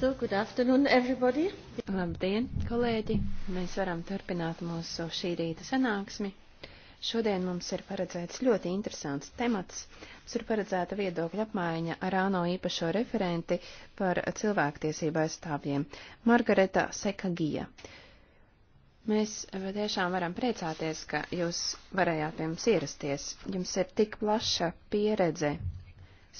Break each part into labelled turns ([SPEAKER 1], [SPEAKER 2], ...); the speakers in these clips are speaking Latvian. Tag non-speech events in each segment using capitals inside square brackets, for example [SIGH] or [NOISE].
[SPEAKER 1] So, good afternoon, everybody. Labdien, kolēģi! Mēs varam turpināt mūsu šī rīta sanāksmi. Šodien mums ir paredzēts ļoti interesants temats. Mums ir paredzēta viedokļa apmaiņa ar ANO īpašo referenti par cilvēktiesību aizstāvjiem - Margareta Sekagija. Mēs tiešām varam priecāties, ka jūs varējāt pie mums ierasties. Jums ir tik plaša pieredze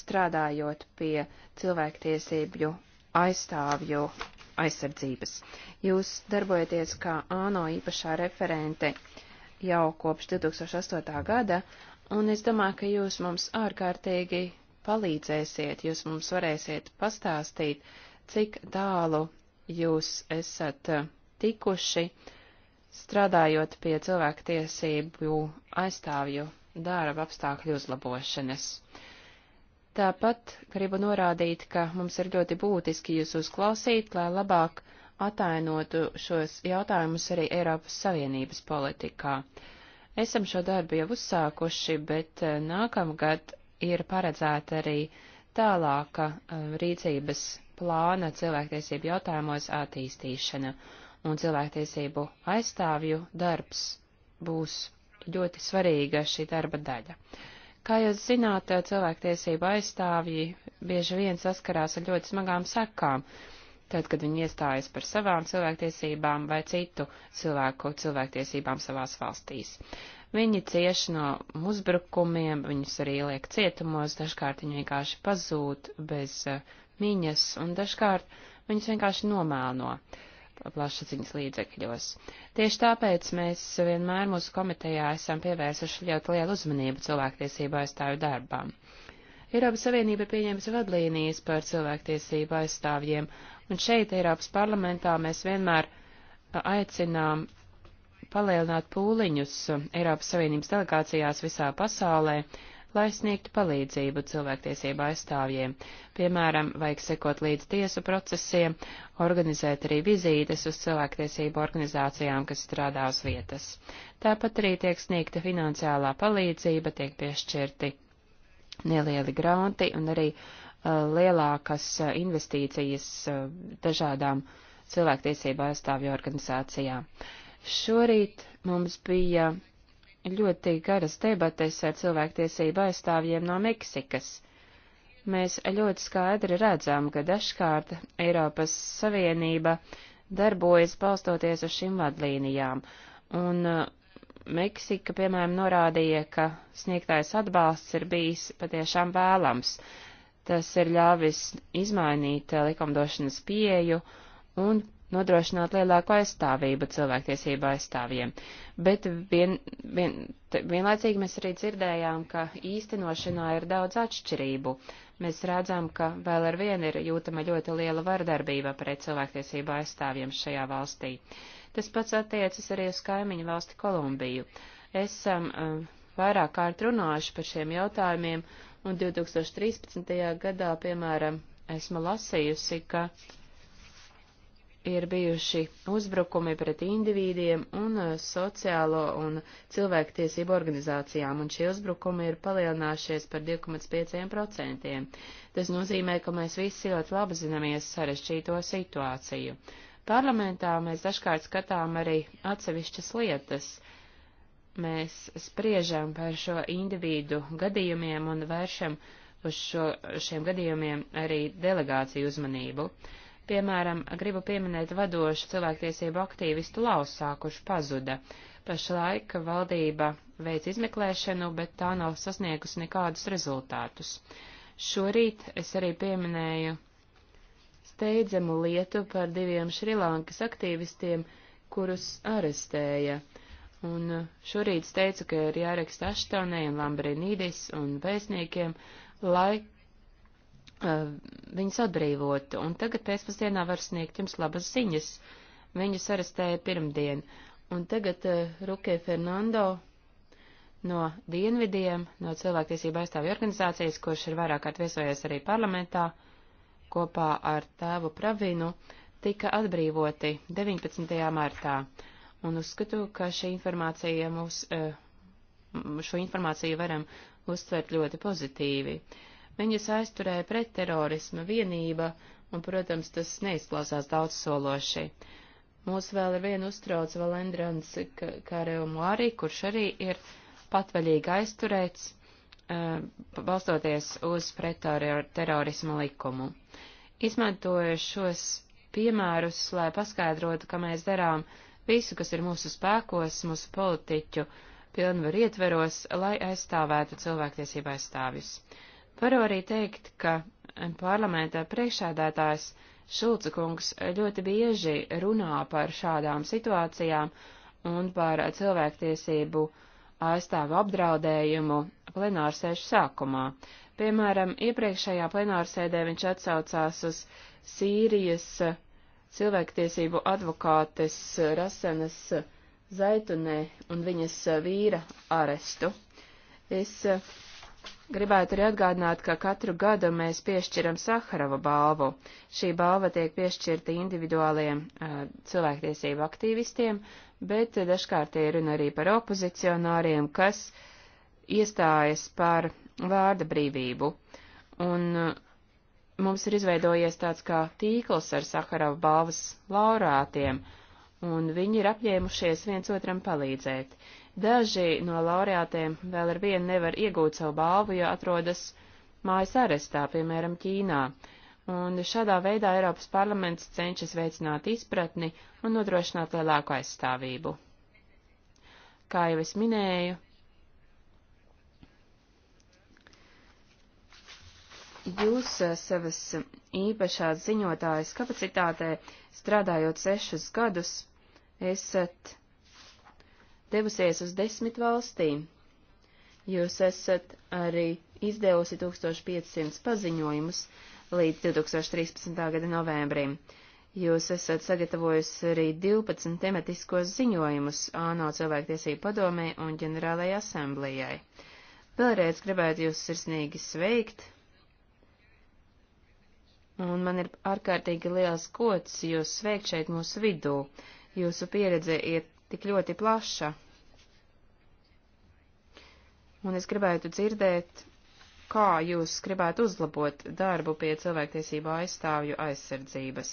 [SPEAKER 1] strādājot pie cilvēktiesību aizstāvju aizsardzības. Jūs darbojaties kā ANO īpašā referente jau kopš 2008. gada, un es domāju, ka jūs mums ārkārtīgi palīdzēsiet, jūs mums varēsiet pastāstīt, cik tālu jūs esat tikuši, strādājot pie cilvēktiesību aizstāvju darba apstākļu uzlabošanas. Tāpat gribu norādīt, ka mums ir ļoti būtiski jūs uzklausīt, lai labāk atainotu šos jautājumus arī Eiropas Savienības politikā. Esam šo darbu jau uzsākuši, bet eh, nākamgad ir paredzēta arī tālāka eh, rīcības plāna cilvēktiesību jautājumos attīstīšana, un cilvēktiesību aizstāvju darbs būs ļoti svarīga šī darba daļa. Kā jūs zināt, cilvēktiesība aizstāvji bieži vien saskarās ar ļoti smagām sekām, tad, kad viņi iestājas par savām cilvēktiesībām vai citu cilvēku cilvēktiesībām savās valstīs. Viņi cieš no uzbrukumiem, viņus arī liek cietumos, dažkārt viņi vienkārši pazūd bez uh, miņas, un dažkārt viņus vienkārši nomēno. Uh, plašsaziņas līdzekļos. Tieši tāpēc mēs vienmēr mūsu komitejā esam pievērsuši ļoti lielu uzmanību cilvēktiesību aizstāvju darbām. Eiropas Savienība ir pieņēmusi vadlīnijas par cilvēktiesību aizstāvjiem, un šeit Eiropas parlamentā mēs vienmēr aicinām palielināt pūliņus Eiropas Savienības delegācijās visā pasaulē, lai sniegtu palīdzību cilvēktiesību aizstāvjiem. Piemēram, vajag sekot līdz tiesu procesiem, organizēt arī vizītes uz cilvēktiesību organizācijām, kas strādā uz vietas. Tāpat arī tiek sniegta finansiālā palīdzība, tiek piešķirti nelieli granti un arī uh, lielākas uh, investīcijas uh, dažādām cilvēktiesību aizstāvju organizācijām. Šorīt mums bija ļoti garas debates ar cilvēktiesību aizstāvjiem no Meksikas. Mēs ļoti skaidri redzam, ka dažkārt Eiropas Savienība darbojas balstoties uz šīm vadlīnijām, un uh, Meksika, piemēram, norādīja, ka sniegtais atbalsts ir bijis patiešām vēlams. Tas ir ļāvis izmainīt uh, likumdošanas pieju un nodrošināt lielāku aizstāvību cilvēktiesību aizstāvjiem. Bet vien, vien, vienlaicīgi mēs arī dzirdējām, ka īstenošanā ir daudz atšķirību. Mēs redzam, ka vēl ar vienu ir jūtama ļoti liela vardarbība pret cilvēktiesību aizstāvjiem šajā valstī. Tas pats attiecas arī uz kaimiņu valsti Kolumbiju. Esam um, vairāk kārt runājuši par šiem jautājumiem, un 2013. gadā, piemēram, esmu lasījusi, ka ir bijuši uzbrukumi pret individiem un uh, sociālo un cilvēktiesību organizācijām, un šie uzbrukumi ir palielinājušies par 2,5%. Tas nozīmē, ka mēs visi ļoti labi zinamies sarešķīto situāciju. Parlamentā mēs dažkārt skatām arī atsevišķas lietas. Mēs spriežam par šo individu gadījumiem un vēršam uz šo, šiem gadījumiem arī delegāciju uzmanību. Uh, Piemēram, gribu pieminēt vadošu cilvēktiesību aktīvistu Lausā, kurš pazuda. Pašlaik valdība veic izmeklēšanu, bet tā nav sasniegusi nekādus rezultātus. Šorīt es arī pieminēju steidzamu lietu par diviem Šrilankas aktīvistiem, kurus arestēja. Un šorīt es teicu, ka ir jāraksta Aštonē un Lambrinīdis un vēstniekiem, lai Uh, viņus atbrīvotu, un tagad pēcpusdienā var sniegt jums labas ziņas. Viņus arestēja pirmdien, un tagad uh, Rukē Fernando no dienvidiem, no cilvēktiesība aizstāvju organizācijas, kurš ir vairāk kārt viesojies arī parlamentā, kopā ar tēvu Pravinu, tika atbrīvoti 19. martā, un uzskatu, ka šī informācija mūs, uh, šo informāciju varam uztvert ļoti pozitīvi. Uh, Viņus aizturēja pret terorisma vienība, un, protams, tas neizklausās daudz sološi. Mūs vēl ar vienu uztrauc Valendrans Kareumoari, kurš arī ir patvaļīgi aizturēts, uh, balstoties uz pretterorisma likumu. Izmantoju šos piemērus, lai paskaidrotu, ka mēs darām visu, kas ir mūsu spēkos, mūsu politiķu pilnvaru ietveros, lai aizstāvētu cilvēktiesību aizstāvis. Uh, Varu arī teikt, ka parlamentā priekšādātājs Šulca kungs ļoti bieži runā par šādām situācijām un par cilvēktiesību aizstāvu apdraudējumu plenārsēžu sākumā. Piemēram, iepriekšējā plenārsēdē viņš atsaucās uz Sīrijas cilvēktiesību advokātes Rasenas Zaitunē un viņas vīra arestu. Es Gribētu arī atgādināt, ka katru gadu mēs piešķiram Saharova balvu. Šī balva tiek piešķirta individuāliem uh, cilvēktiesību aktīvistiem, bet dažkārt ir runa arī par opozicionāriem, kas iestājas par vārda brīvību. Un uh, mums ir izveidojies tāds kā tīkls ar Saharova balvas laurātiem, un viņi ir apņēmušies viens otram palīdzēt. Daži no laureātiem vēl ar vienu nevar iegūt savu balvu, jo atrodas mājas arestā, piemēram, Ķīnā. Un šādā veidā Eiropas parlaments cenšas veicināt izpratni un nodrošināt lielāku aizstāvību. Kā jau es minēju, jūs eh, savas īpašās ziņotājas kapacitātē strādājot sešus gadus, esat devusies uz desmit valstīm. Jūs esat arī izdevusi 1500 paziņojumus līdz 2013. gada novembrim. Jūs esat sagatavojusi arī 12 tematiskos ziņojumus ANO cilvēktiesību padomē un ģenerālajai asamblējai. Vēlreiz gribētu jūs sirsnīgi sveikt, un man ir ārkārtīgi liels gods jūs sveikt šeit mūsu vidū. Jūsu pieredze ir tik ļoti plaša, un es gribētu dzirdēt, kā jūs gribētu uzlabot darbu pie cilvēktiesību aizstāvju aizsardzības.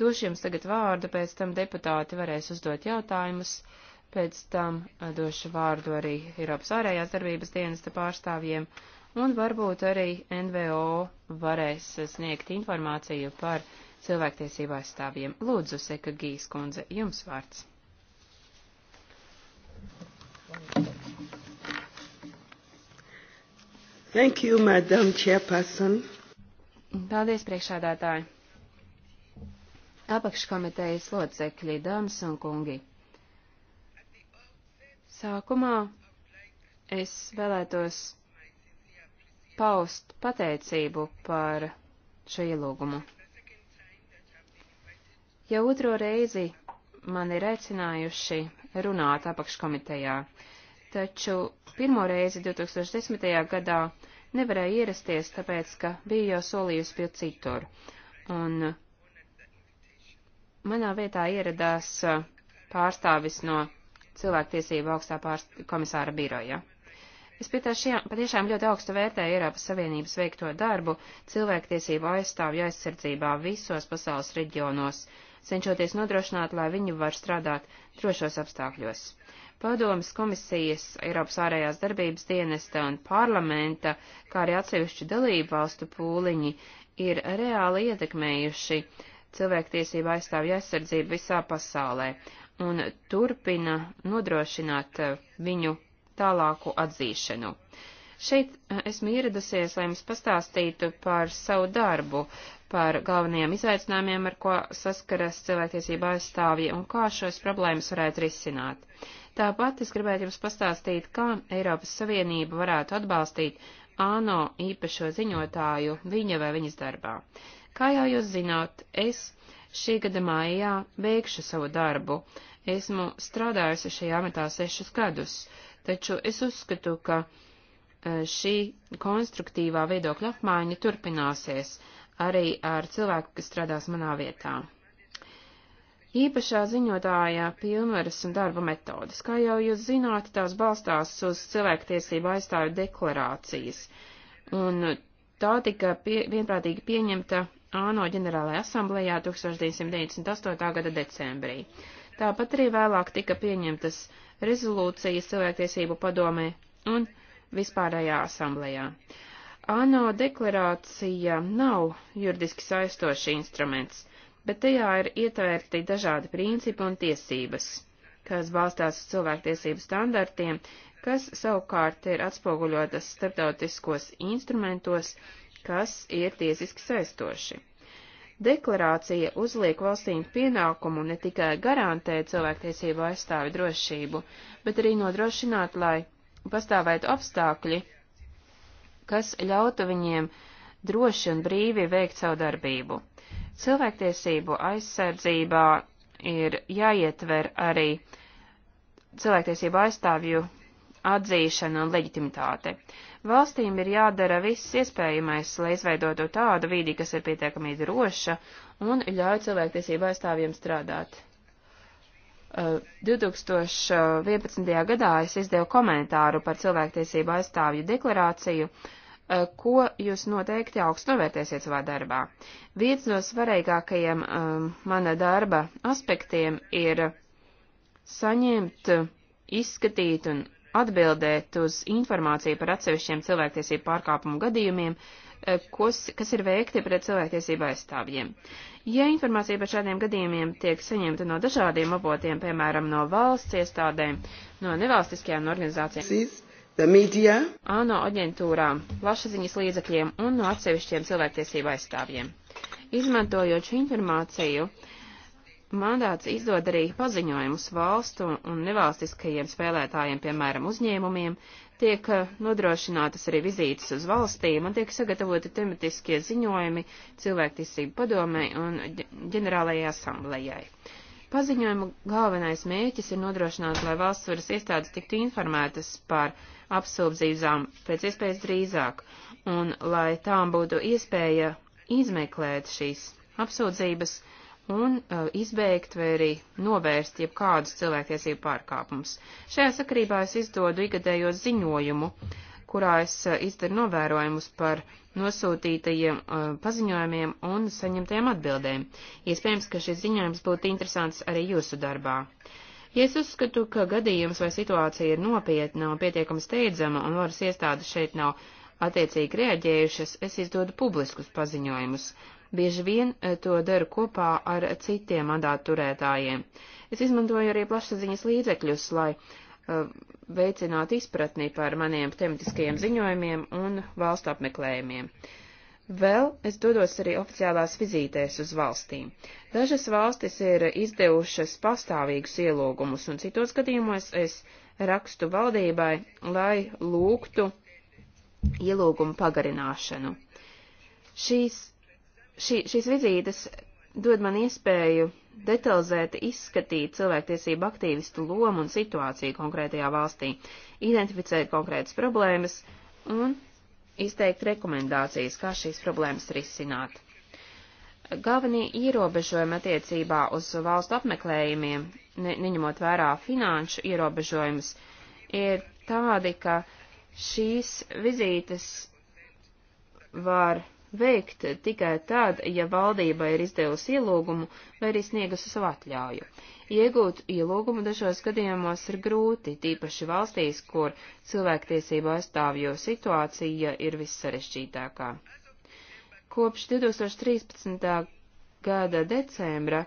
[SPEAKER 1] Došu jums tagad vārdu, pēc tam deputāti varēs uzdot jautājumus, pēc tam eh, došu vārdu arī Eiropas ārējās darbības dienesta pārstāvjiem, un varbūt arī NVO varēs sniegt informāciju par cilvēktiesību aizstāvjiem. Lūdzu, Seka Gīs kundze, jums vārds. Thank
[SPEAKER 2] you. Thank you, Madam Chairperson.
[SPEAKER 1] Paldies, priekšādātāji. Apakškomitejas locekļi, dāmas un kungi. Sākumā es vēlētos paust pateicību par šo ielūgumu. Jau otro reizi man ir aicinājuši runāt apakškomitejā taču pirmo reizi 2010. gadā nevarēju ierasties, tāpēc, ka biju jau solījusi pie citur. Un manā vietā ieradās uh, pārstāvis no cilvēktiesību augstā pārst komisāra biroja. Es patiešām, patiešām ļoti augstu vērtēju Eiropas Savienības veikto darbu cilvēktiesību aizstāvju aizsardzībā visos pasaules reģionos, cenšoties nodrošināt, lai viņi var strādāt drošos apstākļos. Padomas komisijas, Eiropas ārējās darbības dienesta un parlamenta, kā arī atsevišķu dalību valstu pūliņi ir reāli ietekmējuši cilvēktiesību aizstāvju aizsardzību visā pasaulē un turpina nodrošināt eh, viņu tālāku atzīšanu. Šeit eh, esmu ieradusies, lai jums pastāstītu par savu darbu, par galvenajiem izaicinājumiem, ar ko saskaras cilvēktiesība aizstāvji un kā šos problēmas varētu risināt. Tāpat es gribētu jums pastāstīt, kā Eiropas Savienība varētu atbalstīt ANO īpašo ziņotāju viņa vai viņas darbā. Kā jau jūs zināt, es šī gada mājā beigšu savu darbu. Esmu strādājusi šajā amatā sešus gadus, taču es uzskatu, ka e, šī konstruktīvā viedokļa apmaiņa turpināsies arī ar cilvēku, kas strādās manā vietā īpašā ziņotājā pilnvaras un darba metodas. Kā jau jūs zināt, tās balstās uz cilvēktiesību aizstāvju deklarācijas, un tā tika pie, vienprātīgi pieņemta ANO ģenerālajā asamblējā 1998. gada decembrī. Tāpat arī vēlāk tika pieņemtas rezolūcijas cilvēktiesību padomē un vispārējā asamblējā. ANO deklarācija nav juridiski saistošs instruments, bet tajā ir ietverti dažādi principi un tiesības, kas balstās uz cilvēktiesību standartiem, kas savukārt ir atspoguļotas starptautiskos instrumentos, kas ir tiesiski saistoši. Deklarācija uzliek valstīm pienākumu ne tikai garantēt cilvēktiesību aizstāvi drošību, bet arī nodrošināt, lai pastāvētu apstākļi, kas ļautu viņiem uh, droši un brīvi veikt savu darbību. Cilvēktiesību aizsardzībā ir jāietver arī cilvēktiesību aizstāvju atzīšana un leģitimitāte. Valstīm ir jādara viss iespējamais, lai izveidotu tādu vīdi, kas ir pietiekami droša un ļauj cilvēktiesību aizstāvjiem strādāt. 2011. Uh, uh, gadā es izdevu komentāru par cilvēktiesību aizstāvju deklarāciju, uh, Eh, ko jūs noteikti augstu novērtēsiet savā darbā. Viens no svarīgākajiem um, mana darba aspektiem ir saņemt, izskatīt un atbildēt uz informāciju par atsevišķiem cilvēktiesību pārkāpumu gadījumiem, eh, kos, kas ir veikti pret cilvēktiesību aizstāvjiem. Ja informācija par šādiem gadījumiem tiek saņemta no dažādiem avotiem, piemēram, no valsts iestādēm, no nevalstiskajām no organizācijām,
[SPEAKER 3] ANO
[SPEAKER 1] aģentūrām, plašsaziņas līdzekļiem un no atsevišķiem cilvēktiesību aizstāvjiem. Izmantojot šo informāciju, mandāts izdod arī paziņojumus valstu un nevalstiskajiem spēlētājiem, piemēram, uzņēmumiem, tiek eh, nodrošinātas arī vizītes uz valstīm un tiek sagatavoti tematiskie ziņojumi cilvēktiesību padomē un ģenerālajai asamblējai. Paziņojuma galvenais mēķis ir nodrošināt, lai valsts varas iestādes tiktu informētas par apsūdzībām pēc iespējas drīzāk, un lai tām būtu iespēja izmeklēt šīs apsūdzības un uh, izbeigt vai arī novērst jebkādus cilvēktiesību pārkāpumus. Šajā sakarībā es izdodu igadējo ziņojumu, uh, kurā es eh, izdaru novērojumus par nosūtītajiem uh, paziņojumiem un saņemtajām atbildēm. Iespējams, ka šis ziņojums būtu interesants arī jūsu darbā. Ja es uzskatu, ka gadījums vai situācija ir nopietna un pietiekami steidzama un varas iestādes šeit nav attiecīgi reaģējušas, es izdodu publiskus paziņojumus. Bieži vien eh, to daru kopā ar citiem mandātu turētājiem. Es izmantoju arī plašsaziņas līdzekļus, lai Uh, veicināt izpratni par maniem tematiskajiem ziņojumiem un valstu apmeklējumiem. Vēl es dodos arī oficiālās vizītēs uz valstīm. Dažas valstis ir izdevušas pastāvīgus ielūgumus, un citos gadījumos es rakstu valdībai, lai lūgtu ielūgumu pagarināšanu. Šīs, šī, šīs vizītes dod man iespēju detalizēti izskatīt cilvēktiesību aktīvistu lomu un situāciju konkrētajā valstī, identificēt konkrētas problēmas un izteikt rekomendācijas, kā šīs problēmas risināt. Galvenie ierobežojumi attiecībā uz valstu apmeklējumiem, ne, neņemot vērā finanšu ierobežojumus, ir tādi, ka šīs vizītes var veikt tikai tad, ja valdība ir izdevusi ielūgumu vai arī sniegusi savu atļauju. Iegūt ielūgumu dažos gadījumos ir grūti, tīpaši valstīs, kur cilvēktiesība aizstāvjo situācija ir vissarežģītākā. Kopš 2013. gada decembra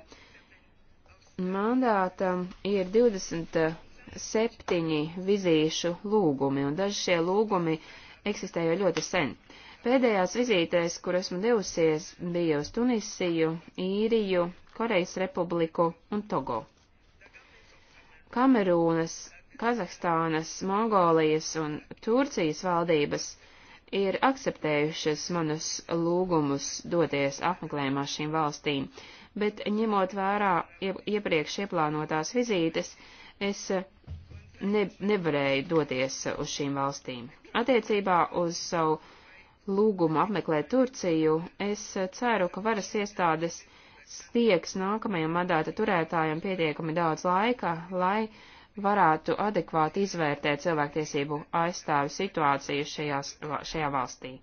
[SPEAKER 1] mandātam ir 27 vizīšu lūgumi, un daži šie lūgumi eksistēja ļoti sen. Uh, Pēdējās vizītēs, kur esmu devusies, bija uz Tunisiju, Īriju, Korejas Republiku un Togo. Kamerūnas, Kazahstānas, Mongolijas un Turcijas valdības ir akceptējušas manus lūgumus doties apmeklējumā šīm valstīm, bet ņemot vērā iepriekš ieplānotās vizītes, es ne, nevarēju doties uz šīm valstīm. Attiecībā uz savu lūgumu apmeklēt Turciju, es eh, ceru, ka varas iestādes stiegs nākamajam mandāta turētājam pietiekami daudz laika, lai varētu adekvāti izvērtēt cilvēktiesību aizstāvi situāciju šajās, šajā valstī.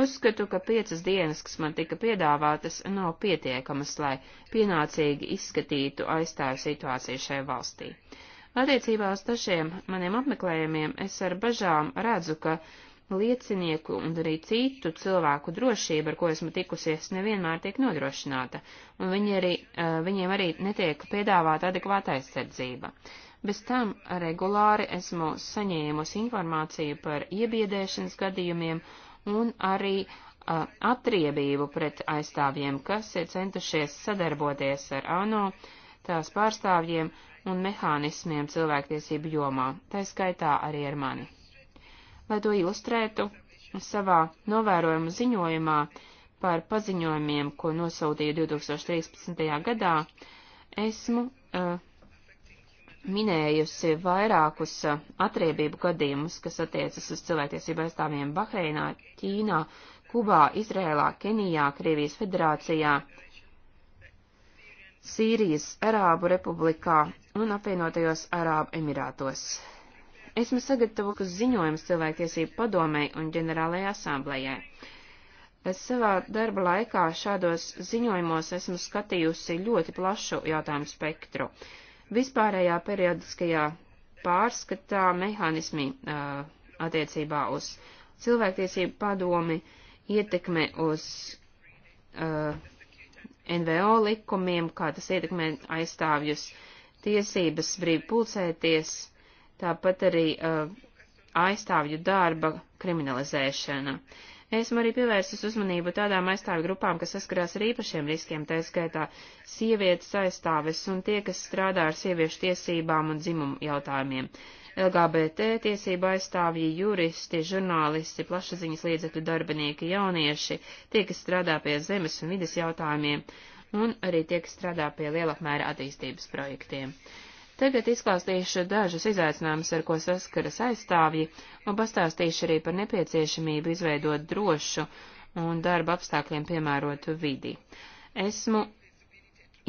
[SPEAKER 1] Uzskatu, ka piecas dienas, kas man tika piedāvātas, nav pietiekamas, lai pienācīgi izskatītu aizstāju situāciju šajā valstī. Attiecībā uz dažiem maniem apmeklējumiem es ar bažām redzu, ka liecinieku un arī citu cilvēku drošība, ar ko esmu tikusies, nevienmēr tiek nodrošināta, un viņi arī, eh, viņiem arī netiek piedāvāta adekvāta aizsardzība. Bez tam regulāri esmu saņēmusi informāciju par iebiedēšanas gadījumiem un arī a, eh, atriebību pret aizstāvjiem, kas ir centušies sadarboties ar ANO, tās pārstāvjiem un mehānismiem cilvēktiesību jomā, tā skaitā arī ar mani. Lai to ilustrētu, savā novērojuma ziņojumā par paziņojumiem, ko nosūtīju 2013. gadā, esmu uh, minējusi vairākus uh, atriebību gadījumus, kas attiecas uz cilvēktiesību aizstāvjiem Bahreinā, Ķīnā, Kubā, Izrēlā, Kenijā, Krievijas federācijā, Sīrijas Arābu republikā un apvienotajos Arābu Emirātos. Esmu sagatavojusi ziņojumus cilvēktiesību padomei un ģenerālajai asamblējai. Es savā darba laikā šādos ziņojumos esmu skatījusi ļoti plašu jautājumu spektru. Vispārējā periodiskajā pārskatā mehānismi uh, attiecībā uz cilvēktiesību padomi, ietekme uz uh, NVO likumiem, kā tas ietekmē aizstāvjus, tiesības brīvi pulcēties, tāpat arī uh, aizstāvju darba kriminalizēšana. Esmu arī pievērsis uzmanību tādām aizstāvju grupām, kas saskarās ar īpašiem riskiem, tā skaitā sievietes aizstāves un tie, kas strādā ar sieviešu tiesībām un dzimumu jautājumiem. LGBT tiesība aizstāvji, juristi, žurnālisti, plašsaziņas līdzekļu darbinieki, jaunieši, tie, kas strādā pie zemes un vidas jautājumiem, un arī tie, kas strādā pie lielapmēra attīstības projektiem. Tagad izklāstīšu dažus izaicinājumus, ar ko saskaras aizstāvji, un pastāstīšu arī par nepieciešamību izveidot drošu un darba apstākļiem piemērotu vidi. Esmu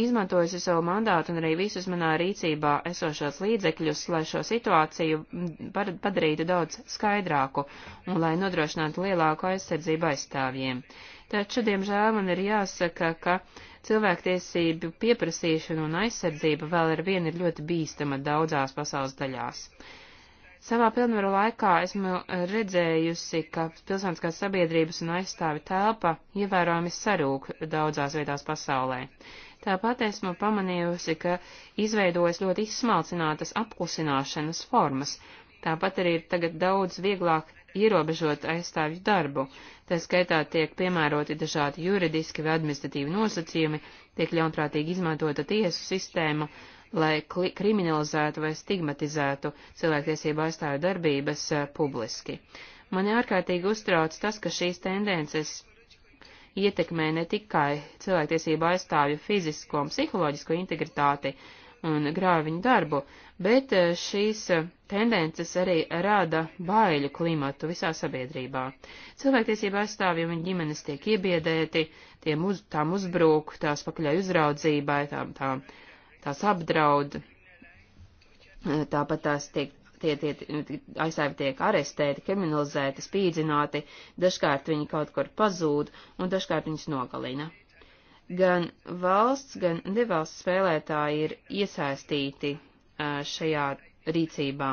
[SPEAKER 1] izmantojusi savu mandātu un arī visus manā rīcībā esošos līdzekļus, lai šo situāciju padarītu daudz skaidrāku un lai nodrošinātu lielāku aizsardzību aizstāvjiem. Taču, diemžēl, man ir jāsaka, ka cilvēktiesību pieprasīšana un aizsardzība vēl ar vienu ir ļoti bīstama daudzās pasaules daļās. Savā pilnvaru laikā esmu eh, redzējusi, ka pilsoniskās sabiedrības un aizstāvi telpa ievērojami sarūk daudzās vietās pasaulē. Tāpat esmu pamanījusi, ka izveidojas ļoti izsmalcinātas apklusināšanas formas. Tāpat arī ir tagad daudz vieglāk ierobežot aizstāvju darbu, tā skaitā tiek piemēroti dažādi juridiski vai administratīvi nosacījumi, tiek ļaunprātīgi izmantota tiesu sistēma, lai kriminalizētu vai stigmatizētu cilvēktiesību aizstāvju darbības uh, publiski. Mani ārkārtīgi uztrauc tas, ka šīs tendences ietekmē ne tikai cilvēktiesību aizstāvju fizisko un psiholoģisko integritāti, un grauj viņu darbu, bet eh, šīs eh, tendences arī rada baiļu klimatu visā sabiedrībā. Cilvēktiesība aizstāvji un ģimenes tiek iebiedēti, tiem uz, tām uzbrūk, tās pakaļai uzraudzībai, tām, tām, tās apdraud, eh, tāpat tās tiek tie, tie, tie aizstāvi tiek arestēti, kriminalizēti, spīdzināti, dažkārt viņi kaut kur pazūd un dažkārt viņus nogalina. Gan valsts, gan nevalsts spēlētāji ir iesaistīti šajā rīcībā,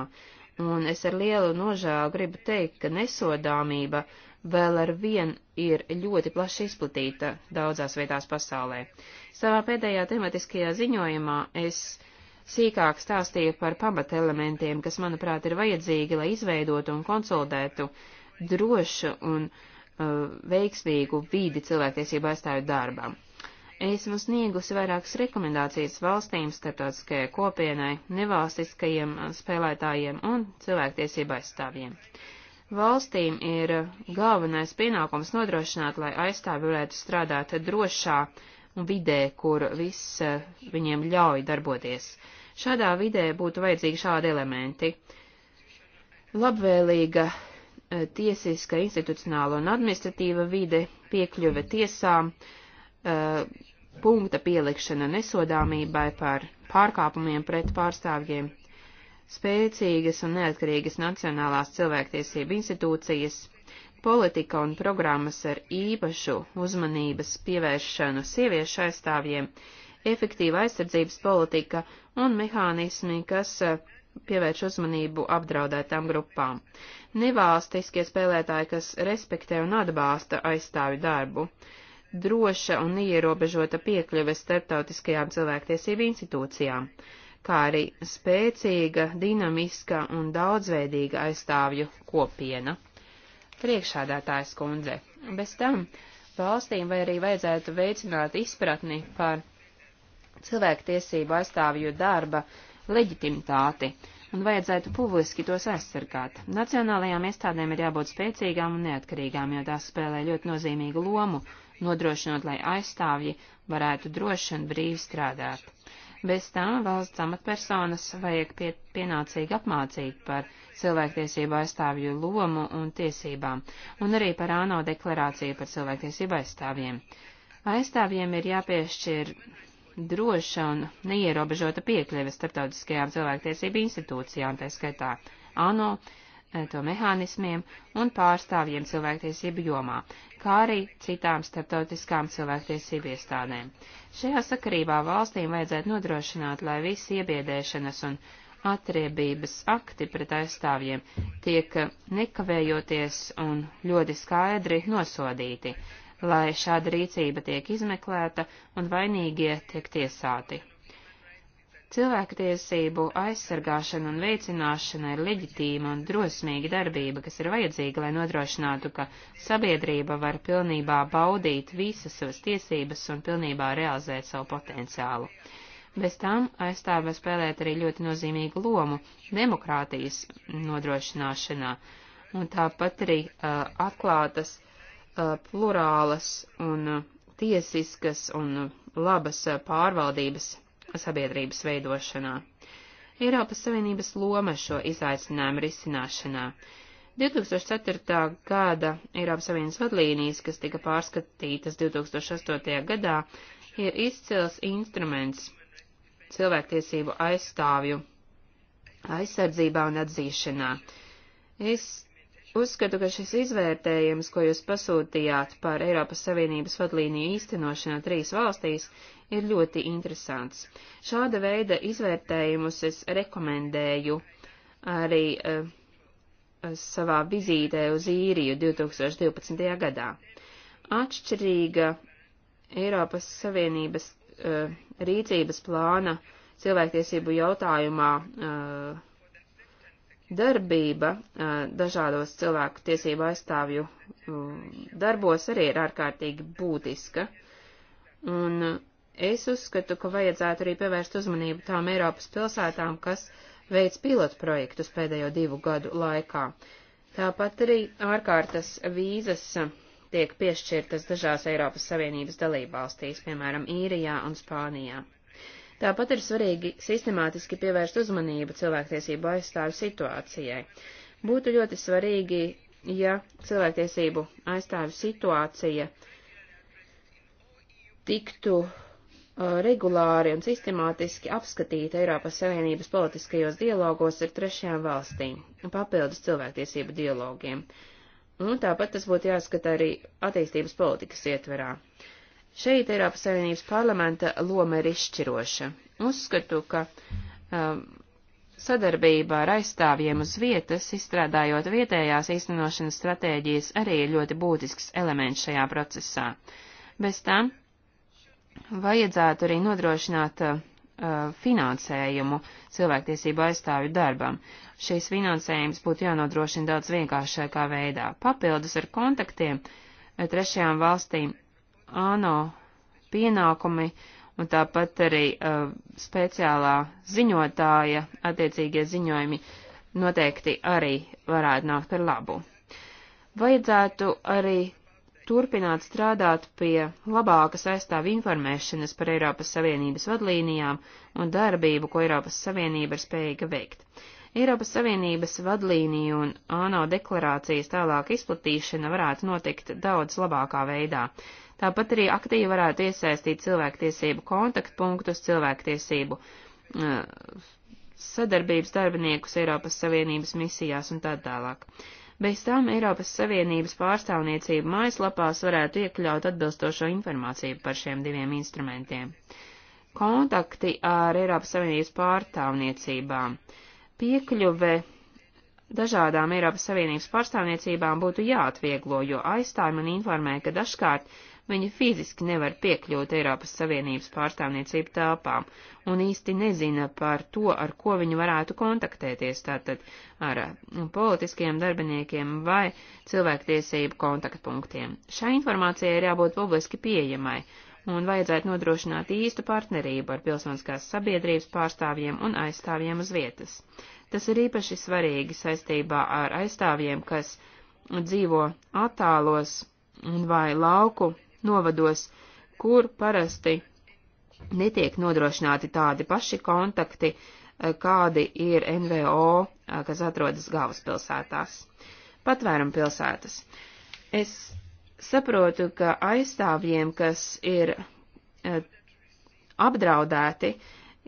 [SPEAKER 1] un es ar lielu nožēlu gribu teikt, ka nesodāmība vēl ar vien ir ļoti plaši izplatīta daudzās vietās pasaulē. Savā pēdējā tematiskajā ziņojumā es sīkāk stāstīju par pamatelementiem, kas, manuprāt, ir vajadzīgi, lai izveidotu un konsolidētu drošu un uh, veiksmīgu vīdi cilvēktiesību aizstāju darbam esmu sniegusi vairākas rekomendācijas valstīm, starptautiskajai kopienai, nevalstiskajiem uh, spēlētājiem un cilvēktiesība aizstāvjiem. Valstīm ir uh, galvenais pienākums nodrošināt, lai aizstāvi varētu strādāt drošā vidē, kur viss uh, viņiem ļauj darboties. Šādā vidē būtu vajadzīgi šādi elementi. Labvēlīga tiesiska, institucionāla un administratīva vide, piekļuve tiesām, uh, punkta pielikšana nesodāmībai par pārkāpumiem pret pārstāvjiem, spēcīgas un neatkarīgas nacionālās cilvēktiesību institūcijas, politika un programmas ar īpašu uzmanības pievēršanu sieviešu aizstāvjiem, efektīva aizsardzības politika un mehānismi, kas eh, pievērš uzmanību apdraudētām grupām. Nevalstiskie spēlētāji, kas respektē un atbalsta aizstāvi darbu, droša un ierobežota piekļuve starptautiskajām cilvēktiesību institūcijām, kā arī spēcīga, dinamiska un daudzveidīga aizstāvju kopiena. Priekšādātājs kundze, bez tam valstīm vai arī vajadzētu veicināt izpratni par cilvēktiesību aizstāvju darba leģitimitāti un vajadzētu publiski tos aizsargāt. Nacionālajām iestādēm ir jābūt spēcīgām un neatkarīgām, jo tās spēlē ļoti nozīmīgu lomu nodrošinot, lai aizstāvji varētu droši un brīvi strādāt. Bez tam valsts amatpersonas vajag pie, pienācīgi apmācīt par cilvēktiesību aizstāvju lomu un tiesībām, un arī par ANO deklarāciju par cilvēktiesību aizstāvjiem. Aizstāvjiem ir jāpiešķir droša un neierobežota piekļuve starptautiskajām cilvēktiesību institūcijām, tā skaitā ANO, Eh, to mehānismiem un pārstāvjiem cilvēktiesību jomā, kā arī citām starptautiskām cilvēktiesību iestādēm. Šajā sakarībā valstīm vajadzētu nodrošināt, lai visi iebiedēšanas un atriebības akti pret aizstāvjiem tiek nekavējoties un ļoti skaidri nosodīti, lai šāda rīcība tiek izmeklēta un vainīgie tiek tiesāti. Cilvēktiesību aizsargāšana un veicināšana ir leģitīma un drosmīga darbība, kas ir vajadzīga, lai nodrošinātu, ka sabiedrība var pilnībā baudīt visas savas tiesības un pilnībā realizēt savu potenciālu. Bez tam aizstāve spēlēt arī ļoti nozīmīgu lomu demokrātijas nodrošināšanā, un tāpat arī uh, atklātas, uh, plurālas un uh, tiesiskas un uh, labas uh, pārvaldības sabiedrības veidošanā. Eiropas Savienības loma šo izaicinājumu risināšanā. 2004. gada Eiropas Savienības vadlīnijas, kas tika pārskatītas 2008. gadā, ir izcils instruments cilvēktiesību aizstāvju aizsardzībā un atzīšanā. Es uzskatu, ka šis izvērtējums, ko jūs pasūtījāt par Eiropas Savienības vadlīniju īstenošanu trīs valstīs, ir ļoti interesants. Šāda veida izvērtējumus es rekomendēju arī uh, savā vizītē uz īriju 2012. gadā. Atšķirīga Eiropas Savienības uh, rīcības plāna cilvēktiesību jautājumā uh, darbība dažādos cilvēku tiesību aizstāvju mm, darbos arī ir ārkārtīgi būtiska. Un Es uzskatu, ka vajadzētu arī pievērst uzmanību tām Eiropas pilsētām, kas veids pilotu projektus pēdējo divu gadu laikā. Tāpat arī ārkārtas vīzas tiek piešķirtas dažās Eiropas Savienības dalībvalstīs, piemēram, Īrijā un Spānijā. Tāpat ir svarīgi sistemātiski pievērst uzmanību cilvēktiesību aizstāvu situācijai. Būtu ļoti svarīgi, ja cilvēktiesību aizstāvu situācija tiktu Uh, regulāri un sistemātiski apskatīta Eiropas Savienības politiskajos dialogos ar trešajām valstīm, papildus cilvēktiesību dialogiem. Un tāpat tas būtu jāskata arī attīstības politikas ietverā. Šeit Eiropas Savienības parlamenta loma ir izšķiroša. Uzskatu, ka um, sadarbība ar aizstāvjiem uz vietas, izstrādājot vietējās īstenošanas stratēģijas, arī ir ļoti būtisks elements šajā procesā. Bez tam vajadzētu arī nodrošināt uh, finansējumu cilvēktiesību aizstāvju darbam. Šīs finansējums būtu jānodrošina daudz vienkāršākā veidā. Papildus ar kontaktiem eh, trešajām valstīm ANO pienākumi un tāpat arī uh, speciālā ziņotāja attiecīgie ziņojumi noteikti arī varētu nākt par labu. Vajadzētu arī turpināt strādāt pie labākas aizstāvu informēšanas par Eiropas Savienības vadlīnijām un darbību, ko Eiropas Savienība ir spējīga veikt. Eiropas Savienības vadlīniju un ANO deklarācijas tālāk izplatīšana varētu notikt daudz labākā veidā. Tāpat arī aktīvi varētu iesaistīt cilvēktiesību kontaktpunktus, cilvēktiesību uh, sadarbības darbiniekus Eiropas Savienības misijās un tā tālāk. Uh, Bez tam Eiropas Savienības pārstāvniecību mājaslapās varētu iekļaut atbilstošo informāciju par šiem diviem instrumentiem. Kontakti ar Eiropas Savienības pārstāvniecībām. Piekļuve dažādām Eiropas Savienības pārstāvniecībām būtu jāatvieglo, jo aizstājumi man informē, ka dažkārt Viņi fiziski nevar piekļūt Eiropas Savienības pārstāvniecību telpām un īsti nezina par to, ar ko viņi varētu kontaktēties, tātad ar um, politiskiem darbiniekiem vai cilvēktiesību kontaktpunktiem. Šai informācijai ir jābūt publiski pieejamai un vajadzētu nodrošināt īstu partnerību ar pilsoniskās sabiedrības pārstāvjiem un aizstāvjiem uz vietas. Tas ir īpaši svarīgi saistībā ar aizstāvjiem, kas dzīvo attālos vai lauku novados, kur parasti netiek nodrošināti tādi paši kontakti, eh, kādi ir NVO, eh, kas atrodas galvaspilsētās. Patvērum pilsētas. Es saprotu, ka aizstāvjiem, kas ir eh, apdraudēti,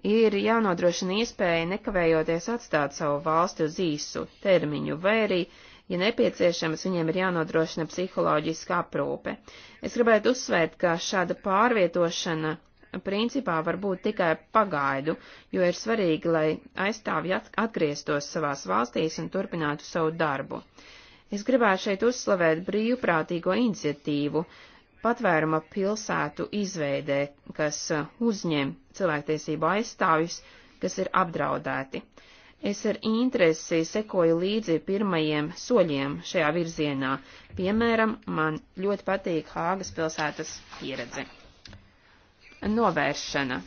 [SPEAKER 1] ir jānodrošina iespēja nekavējoties atstāt savu valsti uz īsu termiņu vai arī uh, Ja nepieciešams, viņiem ir jānodrošina psiholoģiska aprūpe. Es gribētu uzsvērt, ka šāda pārvietošana principā var būt tikai pagaidu, jo ir svarīgi, lai aizstāvji atgrieztos savās valstīs un turpinātu savu darbu. Es gribētu šeit uzslavēt brīvprātīgo iniciatīvu, patvēruma pilsētu izveidē, kas uzņem cilvēktiesību aizstāvjus, kas ir apdraudēti. Es ar interesi sekoju līdzi pirmajiem soļiem šajā virzienā. Piemēram, man ļoti patīk Hāgas pilsētas pieredze. Novēršana.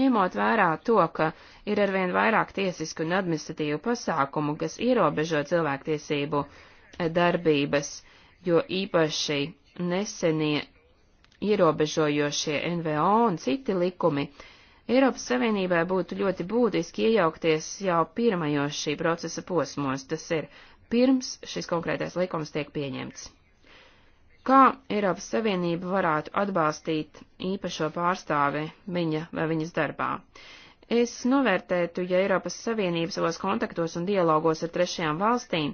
[SPEAKER 1] Ņemot vērā to, ka ir arvien vairāk tiesisku un administratīvu pasākumu, kas ierobežo cilvēktiesību eh, darbības, jo īpaši nesenie ierobežojošie NVO un citi likumi, uh, Eiropas Savienībai būtu ļoti būtiski iejaukties jau pirmajos šī procesa posmos, tas ir pirms šis konkrētais likums tiek pieņemts. Kā Eiropas Savienība varētu atbalstīt īpašo pārstāvi viņa vai viņas darbā? Es novērtētu, ja Eiropas Savienība savos kontaktos un dialogos ar trešajām valstīm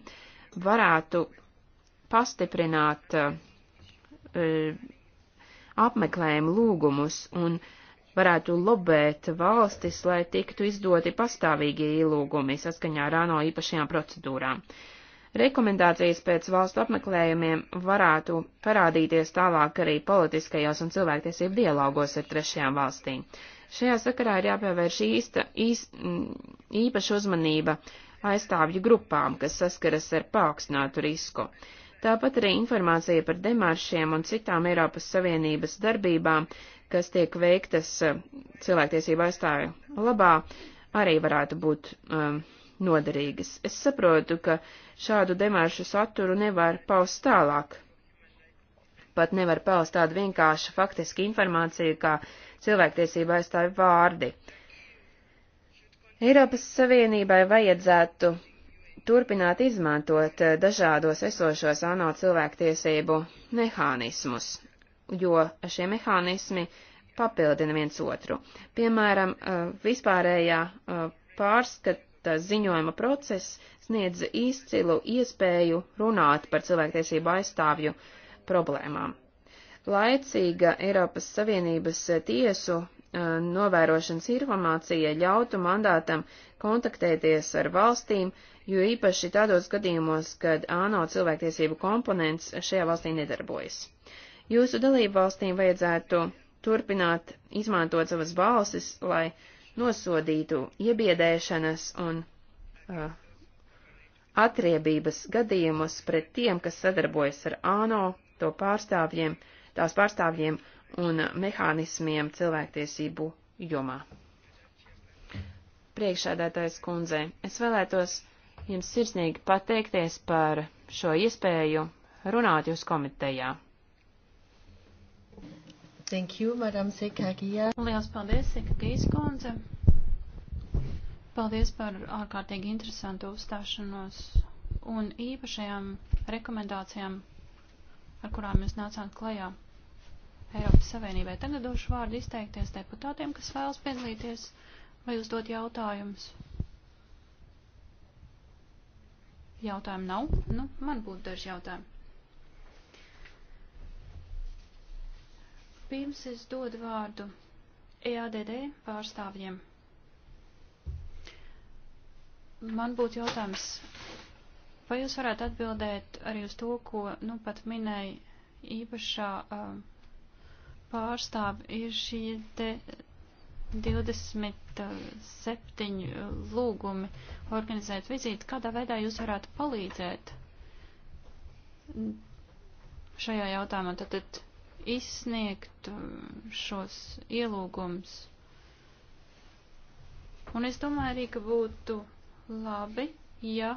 [SPEAKER 1] varētu pastiprināt uh, apmeklējumu lūgumus un uh, varētu lobēt valstis, lai tiktu izdoti pastāvīgie ielūgumi saskaņā ar ANO īpašajām procedūrām. Rekomendācijas pēc valstu apmeklējumiem varētu parādīties tālāk arī politiskajos un cilvēktiesību dialogos ar trešajām valstīm. Šajā sakarā ir jāpievērš īsta, īs, īpaša uzmanība aizstāvju grupām, kas saskaras ar paaugstinātu risku. Tāpat arī informācija par demaršiem un citām Eiropas Savienības darbībām kas tiek veiktas eh, cilvēktiesību aizstāju labā, arī varētu būt um, noderīgas. Es saprotu, ka šādu demāršu saturu nevar paust tālāk. Pat nevar paust tādu vienkāršu faktisku informāciju, kā cilvēktiesība aizstāja vārdi. Eiropas Savienībai vajadzētu turpināt izmantot eh, dažādos esošos ANO cilvēktiesību mehānismus jo šie mehānismi papildina viens otru. Piemēram, vispārējā pārskata ziņojuma process sniedz izcilu iespēju runāt par cilvēktiesību aizstāvju problēmām. Laicīga Eiropas Savienības tiesu novērošanas informācija ļautu mandātam kontaktēties ar valstīm, jo īpaši tādos gadījumos, kad ANO cilvēktiesību komponents šajā valstī nedarbojas. Jūsu dalībvalstīm vajadzētu turpināt izmantot savas balsis, lai nosodītu iebiedēšanas un uh, atriebības gadījumus pret tiem, kas sadarbojas ar ANO, to pārstāvjiem, tās pārstāvjiem un mehānismiem cilvēktiesību jomā. Priekšādātais kundze, es vēlētos jums sirsnīgi pateikties par šo iespēju runāt jūs komitejā.
[SPEAKER 2] Thank you, Madam Sekagija. Lielas paldies, Sekagijas
[SPEAKER 4] kundze. Paldies par ārkārtīgi interesantu uzstāšanos un īpašajām rekomendācijām, ar kurām jūs nācāt klajā Eiropas Savienībai. Tagad došu vārdu izteikties deputātiem, kas vēlas piedalīties vai uzdot jautājumus. Jautājumu nav? Nu, man būtu daži jautājumi. Pirms es dodu vārdu EADD pārstāvjiem. Man būtu jautājums, vai jūs varētu atbildēt arī uz to, ko nu pat minēja īpašā um, pārstāve, ir šī te 27 lūgumi organizēt vizīti. Kādā veidā jūs varētu palīdzēt šajā jautājumā? Tad, tad izsniegt uh, šos ielūgums. Un es domāju arī, ka būtu labi, ja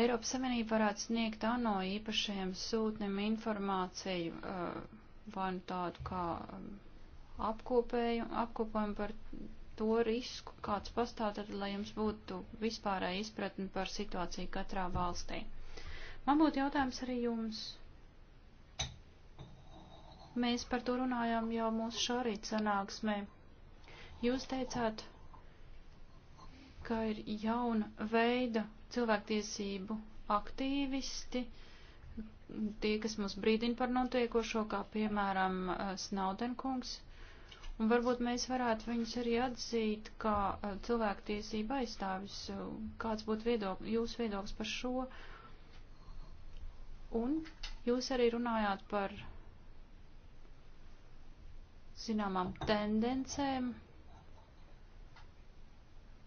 [SPEAKER 4] Eiropas Savienība varētu sniegt ANO īpašajiem sūtnim informāciju, uh, vai nu tādu kā um, apkopēju, apkopojumu par to risku, kāds pastāv, tad, lai jums būtu vispārēja izpratni par situāciju katrā valstī. Man būtu jautājums arī jums. Mēs par to runājām jau mūsu šorīt sanāksmē. Jūs teicāt, ka ir jauna veida cilvēktiesību aktīvisti, tie, kas mūs brīdina par notiekošo, kā piemēram eh, Snaudenkungs. Un varbūt mēs varētu viņus arī atzīt, kā eh, cilvēktiesība aizstāvis, kāds būtu viedok, jūsu viedoklis par šo. Un jūs arī runājāt par zināmām tendencēm,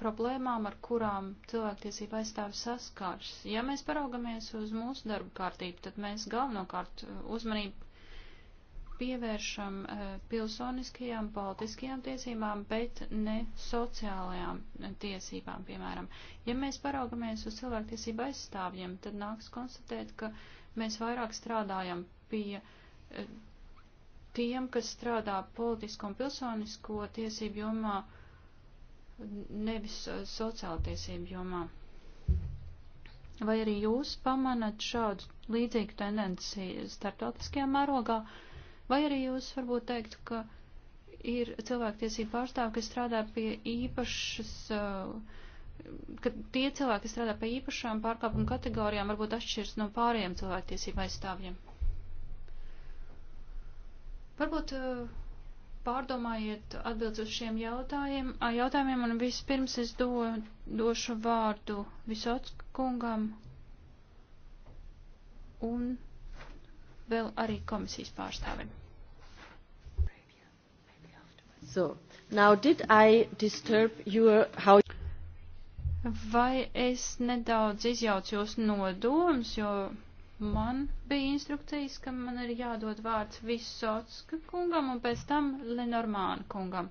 [SPEAKER 4] problēmām, ar kurām cilvēktiesība aizstāvi saskārs. Ja mēs paraugamies uz mūsu darbu kārtību, tad mēs galvenokārt uh, uzmanību pievēršam uh, pilsoniskajām, politiskajām tiesībām, bet ne sociālajām uh, tiesībām, piemēram. Ja mēs paraugamies uz cilvēktiesību aizstāvjiem, tad nāks konstatēt, ka mēs vairāk strādājam pie tiem, kas strādā politisko un pilsonisko tiesību jomā, nevis uh, sociāla tiesību jomā. Vai arī jūs pamanat šādu līdzīgu tendenci starptautiskajā mērogā, vai arī jūs varbūt teikt, ka ir cilvēktiesība pārstāvi, kas strādā pie īpašas, uh, ka tie cilvēki, kas strādā pie īpašām pārkāpuma kategorijām, varbūt atšķirs no pārējiem cilvēktiesība aizstāvjiem?
[SPEAKER 5] Varbūt eh,
[SPEAKER 4] pārdomājiet atbildes uz šiem jautājiem, jautājumiem, un vispirms es do, došu vārdu Visotskungam
[SPEAKER 2] un vēl arī komisijas pārstāvim. So, now did I disturb your how
[SPEAKER 4] Vai es nedaudz izjaucu jūs nodomus, jo Man bija instrukcijas, ka man ir jādod vārds Visotska kungam un pēc tam Lenormāna kungam.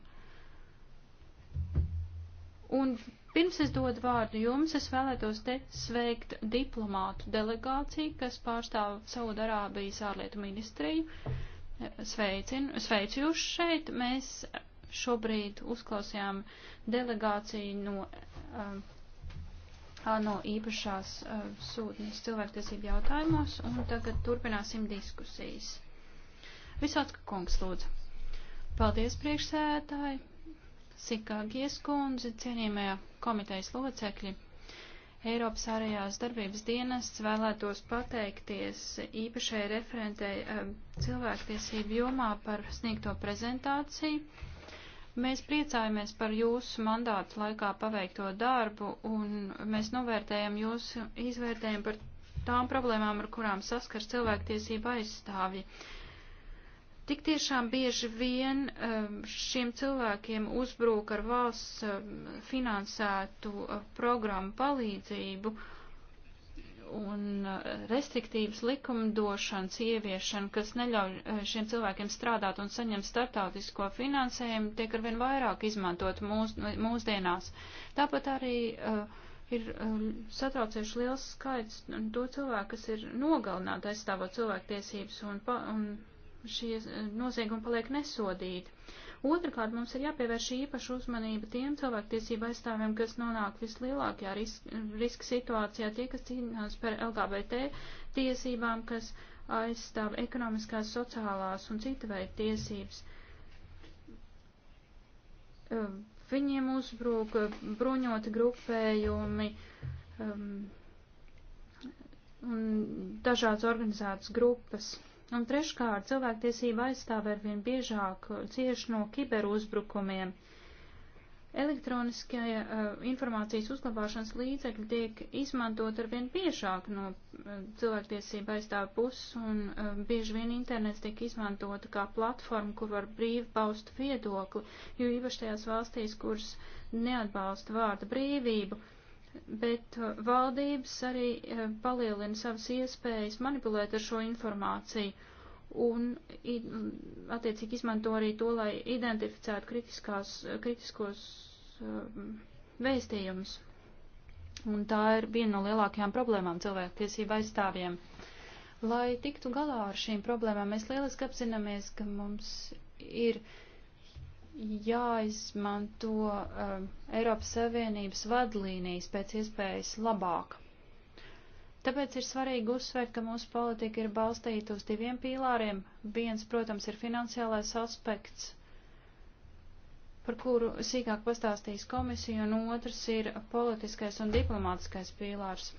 [SPEAKER 4] Un pirms es dodu vārdu jums, es vēlētos te sveikt diplomātu delegāciju, kas pārstāv Saudarābijas ārlietu ministriju. Sveicinu, sveicu jūs šeit. Mēs šobrīd uzklausījām delegāciju no um, no īpašās uh, sūtnes cilvēktiesību jautājumos, un tagad turpināsim diskusijas. Visāds kungs lūdzu. Paldies priekšsēdētāji, Sikāgies kundze, cienījamajā komitejas locekļi. Eiropas ārējās darbības dienests vēlētos pateikties īpašai referentei uh, cilvēktiesību jomā par sniegto prezentāciju Mēs priecājamies par jūsu mandātu laikā paveikto darbu un mēs novērtējam jūsu izvērtējumu par tām problēmām, ar kurām saskars cilvēktiesība aizstāvji. Tik tiešām bieži vien um, šiem cilvēkiem uzbrūk ar valsts um, finansētu uh, programmu palīdzību un eh, restriktīvas likumdošanas ieviešana, kas neļauj eh, šiem cilvēkiem strādāt un saņemt startautisko finansējumu, tiek arvien vairāk izmantot mūs, nu, mūsdienās. Tāpat arī uh, ir uh, satraucieši liels skaits nu, to cilvēku, kas ir nogalināti aizstāvot cilvēktiesības, un, pa, un šie noziegumi paliek nesodīti. Otrakārt, mums ir jāpievērš īpaša uzmanība tiem cilvēktiesību aizstāvjiem, kas nonāk vislielākajā riska, riska situācijā, tie, kas cīnās par LGBT tiesībām, kas aizstāv ekonomiskās, sociālās un cita veida tiesības. Um, viņiem uzbrūk bruņoti grupējumi um, un dažādas organizētas grupas. Un treškārt, cilvēktiesība aizstāve arvien biežāk cieši no kiberuzbrukumiem. Elektroniskie uh, informācijas uzglabāšanas līdzekļi tiek izmantot arvien biežāk no uh, cilvēktiesība aizstāvu puses, un uh, bieži vien internets tiek izmantota kā platforma, kur var brīvi paust viedokli, jo īpaši tajās valstīs, kuras neatbalsta vārda brīvību, bet uh, valdības arī uh, palielina savas iespējas manipulēt ar šo informāciju un attiecīgi izmanto arī to, lai identificētu kritiskās, kritiskos um, vēstījumus. Un tā ir viena no lielākajām problēmām cilvēktiesība aizstāvjiem. Lai tiktu galā ar šīm problēmām, mēs lieliski apzināmies, ka mums ir uh, jāizmanto uh, Eiropas Savienības vadlīnijas pēc iespējas labāk. Tāpēc ir svarīgi uzsvērt, ka mūsu politika ir balstīta uz diviem pīlāriem. Viens, protams, ir finansiālais aspekts, par kuru sīkāk pastāstīs komisija, un otrs ir politiskais un diplomātiskais pīlārs,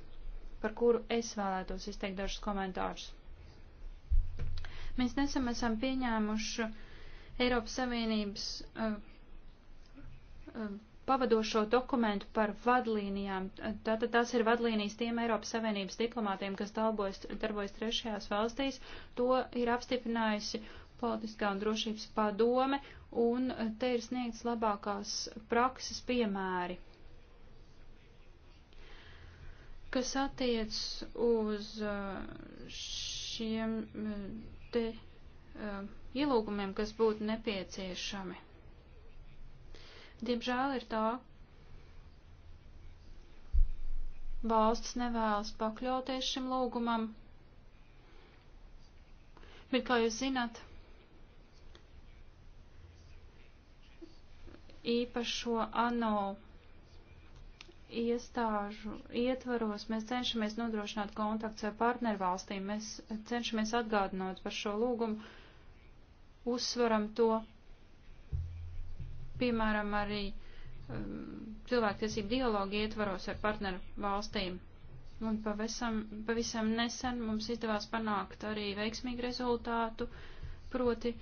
[SPEAKER 4] par kuru es vēlētos izteikt dažus komentārus. Mēs nesam esam pieņēmuši uh, Eiropas Savienības uh, uh, pavadošo dokumentu par vadlīnijām. Tātad tās ir vadlīnijas tiem Eiropas Savienības diplomātiem, kas darbojas, darbojas trešajās valstīs. To ir apstiprinājusi politiskā un drošības padome, un te ir sniegts labākās prakses piemēri. Kas attiec uz eh, šiem te. Uh, ielūgumiem, kas būtu nepieciešami. Diemžēl ir tā, valsts nevēlas pakļauties šim lūgumam, bet, kā jūs zināt, īpašo ANO iestāžu ietvaros mēs cenšamies nodrošināt kontakts ar partnervalstīm, mēs cenšamies atgādinot par šo lūgumu uzsveram to, piemēram, arī um, cilvēktiesību dialogu ietvaros ar partneru valstīm. Un pavisam, pavisam nesen mums izdevās panākt arī veiksmīgu rezultātu, proti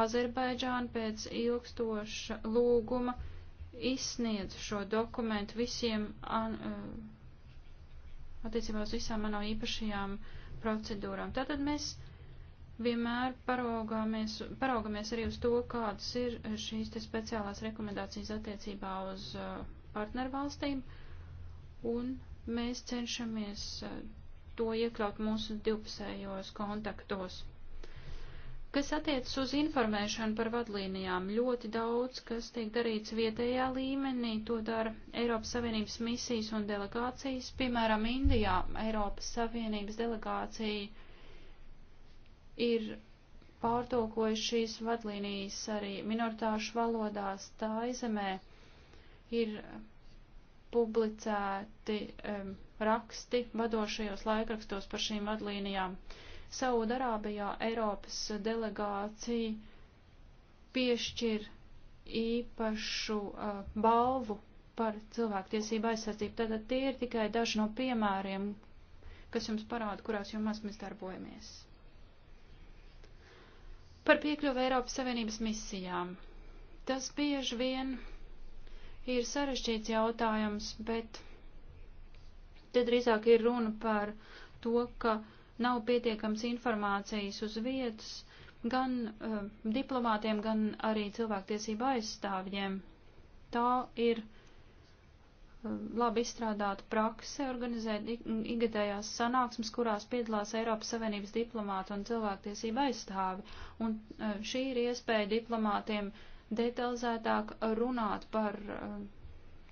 [SPEAKER 4] Azerbaidžāna pēc ilgstoša lūguma izsniedz šo dokumentu visiem an, uh, attiecībā uz visām ANO īpašajām procedūrām. Tātad mēs vienmēr paraugāmies, paraugamies arī uz to, kādas ir šīs te speciālās rekomendācijas attiecībā uz uh, partnervalstīm, un mēs cenšamies uh, to iekļaut mūsu divpusējos kontaktos. Kas attiecas uz informēšanu par vadlīnijām, ļoti daudz, kas tiek darīts vietējā līmenī, to dara Eiropas Savienības misijas un delegācijas. Piemēram, Indijā Eiropas Savienības delegācija ir pārtulkojuši šīs vadlīnijas arī minoritāšu valodās tā izemē, ir publicēti um, raksti vadošajos laikrakstos par šīm vadlīnijām. Saudarābijā Eiropas delegācija piešķir īpašu uh, balvu par cilvēktiesību aizsardzību. Tātad tie ir tikai daži no piemēriem, kas jums parāda, kurās jomās mēs darbojamies par piekļuvu Eiropas Savienības misijām. Tas bieži vien ir sarežģīts jautājums, bet te drīzāk ir runa par to, ka nav pietiekams informācijas uz vietas gan uh, diplomātiem, gan arī cilvēktiesību aizstāvjiem. Tā ir uh, labi izstrādātu praksi, organizēt igadējās sanāksmes, kurās piedalās Eiropas Savienības diplomāti un cilvēktiesība aizstāvi. Un e, šī ir iespēja diplomātiem detalizētāk runāt par e,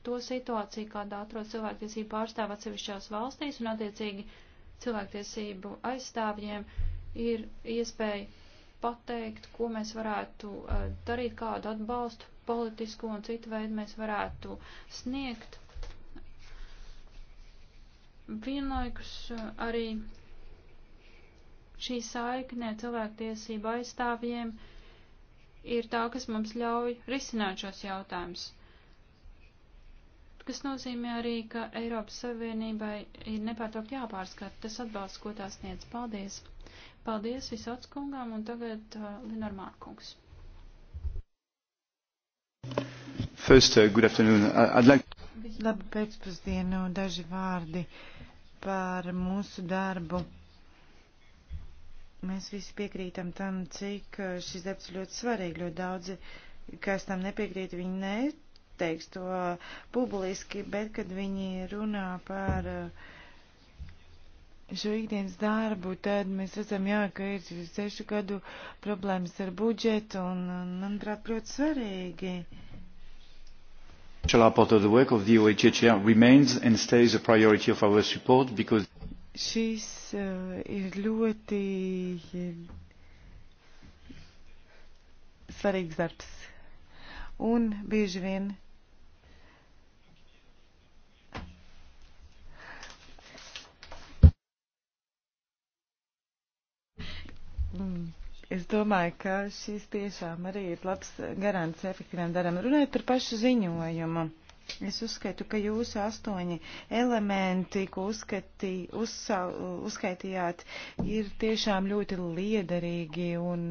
[SPEAKER 4] to situāciju, kādā atrodas cilvēktiesība pārstāv atsevišķās valstīs, un attiecīgi cilvēktiesību aizstāvjiem ir iespēja pateikt, ko mēs varētu e, darīt, kādu atbalstu politisku un citu veidu mēs varētu sniegt Vienlaikus eh, arī šī saikne cilvēktiesība aizstāvjiem ir tā, kas mums ļauj risināt šos jautājumus. Kas nozīmē arī, ka Eiropas Savienībai ir nepārtraukt jāpārskata tas atbalsts, ko tā sniedz. Paldies! Paldies visots kungām un tagad uh, Linar Mārkungs.
[SPEAKER 3] First, uh, good afternoon. I'd like...
[SPEAKER 5] Labu pēcpusdienu, daži vārdi. Uh, par mūsu darbu. Mēs visi piekrītam tam, cik uh, šis darbs ļoti svarīgi, ļoti daudzi, kas tam nepiekrīt, viņi neteiks to publiski, bet kad viņi runā par uh, šo ikdienas darbu, tad mēs redzam, jā, ka ir sešu gadu problēmas ar budžetu un, manuprāt, ļoti svarīgi
[SPEAKER 3] Part of the work of the OHHR remains and stays a priority of our support because
[SPEAKER 5] Šis uh, ir ļoti eh, svarīgs darbs. Un bieži vien mm. Es domāju, ka šis tiešām arī ir labs garants efektīviem darbam. Runājot par pašu ziņojumu, es uzskaitu, ka jūsu astoņi elementi, ko uzskatī, uzsa, uzskaitījāt, ir tiešām ļoti liederīgi un,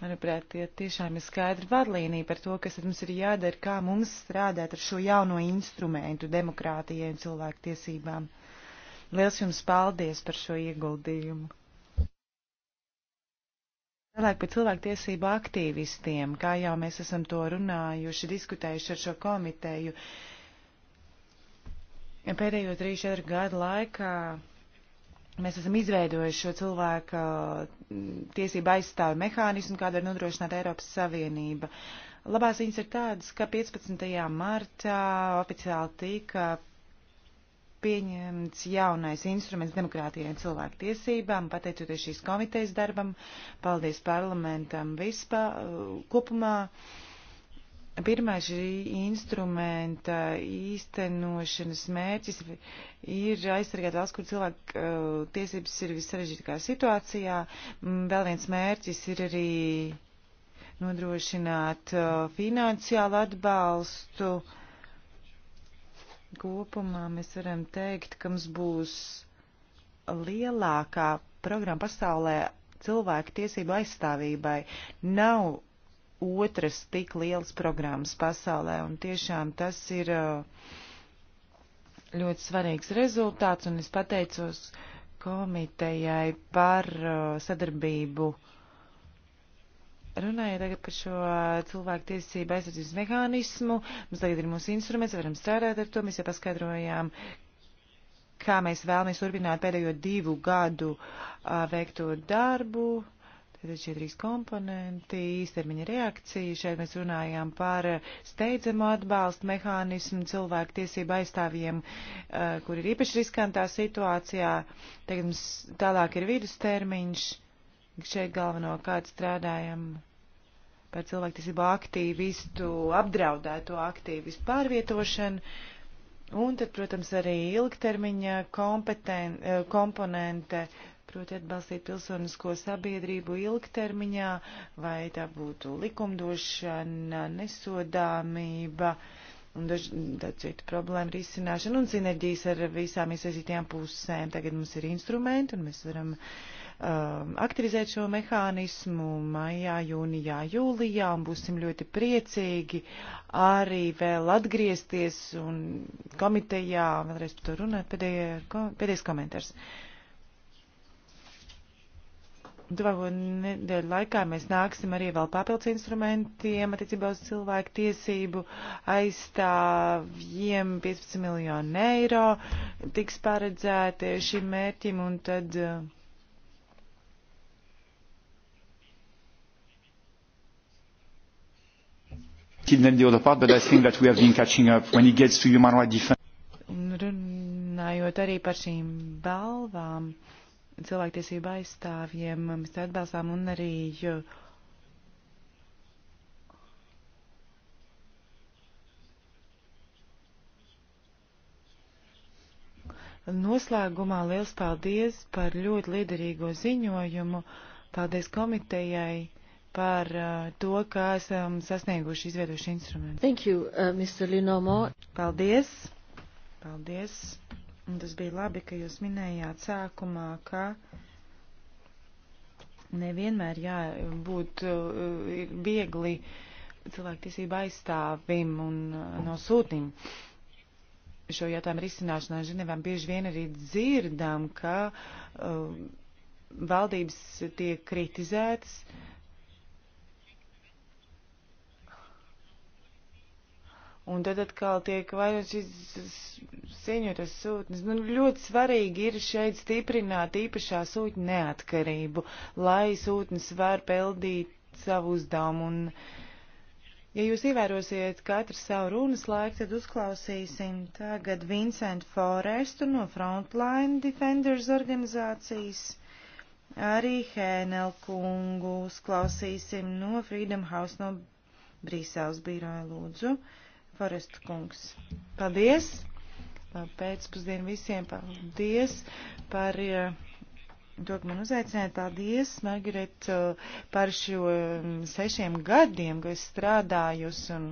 [SPEAKER 5] manuprāt, tie tiešām ir skaidri vadlīnija par to, kas mums ir jādara, kā mums strādāt ar šo jauno instrumentu demokrātijai un cilvēktiesībām. Liels jums paldies par šo ieguldījumu! Tālāk par cilvēktiesību aktīvistiem, kā jau mēs esam to runājuši, diskutējuši ar šo komiteju. Pēdējo 3-4 gadu laikā mēs esam izveidojuši šo cilvēku tiesību aizstāvu mehānismu, kādu var nodrošināt Eiropas Savienība. Labās viņas ir tādas, ka 15. martā oficiāli tika pieņemts jaunais instruments demokrātijai un cilvēku tiesībām, pateicoties šīs komitejas darbam. Paldies parlamentam vispār uh, kopumā. Pirmais šī instrumenta īstenošanas mērķis ir aizsargāt valsts, kur cilvēku uh, tiesības ir vissarežģītākā situācijā. Mm, vēl viens mērķis ir arī nodrošināt uh, finansiālu atbalstu Kopumā mēs varam teikt, ka mums būs lielākā programma pasaulē cilvēku tiesību aizstāvībai. Nav otras tik lielas programmas pasaulē, un tiešām tas ir ļoti svarīgs rezultāts, un es pateicos komitejai par sadarbību uh, Runājot tagad par šo cilvēku tiesību aizsardzības mehānismu, mums tagad ir mūsu instruments, varam strādāt ar to, mēs jau paskaidrojām, kā mēs vēlamies turpināt pēdējo divu gadu a, veikto darbu. Tātad šie trīs komponenti, īstermiņa reakcija, šeit mēs runājām par steidzamo atbalstu mehānismu cilvēku tiesību aizstāvjiem, a, kur ir īpaši riskantā situācijā. Tagad mums tālāk ir vidustermiņš šeit galvenokārt strādājam par cilvēktiesību aktīvistu, apdraudēto aktīvistu pārvietošanu. Un tad, protams, arī ilgtermiņa kompeten, eh, komponente, proti atbalstīt pilsonisko sabiedrību ilgtermiņā, vai tā būtu likumdošana, nesodāmība un daudz citu problēmu risināšana un sinerģijas ar visām iesaistītajām pusēm. Tagad mums ir instrumenti un mēs varam uh, Um, aktivizēt šo mehānismu maijā, jūnijā, jūlijā un būsim ļoti priecīgi arī vēl atgriezties un komitejā vēlreiz par to runāt. Pēdējais komentārs. Tuvāko nedēļu laikā mēs nāksim arī vēl papildus instrumentiem attiecībā uz cilvēku tiesību aizstāvjiem 15 miljonu eiro tiks paredzēti šim mērķim un tad uh,
[SPEAKER 3] than the other part, but I think that we have been catching up when it gets to human rights defense.
[SPEAKER 5] Runājot arī par šīm balvām, cilvēktiesību aizstāvjiem, mēs atbalstām un arī Noslēgumā liels paldies par ļoti liederīgo ziņojumu. Paldies komitejai par uh, to, ka esam sasnieguši izviedoši instrumentu. Thank you, uh, Mr. Linomo. Paldies. Paldies. Un tas bija labi, ka jūs minējāt sākumā, ka nevienmēr jābūt uh, viegli cilvēktiesību aizstāvim un uh, no sūtiņa. Šo jautājumu risināšanā Ženevām bieži vien arī dzirdam, ka uh, valdības tiek kritizētas. Uh, Un tad atkal tiek vairot šīs sieņotas sūtnes. Nu, ļoti svarīgi ir šeit stiprināt īpašā sūtņa neatkarību, lai sūtnes var peldīt savu uzdevumu. Un, ja jūs ievērosiet katru savu runas laiku, tad uzklausīsim tagad Vincentu Forestu no Frontline Defenders organizācijas. Arī Hēnel kungu uzklausīsim no Freedom House no Brīseles biroja lūdzu. Uh, Forest kungs. Paldies! Pēcpusdienu visiem paldies par eh, to, ka man uzaicināja. Paldies, Margaret, eh, par šo mm, sešiem gadiem, ko es strādājus. Un...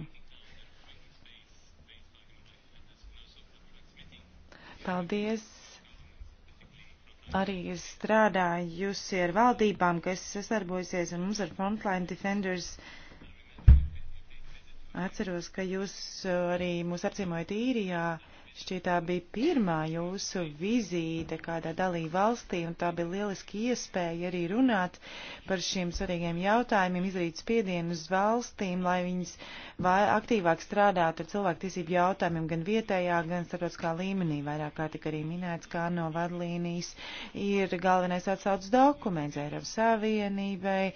[SPEAKER 5] Paldies! Arī es strādājusi ar valdībām, kas sadarbojusies ar mums ar Frontline Defenders. Uh, Atceros, ka jūs eh, arī mūs apciemojat īrijā. Ja Šķiet, tā bija pirmā jūsu vizīte kādā dalība valstī, un tā bija lieliski iespēja arī runāt par šiem svarīgiem jautājumiem, izrīt spiedienu uz valstīm, lai viņas aktīvāk strādātu ar cilvēktiesību jautājumiem gan vietējā, gan starptautiskā līmenī. Vairāk kā tika arī minēts, kā no vadlīnijas ir galvenais atsaucas dokuments Eiropas Savienībai,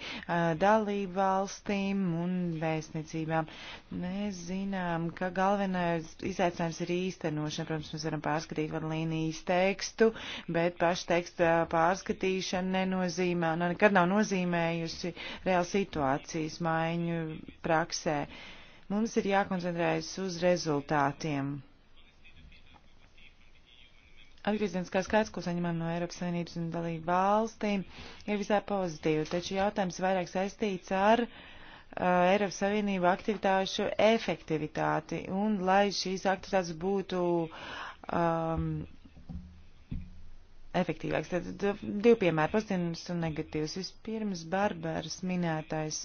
[SPEAKER 5] dalību valstīm un vēstniecībām. Mēs zinām, ka galvenais izaicinājums ir īstenot īstenošana. Protams, mēs varam pārskatīt vadlīnijas tekstu, bet paša teksta pārskatīšana nenozīmē, nu, nekad nav nozīmējusi reāli situācijas maiņu praksē. Mums ir jākoncentrējas uz rezultātiem. Atgriezieniskā skaits, ko saņemam no Eiropas Savienības un dalību valstīm, ir visai pozitīvi, taču jautājums vairāk saistīts ar uh, Uh, Eiropas Savienība aktivitāšu efektivitāti un lai šīs aktivitātes būtu um, efektīvāks. Tad, tad divi piemēri, pozitīvs un negatīvs. Vispirms Barbaras minētais.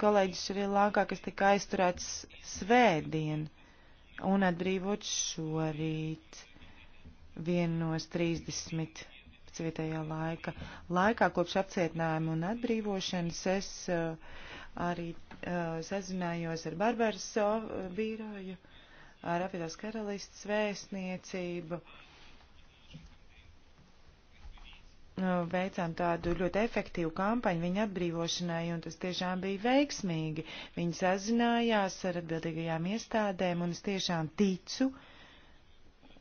[SPEAKER 5] Kolēģis arī Lankā, kas tika aizturēts svētdien un atbrīvots šorīt vienos 30 specifitējā laika. Laikā kopš apcietinājuma un atbrīvošanas es eh, arī eh, sazinājos ar Barbaras eh, bīroju, ar apvienotās karalists vēstniecību. Nu, veicām tādu ļoti efektīvu kampaņu viņa atbrīvošanai, un tas tiešām bija veiksmīgi. Viņi sazinājās ar atbildīgajām iestādēm, un es tiešām ticu, uh,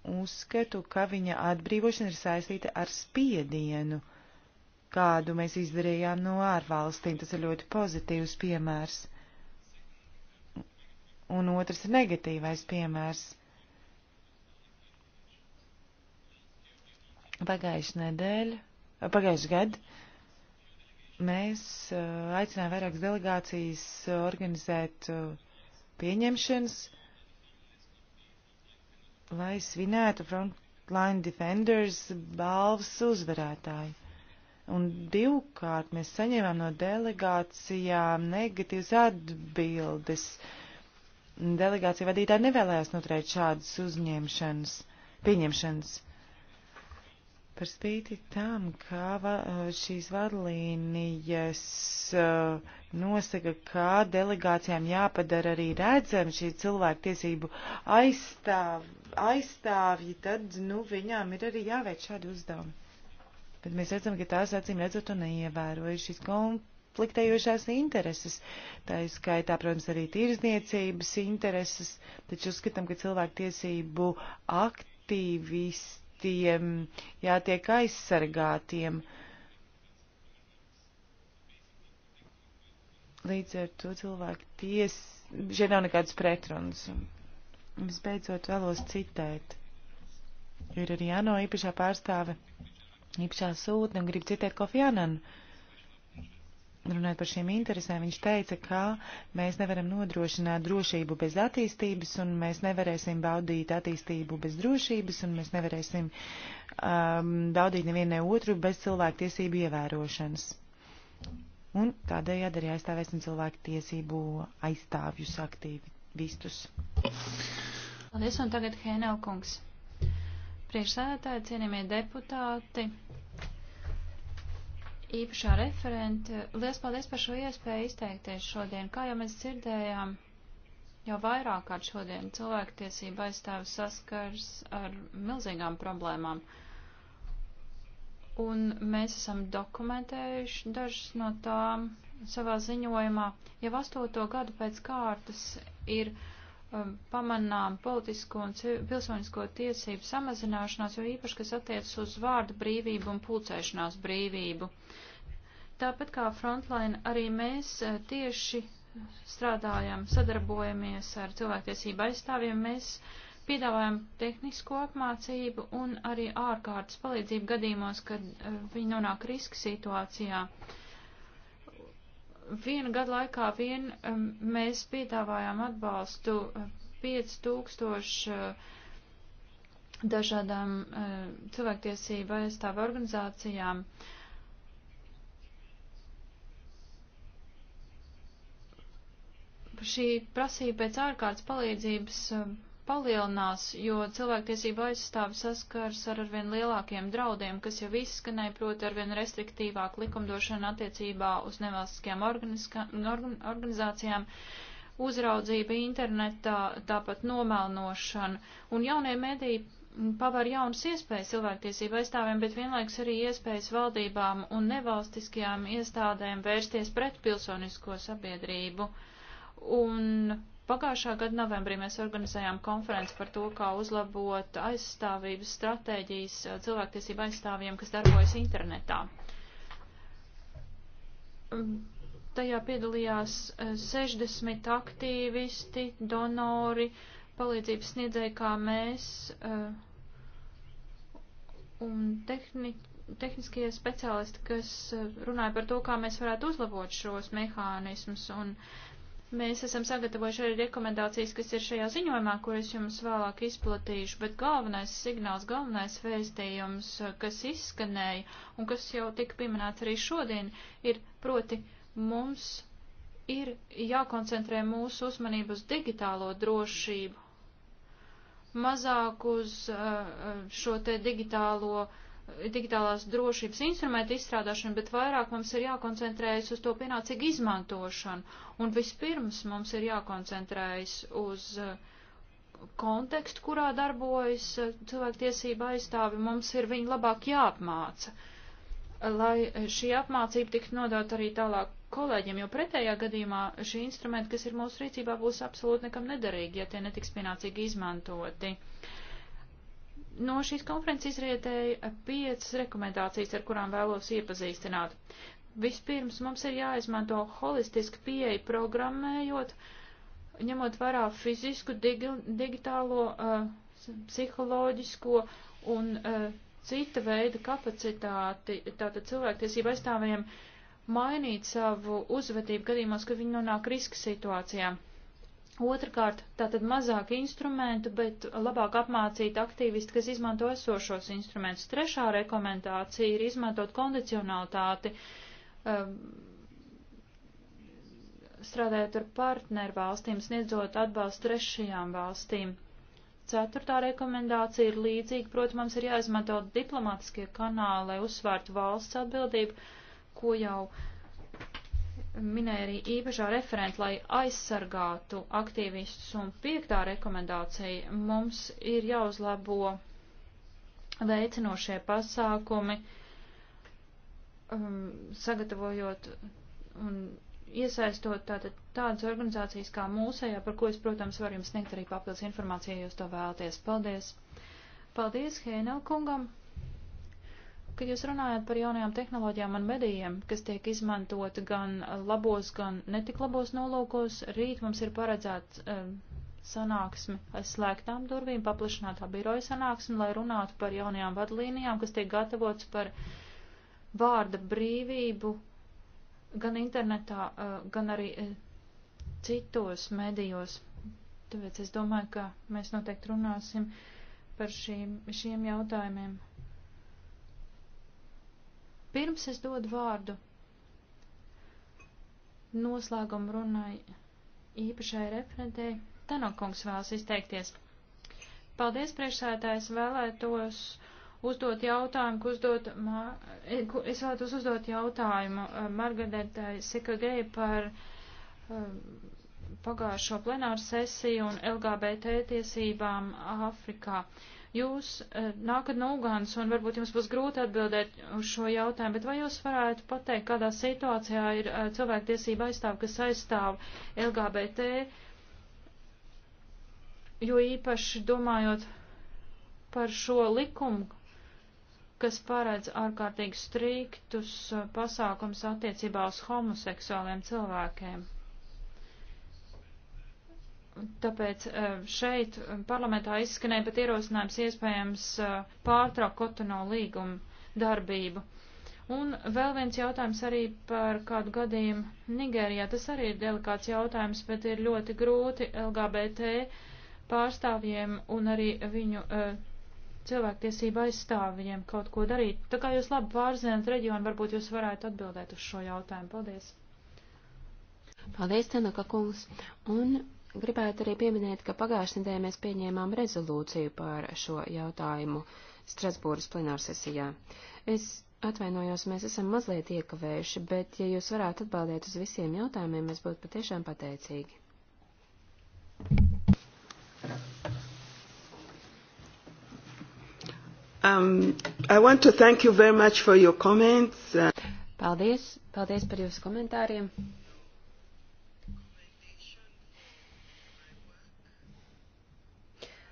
[SPEAKER 5] uzskatu, ka viņa atbrīvošana ir saistīta ar spiedienu, kādu mēs izdarījām no ārvalstīm. Tas ir ļoti pozitīvs piemērs. Un otrs ir negatīvais piemērs. Pagājušajā nedēļā, pagājušajā gadā mēs uh, aicinājām vairākas delegācijas organizēt uh, pieņemšanas lai svinētu Frontline Defenders balvas uzvarētāju. Un divkārt mēs saņēmām no delegācijām negatīvas atbildes. Delegācija vadītāji nevēlējās noturēt šādas uzņemšanas, pieņemšanas. Par spīti tam, kā va, eh, šīs vadlīnijas eh, nosaka, kā delegācijām jāpadara arī redzami šī cilvēktiesību aizstāv, aizstāvji, tad, nu, viņām ir arī jāveic šādi uzdevumi. Bet mēs redzam, ka tās acīm redzot un neievēroja šīs konfliktējošās intereses. Tā ir skaitā, protams, arī tirzniecības intereses, taču uzskatām, ka cilvēktiesību aktīvisti tiem jātiek aizsargātiem. Līdz ar to cilvēku ties, šeit nav nekādas pretrunas. Visbeidzot vēlos citēt. Ir arī Jāno īpašā pārstāve, īpašā sūtne un grib citēt Kofi Ananu runājot par šīm interesēm, viņš teica, ka mēs nevaram nodrošināt drošību bez attīstības, un mēs nevarēsim baudīt attīstību bez drošības, un mēs nevarēsim um, baudīt nevienu ne otru bez cilvēku tiesību ievērošanas. Un tādējādi arī aizstāvēsim cilvēku tiesību aizstāvjus aktīvistus.
[SPEAKER 4] Paldies, un tagad Hēnaukungs. Priekšsēdētāji, cienījamie deputāti īpašā referente. Lielas paldies par šo iespēju izteikties šodien. Kā jau mēs dzirdējām, jau vairāk kārt šodien cilvēktiesība aizstāvis saskars ar milzīgām problēmām. Un mēs esam dokumentējuši dažas no tām savā ziņojumā. Jau astoto gadu pēc kārtas ir Um, pamanām politisko un pilsonisko tiesību samazināšanās, jo īpaši, kas attiecas uz vārdu brīvību un pulcēšanās brīvību. Tāpat kā Frontline, arī mēs eh, tieši strādājam, sadarbojamies ar cilvēktiesību aizstāvjiem. Mēs piedāvājam tehnisko apmācību un arī ārkārtas palīdzību gadījumos, kad eh, viņi nonāk riska situācijā. Uh, vienu gadu laikā vien um, mēs piedāvājām atbalstu 5000 uh, uh, dažādām uh, cilvēktiesību aizstāvu organizācijām. Šī prasība pēc ārkārtas palīdzības uh, palielinās, jo cilvēktiesība aizstāvi saskars ar arvien lielākiem draudiem, kas jau izskanēja, proti arvien restriktīvāk likumdošana attiecībā uz nevalstiskajām organ, organizācijām, uzraudzība internetā, tāpat nomēlnošana. Un jaunie mediji paver jaunas iespējas cilvēktiesību aizstāvjiem, bet vienlaiks arī iespējas valdībām un nevalstiskajām iestādēm vērsties pret pilsonisko sabiedrību. Un Pagājušā gada novembrī mēs organizējām konferenci par to, kā uzlabot aizstāvības stratēģijas eh, cilvēktiesību aizstāvjiem, kas darbojas internetā. Mm, tajā piedalījās 60 eh, aktīvisti, donori, palīdzības sniedzēji kā mēs eh, un tehni, tehniskie speciālisti, kas runāja par to, kā mēs varētu uzlabot šos mehānismus un uh, Mēs esam sagatavojuši arī rekomendācijas, kas ir šajā ziņojumā, kur es jums vēlāk izplatīšu, bet galvenais signāls, galvenais vēstījums, kas izskanēja un kas jau tika pieminēts arī šodien, ir proti mums ir jākoncentrē mūsu uzmanību uz digitālo drošību, mazāk uz uh, uh, šo te digitālo uh, digitālās drošības instrumentu izstrādāšanu, bet vairāk mums ir jākoncentrējas uz to pienācīgu izmantošanu. Un vispirms mums ir jākoncentrējas uz uh, kontekstu, kurā darbojas uh, cilvēktiesība aizstāvi, mums ir viņi labāk jāapmāca, lai šī apmācība tiktu nodot arī tālāk kolēģiem, jo pretējā gadījumā šī instrumenta, kas ir mūsu rīcībā, būs absolūti nekam nederīgi, ja tie netiks pienācīgi izmantoti. Uh, No šīs konferences izrietēja piecas rekomendācijas, ar kurām vēlos iepazīstināt. Vispirms mums ir jāizmanto holistiski pieeja programmējot, ņemot vērā fizisku, digi, digitālo, uh, psiholoģisko un uh, cita veida kapacitāti, tātad cilvēktiesība aizstāvējiem mainīt savu uzvedību gadījumos, kad viņi nonāk riska situācijām. Otrakārt, tātad mazāk instrumentu, bet labāk apmācīt aktīvisti, kas izmanto esošos instrumentus. Trešā rekomendācija ir izmantot kondicionalitāti, um, strādājot ar partneru valstīm, sniedzot atbalstu trešajām valstīm. Ceturtā rekomendācija ir līdzīga, proti mums ir jāizmanto diplomātiskie kanāli, lai uzsvērtu valsts atbildību, ko jau uh, minēja arī īpašā referenta, lai aizsargātu aktīvistus, un piektā rekomendācija mums ir jāuzlabo veicinošie pasākumi, um, sagatavojot un iesaistot tātad tādas organizācijas kā mūsējā, par ko es, protams, varu jums sniegt arī papildus informāciju, ja jūs to vēlaties. Paldies! Paldies Hēnel kungam! Kad jūs runājat par jaunajām tehnoloģijām un medijiem, kas tiek izmantot gan labos, gan netik labos nolūkos, rīt mums ir paredzēts um, sanāksmi aiz slēgtām durvīm, paplašinātā biroja sanāksmi, lai runātu par jaunajām vadlīnijām, kas tiek gatavots par vārda brīvību gan internetā, uh, gan arī uh, citos medijos. Tāpēc es domāju, ka mēs noteikti runāsim par šīm, šiem jautājumiem. Pirms es dodu vārdu noslēgumu runai īpašai referentei. Tanokungs vēlas izteikties. Paldies, priekšsētājs, vēlētos uzdot jautājumu, ko uzdot, eh, es vēlētos uzdot jautājumu eh, Margaretai Sikagei par eh, pagājušo plenāru sesiju un LGBT tiesībām Āfrikā. Uh, Jūs eh, nākat no Ugānas un varbūt jums būs grūti atbildēt uz šo jautājumu, bet vai jūs varētu pateikt, kādā situācijā ir eh, cilvēktiesība aizstāv, kas aizstāv LGBT, jo īpaši domājot par šo likumu, kas paredz ārkārtīgi striktus eh, pasākums attiecībā uz homoseksuāliem cilvēkiem? Tāpēc e, šeit e, parlamentā izskanēja pat ierosinājums iespējams e, pārtraukt kotono līgumu darbību. Un vēl viens jautājums arī par kādu gadījumu Nigērijā. Tas arī ir delikāts jautājums, bet ir ļoti grūti LGBT pārstāvjiem un arī viņu uh, cilvēktiesību aizstāvjiem kaut ko darīt. Tā kā jūs labi pārzinat reģionu, varbūt jūs varētu atbildēt uz šo jautājumu.
[SPEAKER 1] Paldies! Paldies, Tanaka kungs! Un Gribētu arī pieminēt, ka pagājušajā nedēļā mēs pieņēmām rezolūciju par šo jautājumu Strasbūras plenārsesijā. Es atvainojos, mēs esam mazliet iekavējuši, bet ja jūs varētu atbildēt uz visiem jautājumiem, mēs būtu patiešām pateicīgi. Um, I want to thank you very much for your comments. Paldies, paldies par jūsu komentāriem.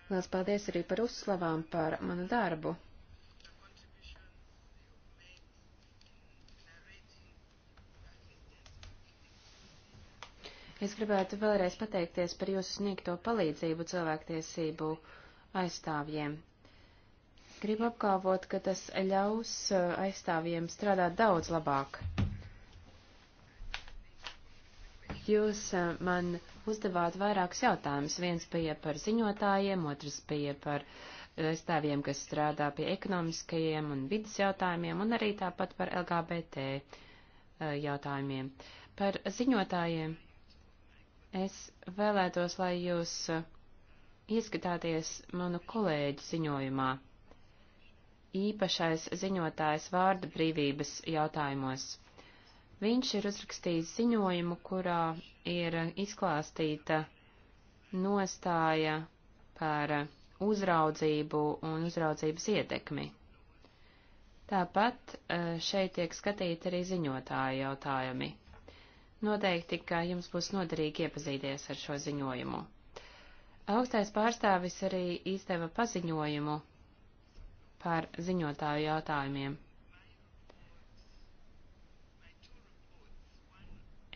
[SPEAKER 1] Lielas paldies arī par uzslavām par manu darbu. Es gribētu vēlreiz pateikties par jūsu sniegto palīdzību cilvēktiesību aizstāvjiem. Gribu apgalvot, ka tas ļaus uh, aizstāvjiem strādāt daudz labāk. Jūs uh, man uzdevāt vairākus jautājumus. Viens bija par ziņotājiem, otrs bija par aizstāvjiem, eh, kas strādā pie ekonomiskajiem un vidas jautājumiem, un arī tāpat par LGBT eh, jautājumiem. Par ziņotājiem es vēlētos, lai jūs eh, ieskatāties manu kolēģu ziņojumā īpašais ziņotājs vārda brīvības jautājumos. Viņš ir uzrakstījis ziņojumu, kurā ir izklāstīta nostāja par uzraudzību un uzraudzības ietekmi. Tāpat e, šeit tiek skatīti arī ziņotāju jautājumi. Noteikti, ka jums būs noderīgi iepazīties ar šo ziņojumu. Augstais pārstāvis arī izdeva paziņojumu par ziņotāju jautājumiem.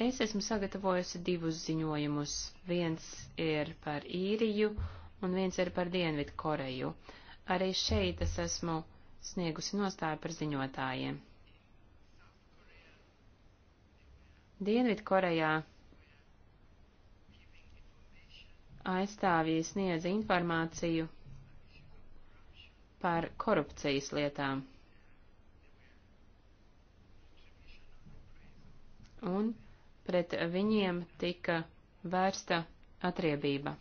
[SPEAKER 1] Es esmu sagatavojusi divus ziņojumus. Viens ir par īriju un viens ir par Dienvidu Koreju. Arī šeit es esmu sniegusi nostāju par ziņotājiem. Dienvidu Korejā aizstāvji sniedza informāciju par korupcijas lietām. Un pret viņiem tika vērsta atriebība.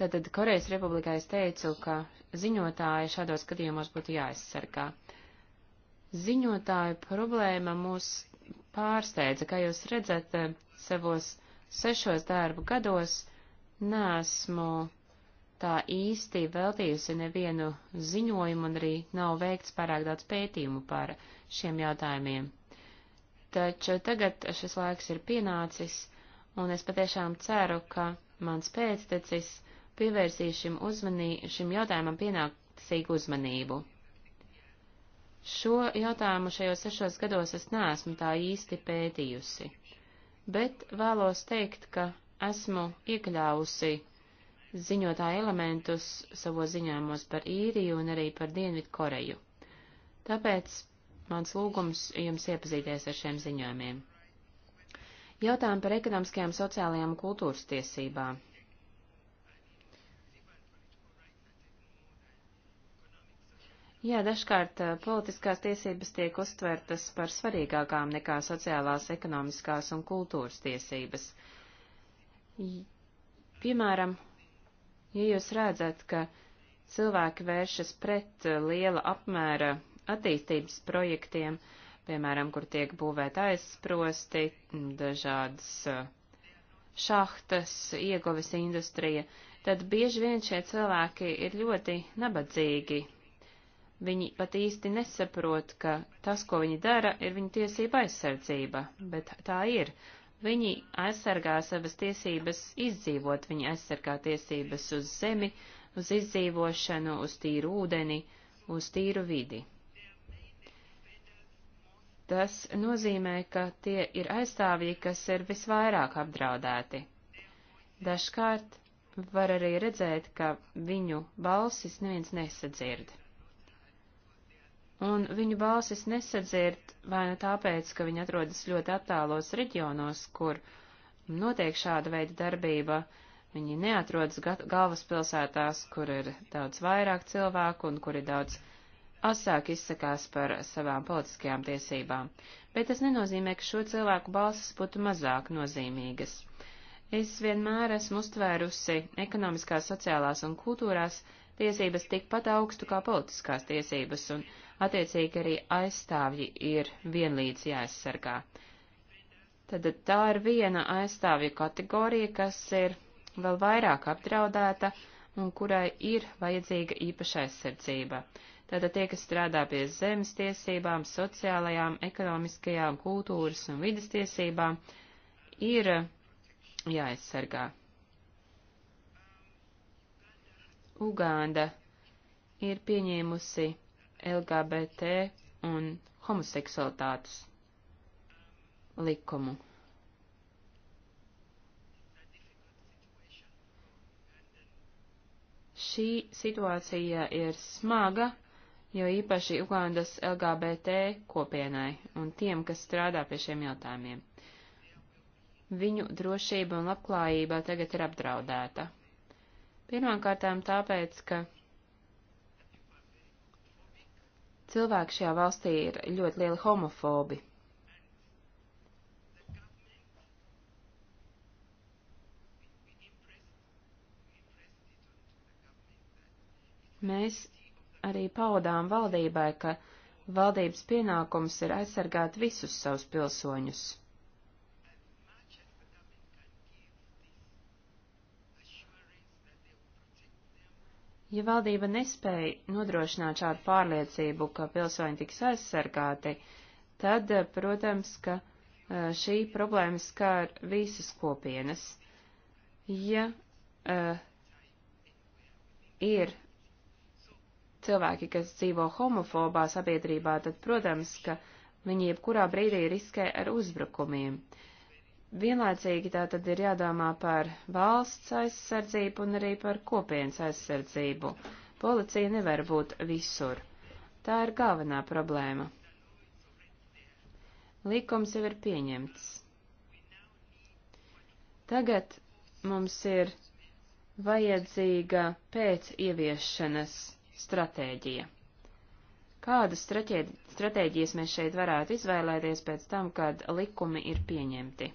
[SPEAKER 1] Tātad Korejas republikā es teicu, ka ziņotāji šādos gadījumos būtu jāaizsargā. Ziņotāju problēma mūs pārsteidza, kā jūs redzat, eh, savos sešos darbu gados nesmu tā īsti veltījusi nevienu ziņojumu un arī nav veikts pārāk daudz pētījumu par šiem jautājumiem. Taču tagad šis laiks ir pienācis, un es patiešām ceru, ka mans pēctecis pievērsīs šim, uzmanī, šim jautājumam pienācīgu uzmanību. Šo jautājumu šajos sešos gados es neesmu tā īsti pētījusi, bet vēlos teikt, ka esmu iekļāvusi ziņotā elementus savos ziņojumos par īriju un arī par Dienvidu Koreju. Tāpēc mans lūgums jums iepazīties ar šiem ziņojumiem. Jautājumi par ekonomiskajām, sociālajām un kultūras tiesībām. Jā, dažkārt eh, politiskās tiesības tiek uztvertas par svarīgākām nekā sociālās, ekonomiskās un kultūras tiesības. Piemēram, Ja jūs redzat, ka cilvēki vēršas pret uh, liela apmēra attīstības projektiem, piemēram, kur tiek būvēta aizsprosti, dažādas uh, šahtas, ieguves industrija, tad bieži vien šie cilvēki ir ļoti nabadzīgi. Viņi pat īsti nesaprot, ka tas, ko viņi dara, ir viņu tiesība aizsardzība, bet tā ir. Viņi aizsargā savas tiesības izdzīvot, viņi aizsargā tiesības uz zemi, uz izdzīvošanu, uz tīru ūdeni, uz tīru vidi. Tas nozīmē, ka tie ir aizstāvji, kas ir visvairāk apdraudēti. Dažkārt var arī redzēt, ka viņu balsis neviens nesadzird un viņu balsis nesadzird vai nu tāpēc, ka viņi atrodas ļoti attālos reģionos, kur notiek šāda veida darbība, viņi neatrodas galvaspilsētās, kur ir daudz vairāk cilvēku un kur ir daudz asāk izsakās par savām politiskajām tiesībām, bet tas nenozīmē, ka šo cilvēku balsis būtu mazāk nozīmīgas. Es vienmēr esmu uztvērusi ekonomiskās, sociālās un kultūrās tiesības tikpat augstu kā politiskās tiesības, un attiecīgi arī aizstāvji ir vienlīdz jāaizsargā. Tad tā ir viena aizstāvju kategorija, kas ir vēl vairāk apdraudēta un kurai ir vajadzīga īpaša aizsardzība. Tātad tie, kas strādā pie zemes tiesībām, sociālajām, ekonomiskajām, kultūras un vidas tiesībām, ir jāaizsargā. Uganda ir pieņēmusi LGBT un homoseksualitātes likumu. Šī situācija ir smaga, jo īpaši Ugandas LGBT kopienai un tiem, kas strādā pie šiem jautājumiem. Viņu drošība un labklājība tagad ir apdraudēta. Pirmkārtām tāpēc, ka Cilvēki šajā valstī ir ļoti lieli homofobi. Mēs arī paudām valdībai, ka valdības pienākums ir aizsargāt visus savus pilsoņus. Ja valdība nespēja nodrošināt šādu pārliecību, ka pilsoņi tiks aizsargāti, tad, eh, protams, ka eh, šī problēma skār visas kopienas. Ja uh, ir cilvēki, kas dzīvo homofobā sabiedrībā, tad, protams, ka viņi jebkurā brīdī riskē ar uzbrukumiem. Uh, Vienlaicīgi tā tad ir jādomā par valsts aizsardzību un arī par kopienas aizsardzību. Policija nevar būt visur. Tā ir galvenā problēma. Līkums jau ir pieņemts. Tagad mums ir vajadzīga pēc ieviešanas stratēģija. Kādas stratēģijas mēs šeit varētu izvēlēties pēc tam, kad likumi ir pieņemti?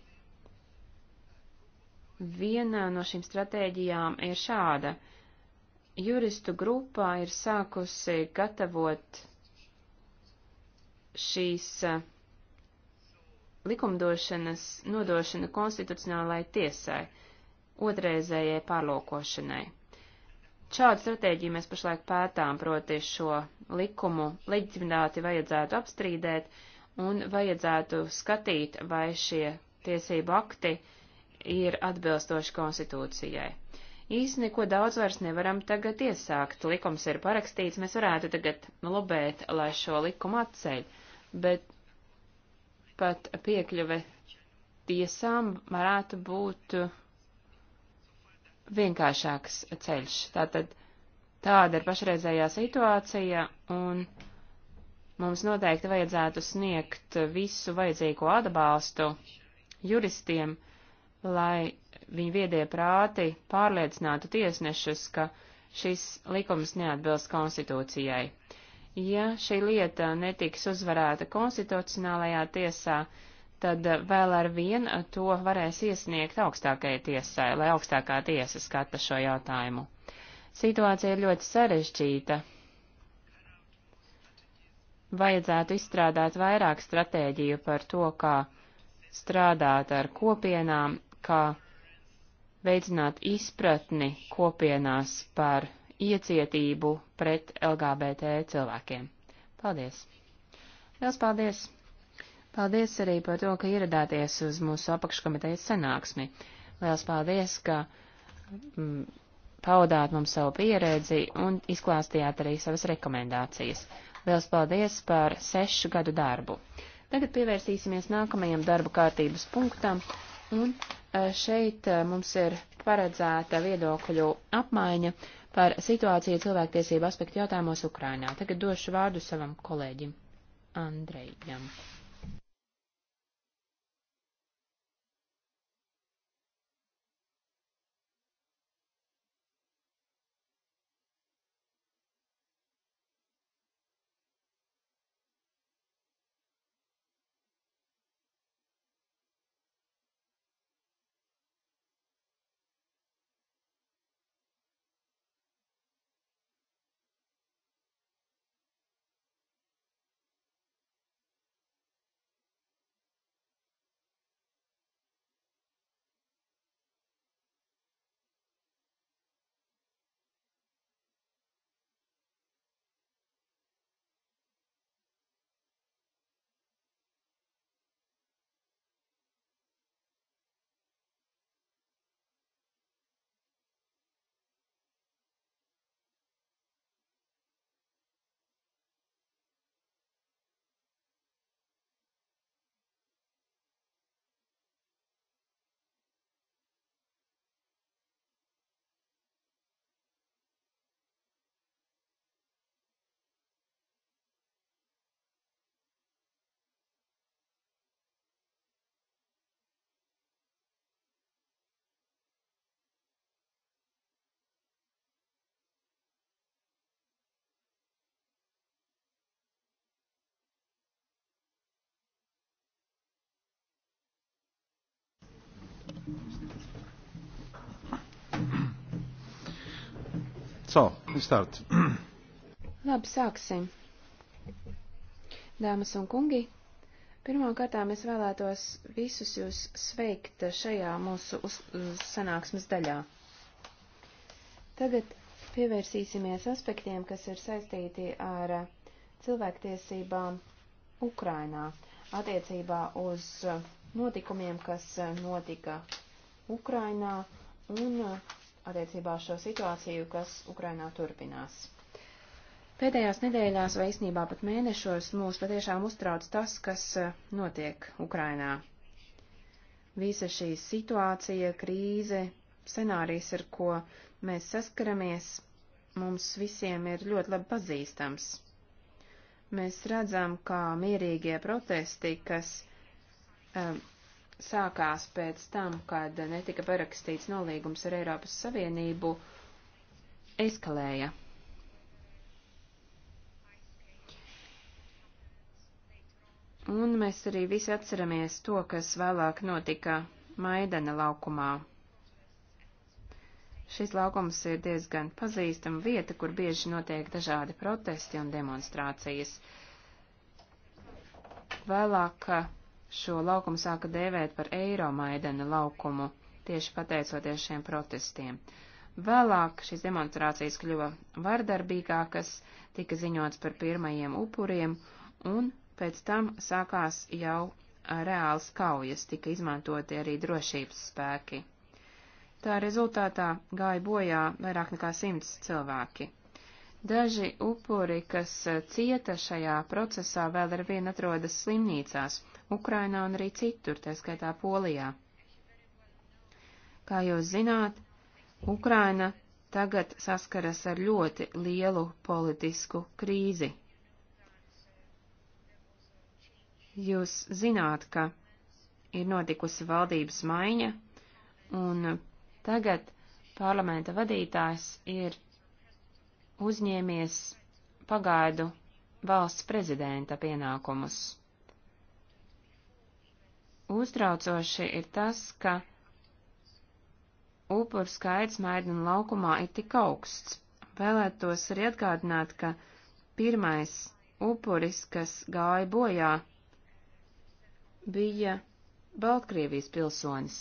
[SPEAKER 1] Viena no šīm stratēģijām ir šāda. Juristu grupā ir sākusi gatavot šīs likumdošanas nodošana konstitucionālai tiesai, otrreizējai pārlūkošanai. Šādu stratēģiju mēs pašlaik pētām, proti šo likumu leģitimitāti vajadzētu apstrīdēt un vajadzētu skatīt, vai šie tiesību akti uh, ir atbilstoši konstitūcijai. Īsti neko daudz vairs nevaram tagad iesākt. Likums ir parakstīts, mēs varētu tagad lobēt, lai šo likumu atceļ, bet pat piekļuve tiesām varētu būt vienkāršāks ceļš. Tātad tāda ir pašreizējā situācija, un mums noteikti vajadzētu sniegt visu vajadzīgo atbalstu juristiem, lai viņa viedie prāti pārliecinātu tiesnešus, ka šis likums neatbilst konstitūcijai. Ja šī lieta netiks uzvarēta konstitucionālajā tiesā, tad vēl ar vienu to varēs iesniegt augstākajai tiesai, lai augstākā tiesa skata šo jautājumu. Situācija ir ļoti sarežģīta. Vajadzētu izstrādāt vairāk stratēģiju par to, kā strādāt ar kopienām kā veicināt izpratni kopienās par iecietību pret LGBT cilvēkiem. Paldies! Liels paldies! Paldies arī par to, ka ieradāties uz mūsu apakškomitejas sanāksmi. Liels paldies, ka mm, paudāt mums savu pieredzi un izklāstījāt arī savas rekomendācijas. Liels paldies par sešu gadu darbu. Tagad pievērsīsimies nākamajam darba kārtības punktam, Un e, šeit e, mums ir paredzēta viedokļu apmaiņa par situāciju cilvēktiesību aspektu jautājumos Ukrainā. Tagad došu vārdu savam kolēģim Andrejam.
[SPEAKER 3] So, start.
[SPEAKER 1] [CLEARS THROAT] Labi, sāksim. Dāmas un kungi, pirmkārtām es vēlētos visus jūs sveikt šajā mūsu uz, uz sanāksmes daļā. Tagad pievērsīsimies aspektiem, kas ir saistīti ar cilvēktiesībām Ukrainā attiecībā uz notikumiem, kas notika Ukrainā un attiecībā uz šo situāciju, kas Ukrainā turpinās. Pēdējās nedēļās vai īsnībā pat mēnešos mūs patiešām uztrauc tas, kas eh, notiek Ukrainā. Visa šī situācija, krīze, scenārijs, ar ko mēs saskaramies, mums visiem ir ļoti labi pazīstams. Mēs redzam, kā mierīgie protesti, kas um, sākās pēc tam, kad netika parakstīts nolīgums ar Eiropas Savienību, eskalēja. Un mēs arī visi atceramies to, kas vēlāk notika Maidana laukumā. Šis laukums ir diezgan pazīstama vieta, kur bieži notiek dažādi protesti un demonstrācijas. Vēlāk šo laukumu sāka dēvēt par Eiromaidena laukumu, tieši pateicoties šiem protestiem. Vēlāk šīs demonstrācijas kļuva vardarbīgākas, tika ziņots par pirmajiem upuriem, un pēc tam sākās jau reāls kaujas, tika izmantoti arī drošības spēki. Tā rezultātā gāja bojā vairāk nekā simts cilvēki. Daži upuri, kas cieta šajā procesā, vēl ar vienu atrodas slimnīcās, Ukrainā un arī citur, tā skaitā Polijā. Kā jūs zināt, Ukraina tagad saskaras ar ļoti lielu politisku krīzi. Jūs zināt, ka ir notikusi valdības maiņa, un tagad parlamenta vadītājs ir uzņēmies pagaidu valsts prezidenta pienākumus. Uztraucoši ir tas, ka upuru skaits maidana laukumā ir tik augsts. Vēlētos arī atgādināt, ka pirmais upuris, kas gāja bojā, bija Baltkrievijas pilsonis.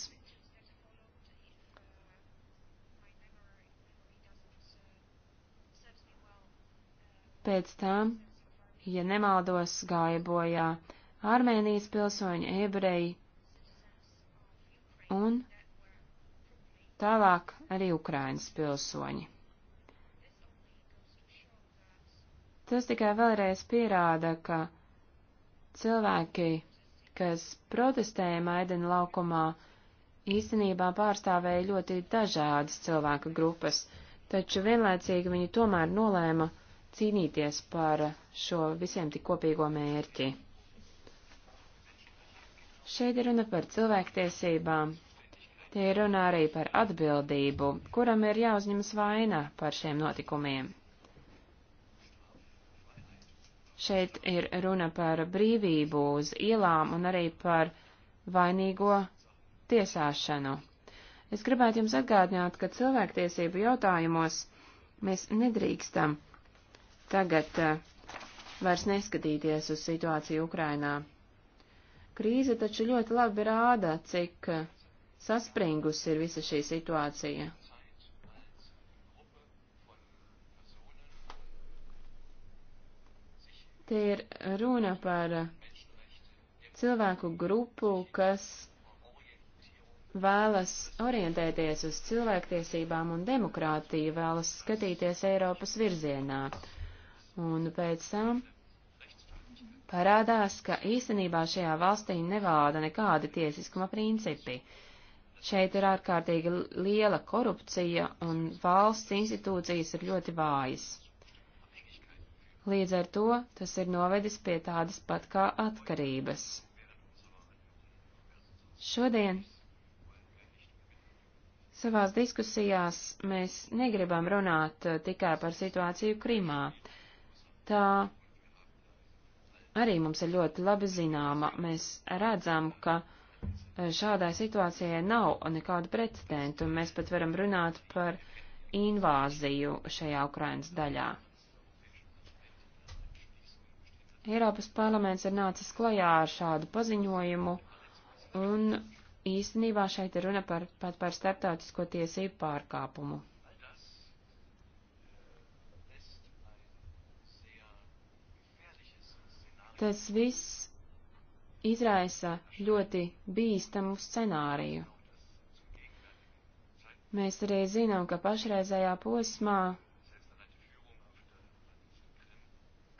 [SPEAKER 1] Pēc tam, ja nemaldos, gāja bojā Armēnijas pilsoņi, ebreji un tālāk arī Ukrainas pilsoņi. Tas tikai vēlreiz pierāda, ka cilvēki, kas protestēja Maidena laukumā, īstenībā pārstāvēja ļoti dažādas cilvēka grupas, taču vienlaicīgi viņi tomēr nolēma cīnīties par šo visiem tik kopīgo mērķi. Šeit ir runa par cilvēktiesībām. Tie ir runa arī par atbildību, kuram ir jāuzņemas vaina par šiem notikumiem. Šeit ir runa par brīvību uz ielām un arī par vainīgo tiesāšanu. Es gribētu jums atgādināt, ka cilvēktiesību jautājumos mēs nedrīkstam tagad uh, vairs neskatīties uz situāciju Ukrainā. Krīze taču ļoti labi rāda, cik eh, saspringusi ir visa šī situācija. Te ir runa par eh, cilvēku grupu, kas vēlas orientēties uz cilvēktiesībām un demokrātiju, vēlas skatīties Eiropas virzienā. Un pēc tam parādās, ka īstenībā šajā valstī nevāda nekādi tiesiskuma principi. Šeit ir ārkārtīgi liela korupcija un valsts institūcijas ir ļoti vājas. Līdz ar to tas ir novedis pie tādas pat kā atkarības. Šodien savās diskusijās mēs negribam runāt uh, tikai par situāciju Krimā. Tā arī mums ir ļoti labi zināma. Mēs redzam, ka e, šādai situācijai nav nekādu precedentu, un mēs pat varam runāt par invāziju šajā Ukrainas daļā. Eiropas parlaments ir nācis klajā ar šādu paziņojumu, un īstenībā šeit ir runa par, pat par starptautisko tiesību pārkāpumu. Tas viss izraisa ļoti bīstamu scenāriju. Mēs arī zinām, ka pašreizējā posmā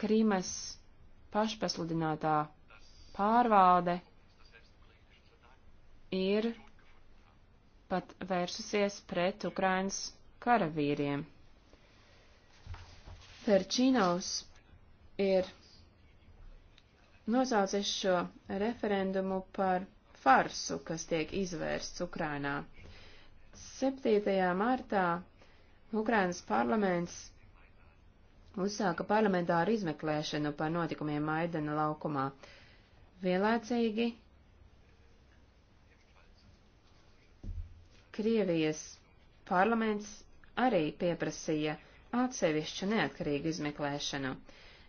[SPEAKER 1] Krīmas pašpasludinātā pārvalde ir pat vērsusies pret Ukrainas karavīriem. Ferčinovs ir nosaucis šo referendumu par farsu, kas tiek izvērsts Ukrainā. 7. martā Ukrainas parlaments uzsāka parlamentāru izmeklēšanu par notikumiem Maidana laukumā. Vienlaicīgi Krievijas parlaments arī pieprasīja atsevišķu neatkarīgu izmeklēšanu.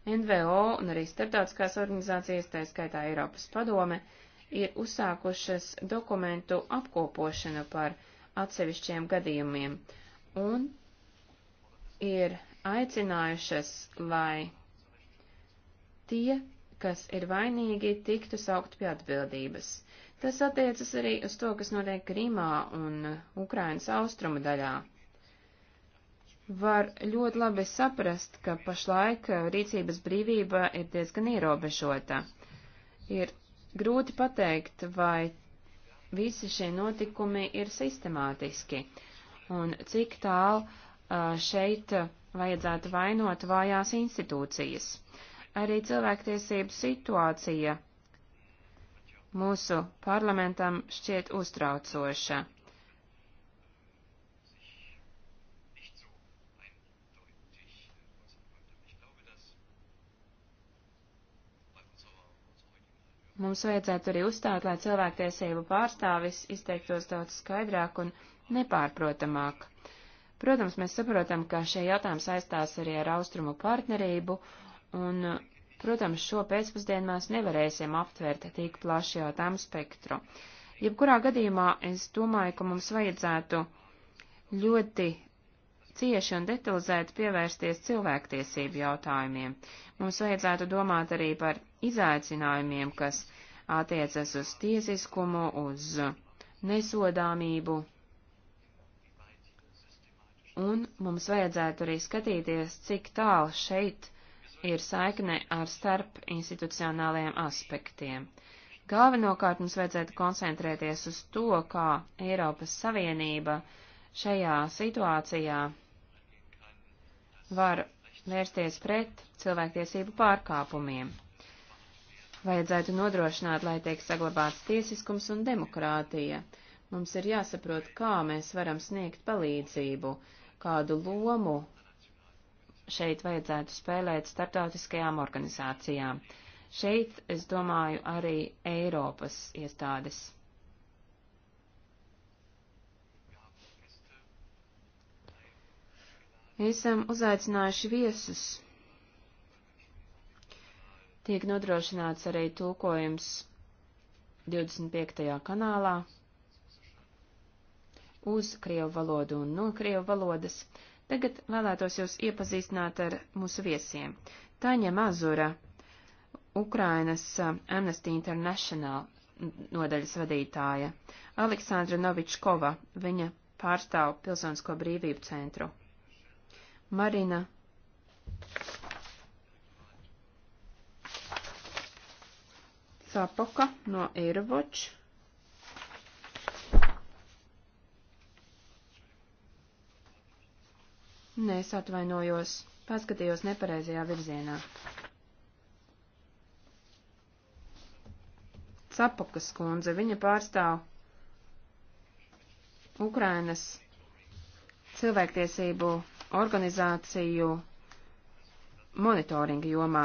[SPEAKER 1] NVO un arī starptautiskās organizācijas, tā skaitā Eiropas padome, ir uzsākušas dokumentu apkopošanu par atsevišķiem gadījumiem un ir aicinājušas, lai tie, kas ir vainīgi, tiktu saukt pie atbildības. Tas attiecas arī uz to, kas notiek Krīmā un Ukrainas austrumu daļā var ļoti labi saprast, ka pašlaik eh, rīcības brīvība ir diezgan ierobežota. Ir grūti pateikt, vai visi šie notikumi ir sistemātiski un cik tālu eh, šeit vajadzētu vainot vājās institūcijas. Arī cilvēktiesību situācija mūsu parlamentam šķiet uztraucoša. Mums vajadzētu arī uzstāt, lai cilvēktiesību pārstāvis izteiktos daudz skaidrāk un nepārprotamāk. Protams, mēs saprotam, ka šie jautājumi saistās arī ar austrumu partnerību, un, protams, šo pēcpusdienu mēs nevarēsim aptvert tik plaši jautājumu spektru. Jebkurā gadījumā es domāju, ka mums vajadzētu ļoti cieši un detalizēti pievērsties cilvēktiesību jautājumiem. Mums vajadzētu domāt arī par izaicinājumiem, kas attiecas uz tiesiskumu, uz nesodāmību. Un mums vajadzētu arī skatīties, cik tālu šeit ir saikne ar starp institucionālajiem aspektiem. Galvenokārt mums vajadzētu koncentrēties uz to, kā Eiropas Savienība šajā situācijā var vērsties pret cilvēktiesību pārkāpumiem. Vajadzētu nodrošināt, lai tiek saglabāts tiesiskums un demokrātija. Mums ir jāsaprot, kā mēs varam sniegt palīdzību, kādu lomu šeit vajadzētu spēlēt starptautiskajām organizācijām. Šeit, es domāju, arī Eiropas iestādes Esam uzaicinājuši viesus. Tiek nodrošināts arī tulkojums 25. kanālā uz Krievu valodu un no Krievu valodas. Tagad vēlētos jūs iepazīstināt ar mūsu viesiem. Taņa Mazura, Ukrainas um, Amnesty International nodaļas vadītāja, Aleksandra Novičkova, viņa pārstāv Pilsonsko brīvību centru. Marina. Sapoka no Eirovoč. Nē, es atvainojos, paskatījos nepareizajā virzienā. Sapokas kundze, viņa pārstāv Ukrainas cilvēktiesību organizāciju monitoringa jomā.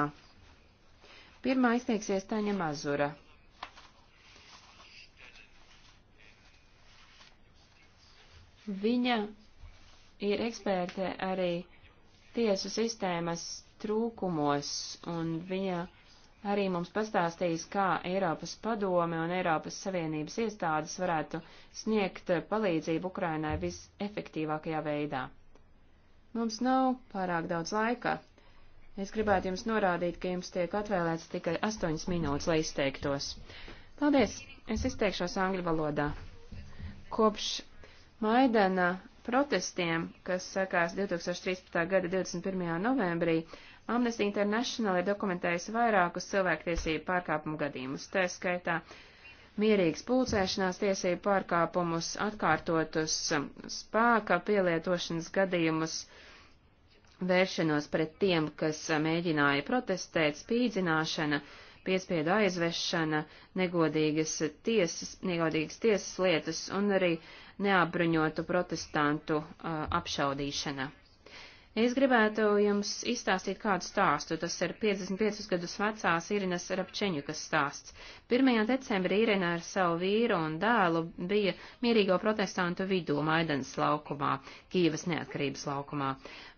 [SPEAKER 1] Pirmā izteiksies Taņa Mazura. Viņa ir eksperte arī tiesu sistēmas trūkumos, un viņa arī mums pastāstīs, kā Eiropas padome un Eiropas Savienības iestādes varētu sniegt palīdzību Ukrainai visefektīvākajā veidā. Mums nav pārāk daudz laika. Es gribētu jums norādīt, ka jums tiek atvēlēts tikai 8 minūtes, lai izteiktos. Paldies! Es izteikšos angļu valodā. Kopš Maidana protestiem, kas sākās 2013. gada 21. novembrī, Amnesty International ir dokumentējusi vairākus cilvēktiesību pārkāpumu gadījumus, tā skaitā mierīgas pulcēšanās tiesību pārkāpumus, atkārtotus um, spēka pielietošanas gadījumus, vēršanos pret tiem, kas um, mēģināja protestēt, spīdzināšana, piespiedu aizvešana, negodīgas tiesas, negodīgas tiesas lietas un arī neapbruņotu protestantu uh, apšaudīšana. Es gribētu jums izstāstīt kādu stāstu. Tas ir 55 gadus vecās Irinas Rapčeņukas stāsts. 1. decembrī Irina ar savu vīru un dēlu bija mierīgo protestantu vidū Maidanas laukumā, Kīvas neatkarības laukumā.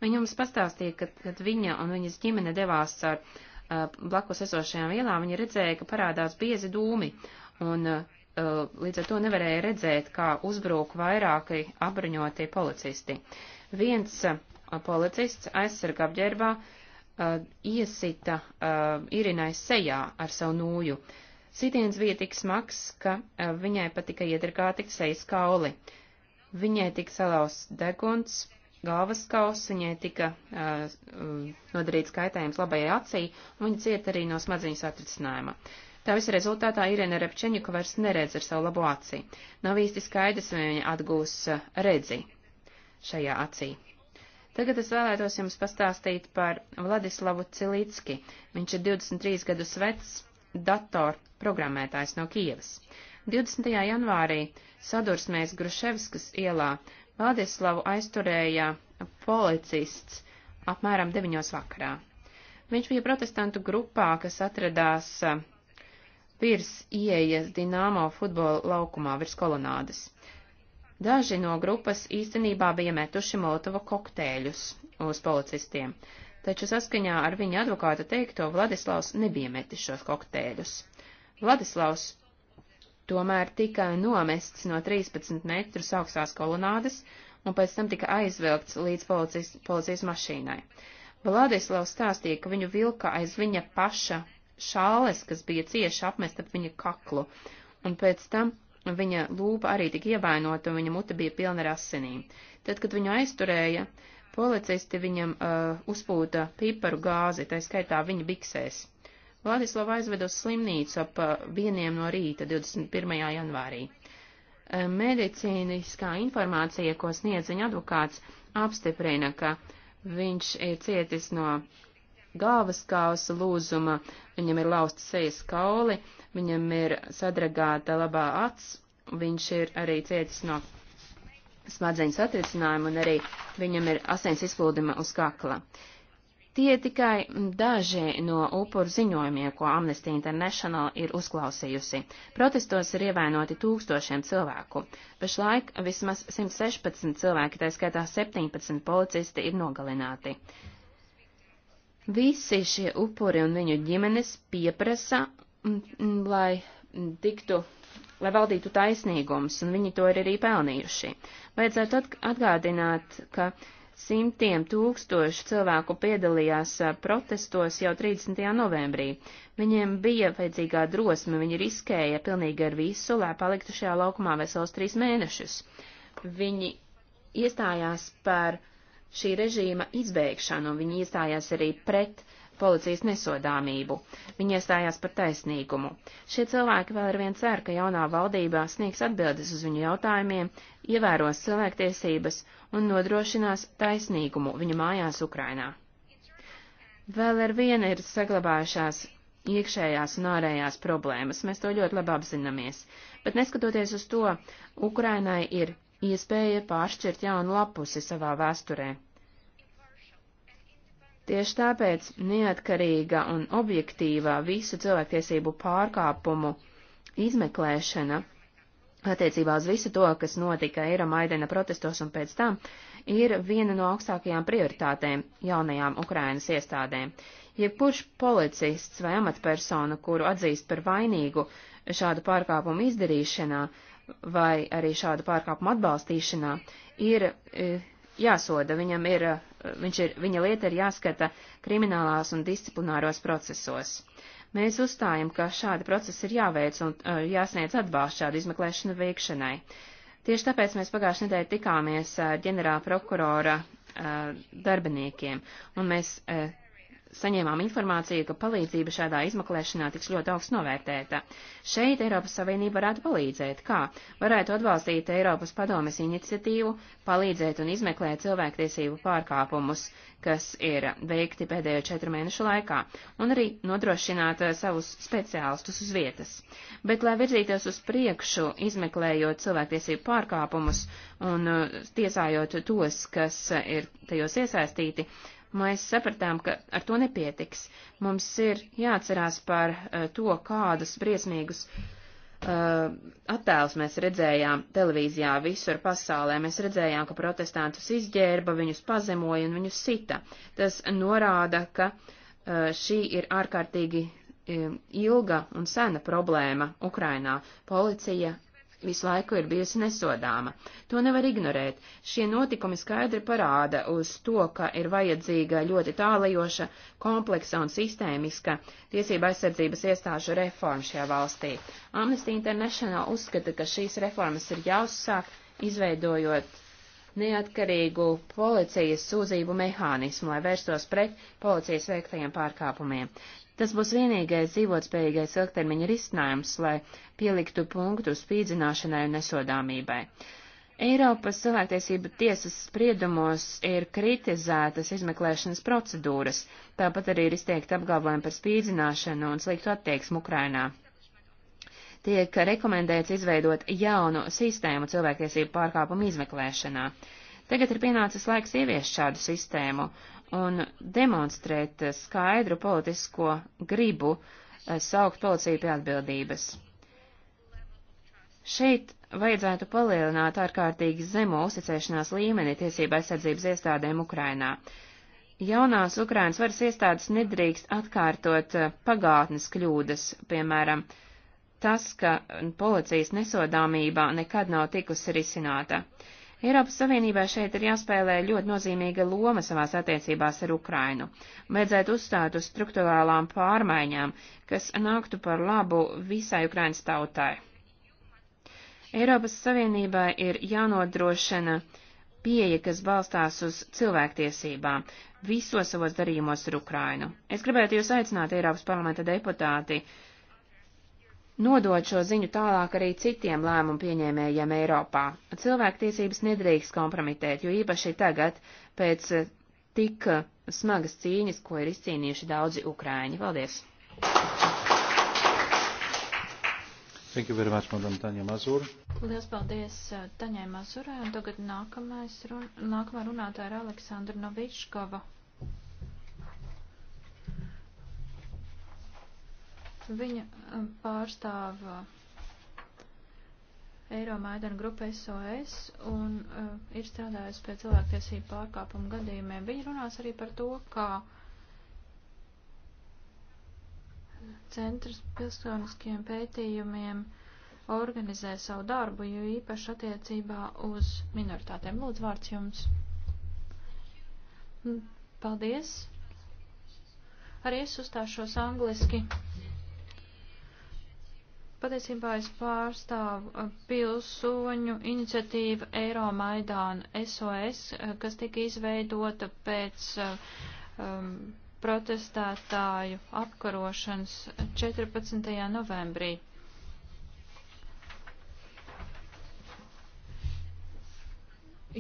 [SPEAKER 1] Viņa mums pastāstīja, ka, kad viņa un viņas ģimene devās ar uh, blakus esošajām vielām, viņa redzēja, ka parādās biezi dūmi. Un, uh, līdz ar to nevarēja redzēt, kā uzbrūk vairāki apbruņotie policisti. Viens uh, policists aizsarga apģērbā uh, iesita uh, Irinai sejā ar savu nūju. Sitiens bija tik smags, ka uh, viņai patika iedragāti sejas kauli. Viņai tika salauzts deguns, galvas kaus, viņai tika uh, nodarīts kaitējums labajai acī, un viņa cieta arī no smadziņas atrisinājuma. Tā visa rezultātā Irina Repčeņuka vairs neredz ar savu labo acī. Nav īsti skaidrs, vai viņa atgūs redzi šajā acī. Tagad es vēlētos jums pastāstīt par Vladislavu Cilītski. Viņš ir 23 gadus vecs datorprogrammētājs no Kievas. 20. janvārī sadursmēs Gruševskas ielā Vladislavu aizturēja policists apmēram 9. vakarā. Viņš bija protestantu grupā, kas atradās virs ieejas Dināmo futbola laukumā virs kolonādes. Daži no grupas īstenībā bija metuši molotova kokteļus uz policistiem, taču saskaņā ar viņa advokāta teikto Vladislavs nebija metis šos kokteļus. Vladislavs tomēr tika nomests no 13 metrus augstās kolonādes un pēc tam tika aizvilkts līdz policijas, policijas mašīnai. Vladislavs stāstīja, ka viņu vilka aiz viņa paša šāles, kas bija cieši apmest ap viņa kaklu, un pēc tam Viņa lūpa arī tika ievainota, un viņa muta bija pilna ar asinīm. Tad, kad viņu aizturēja, policisti viņam uh, uzpūta piparu gāzi, tā skaitā viņa biksēs. Vladislava aizveda uz slimnīcu ap uh, vieniem no rīta 21. janvārī. Uh, medicīniskā informācija, ko sniedz viņa advokāts, apstiprina, ka viņš ir cietis no galvas kausa lūzuma, viņam ir lausta sejas kauli, viņam ir sadragāta labā acs, viņš ir arī cietis no smadzeņu satricinājuma un arī viņam ir asins izplūdima uz kakla. Tie tikai daži no upuru ziņojumiem, ko Amnesty International ir uzklausījusi. Protestos ir ievainoti tūkstošiem cilvēku. Pašlaik vismaz 116 cilvēki, tā skaitā 17 policisti, ir nogalināti. Uh, Visi šie upuri un viņu ģimenes pieprasa, mm, mm, lai tiktu, lai valdītu taisnīgums, un viņi to ir arī pelnījuši. Vajadzētu atgādināt, ka simtiem tūkstošu cilvēku piedalījās protestos jau 30. novembrī. Viņiem bija vajadzīgā drosme, viņi riskēja pilnīgi ar visu, lai paliktu šajā laukumā vesels trīs mēnešus. Viņi iestājās par šī režīma izbēgšanu, un viņi iestājās arī pret policijas nesodāmību. Viņi iestājās par taisnīgumu. Šie cilvēki vēl ar vien cer, ka jaunā valdībā sniegs atbildes uz viņu jautājumiem, ievēros cilvēktiesības un nodrošinās taisnīgumu viņu mājās Ukrainā. Vēl ar vienu ir saglabājušās iekšējās un ārējās problēmas, mēs to ļoti labi apzināmies, bet neskatoties uz to, Ukrainai ir iespēja pāršķirt jaunu lapusi savā vēsturē. Tieši tāpēc neatkarīga un objektīva visu cilvēktiesību pārkāpumu izmeklēšana attiecībā uz visu to, kas notika Eira Maidena protestos un pēc tam, ir viena no augstākajām prioritātēm jaunajām Ukrainas iestādēm. Jebkurš policists vai amatpersona, kuru atzīst par vainīgu šādu pārkāpumu izdarīšanā vai arī šādu pārkāpumu atbalstīšanā, ir e, jāsoda, viņam ir, eh, viņš ir, viņa lieta ir jāskata kriminālās un disciplināros procesos. Mēs uzstājam, ka šādi procesi ir jāveic un eh, jāsniedz atbalsts šādu izmeklēšanu veikšanai. Tieši tāpēc mēs pagājušajā nedēļā tikāmies ar eh, ģenerāla prokurora darbiniekiem, un mēs saņēmām informāciju, ka palīdzība šādā izmeklēšanā tiks ļoti augsts novērtēta. Šeit Eiropas Savienība varētu palīdzēt, kā varētu atbalstīt Eiropas padomes iniciatīvu, palīdzēt un izmeklēt cilvēktiesību pārkāpumus, kas ir veikti pēdējo četru mēnešu laikā, un arī nodrošināt eh, savus speciālistus uz vietas. Bet, lai virzītos uz priekšu, izmeklējot cilvēktiesību pārkāpumus un eh, tiesājot tos, kas eh, ir tajos iesaistīti, Mēs sapratām, ka ar to nepietiks. Mums ir jāatcerās par eh, to, kādus briesmīgus uh, attēlus mēs redzējām televīzijā visur pasaulē. Mēs redzējām, ka protestantus izģērba, viņus pazemoja un viņus sita. Tas norāda, ka uh, šī ir ārkārtīgi ilga un sena problēma Ukrainā. Policija visu laiku ir bijusi nesodāma. To nevar ignorēt. Šie notikumi skaidri parāda uz to, ka ir vajadzīga ļoti tālajoša, kompleksa un sistēmiska tiesība aizsardzības iestāžu reforma šajā valstī. Amnesty International uzskata, ka šīs reformas ir jāuzsāk, izveidojot neatkarīgu policijas sūdzību mehānismu, lai vērstos pret policijas veiktajiem pārkāpumiem. Tas būs vienīgais dzīvotspējīgais ilgtermiņa risinājums, lai pieliktu punktu spīdzināšanai un nesodāmībai. Eiropas cilvēktiesība tiesas spriedumos ir kritizētas izmeklēšanas procedūras, tāpat arī ir izteikti apgalvojumi par spīdzināšanu un sliktu attieksmu Ukrainā. Tiek rekomendēts izveidot jaunu sistēmu cilvēktiesību pārkāpumu izmeklēšanā. Tagad ir pienācis laiks ieviest šādu sistēmu, un demonstrēt skaidru politisko gribu eh, saukt policiju pie atbildības. Šeit vajadzētu palielināt ārkārtīgi zemo uzticēšanās līmeni tiesība aizsardzības iestādēm Ukrainā. Jaunās Ukrainas varas iestādes nedrīkst atkārtot eh, pagātnes kļūdas, piemēram, tas, ka policijas nesodāmība nekad nav tikusi risināta. Uh, Eiropas Savienībai šeit ir jāspēlē ļoti nozīmīga loma savās attiecībās ar Ukrainu. Vajadzētu uzstāt uz struktūrālām pārmaiņām, kas nāktu par labu visai Ukrainas tautai. Eiropas Savienībai ir jānodrošina pieeja, kas balstās uz cilvēktiesībām visos savos darījumos ar Ukrainu. Es gribētu jūs aicināt, Eiropas parlamenta deputāti, uh, nodot šo ziņu tālāk arī citiem lēmumu pieņēmējiem Eiropā. Cilvēktiesības nedrīkst kompromitēt, jo īpaši tagad, pēc eh, tik eh, smagas cīņas, ko ir izcīnījuši daudzi ukrāņi. Paldies!
[SPEAKER 3] Thank you very much, madam Taņa Mazur.
[SPEAKER 4] Lielas paldies eh, Taņai Mazurai, un tagad nākamais, run, nākamā runātāja ir Aleksandra Novičkova. Viņa eh, pārstāv eh, Eiro Maidana grupu SOS un uh, ir strādājusi pie cilvēktiesību pārkāpumu gadījumiem. Viņa runās arī par to, kā centrs pilsoniskiem pētījumiem organizē savu darbu, jo īpaši attiecībā uz minoritātēm. Lūdzu, vārds jums. Paldies. Arī es uzstāšos angliski. Patiesībā es pārstāvu uh, pilsoņu iniciatīvu Eiro Maidānu SOS, uh, kas tika izveidota pēc uh, um, protestētāju apkarošanas 14. novembrī.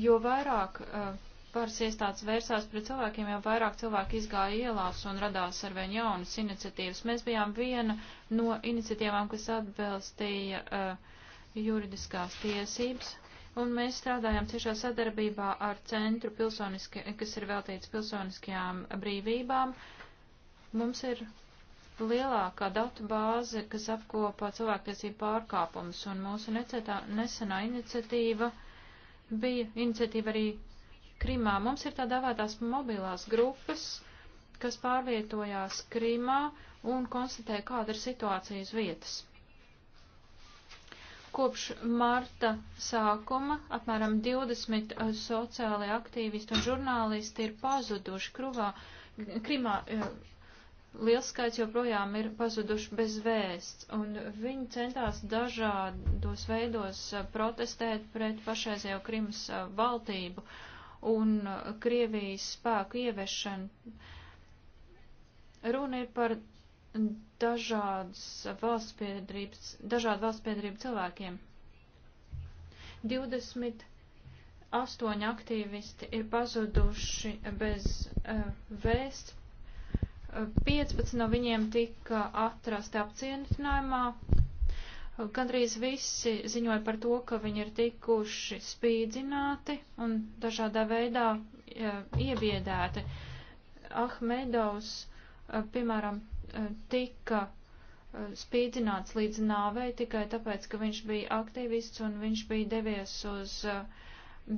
[SPEAKER 4] Jo vairāk uh, varas iestādes vērsās pret cilvēkiem, jo vairāk cilvēki izgāja ielās un radās arvien jaunas iniciatīvas. Mēs bijām viena no iniciatīvām, kas atbilstīja uh, juridiskās tiesības, un mēs strādājām ciešā sadarbībā ar centru, kas ir veltīts pilsoniskajām brīvībām. Mums ir lielākā datu bāze, kas apkopā cilvēktiesību pārkāpumus, un mūsu necetā, nesenā iniciatīva bija iniciatīva arī Krimā. Mums ir tā dēvētās mobilās grupas, kas pārvietojās Krimā un konstatē, kāda ir situācija uz vietas. Kopš marta sākuma apmēram 20 uh, sociāli aktīvisti un žurnālisti ir pazuduši Kruvā, Krimā. Uh, liels skaits joprojām ir pazuduši bez vēsts, un viņi centās dažādos veidos uh, protestēt pret pašreizējo Krimas valdību. Uh, un Krievijas spēku ievešanu. Runa ir par dažādas valsts piedarības, dažādu valsts piedarību cilvēkiem. 20 astoņi aktīvisti ir pazuduši bez uh, vēsts. 15 eh, no viņiem tika atrasti apcietinājumā, Gandrīz visi ziņoja par to, ka viņi ir tikuši spīdzināti un dažādā veidā ja, iebiedēti. Ahmedovs, eh, piemēram, eh, tika eh, spīdzināts līdz nāvei tikai tāpēc, ka viņš bija aktīvists un viņš bija devies uz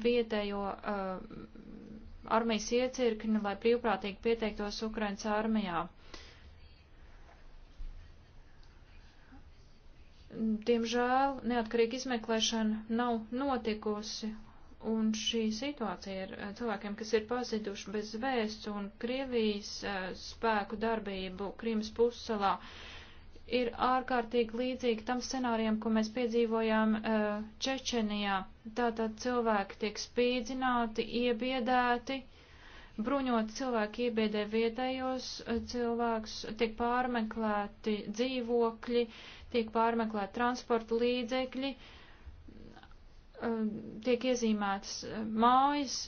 [SPEAKER 4] vietējo
[SPEAKER 1] uh,
[SPEAKER 4] armijas iecirkni, lai brīvprātīgi pieteiktos Ukrainas armijā. Uh, Mm, diemžēl neatkarīga izmeklēšana nav notikusi, un šī situācija ir eh, cilvēkiem, kas ir paziduši bez vēsts un Krievijas eh, spēku darbību Krīmas pussalā, ir ārkārtīgi līdzīga tam scenārijam, ko mēs piedzīvojām eh, Čečenijā. Tātad cilvēki tiek spīdzināti, iebiedēti, bruņoti cilvēki iebiedē vietējos cilvēkus, tiek pārmeklēti dzīvokļi, tiek pārmeklēt transporta līdzekļi, um, tiek iezīmētas um, mājas.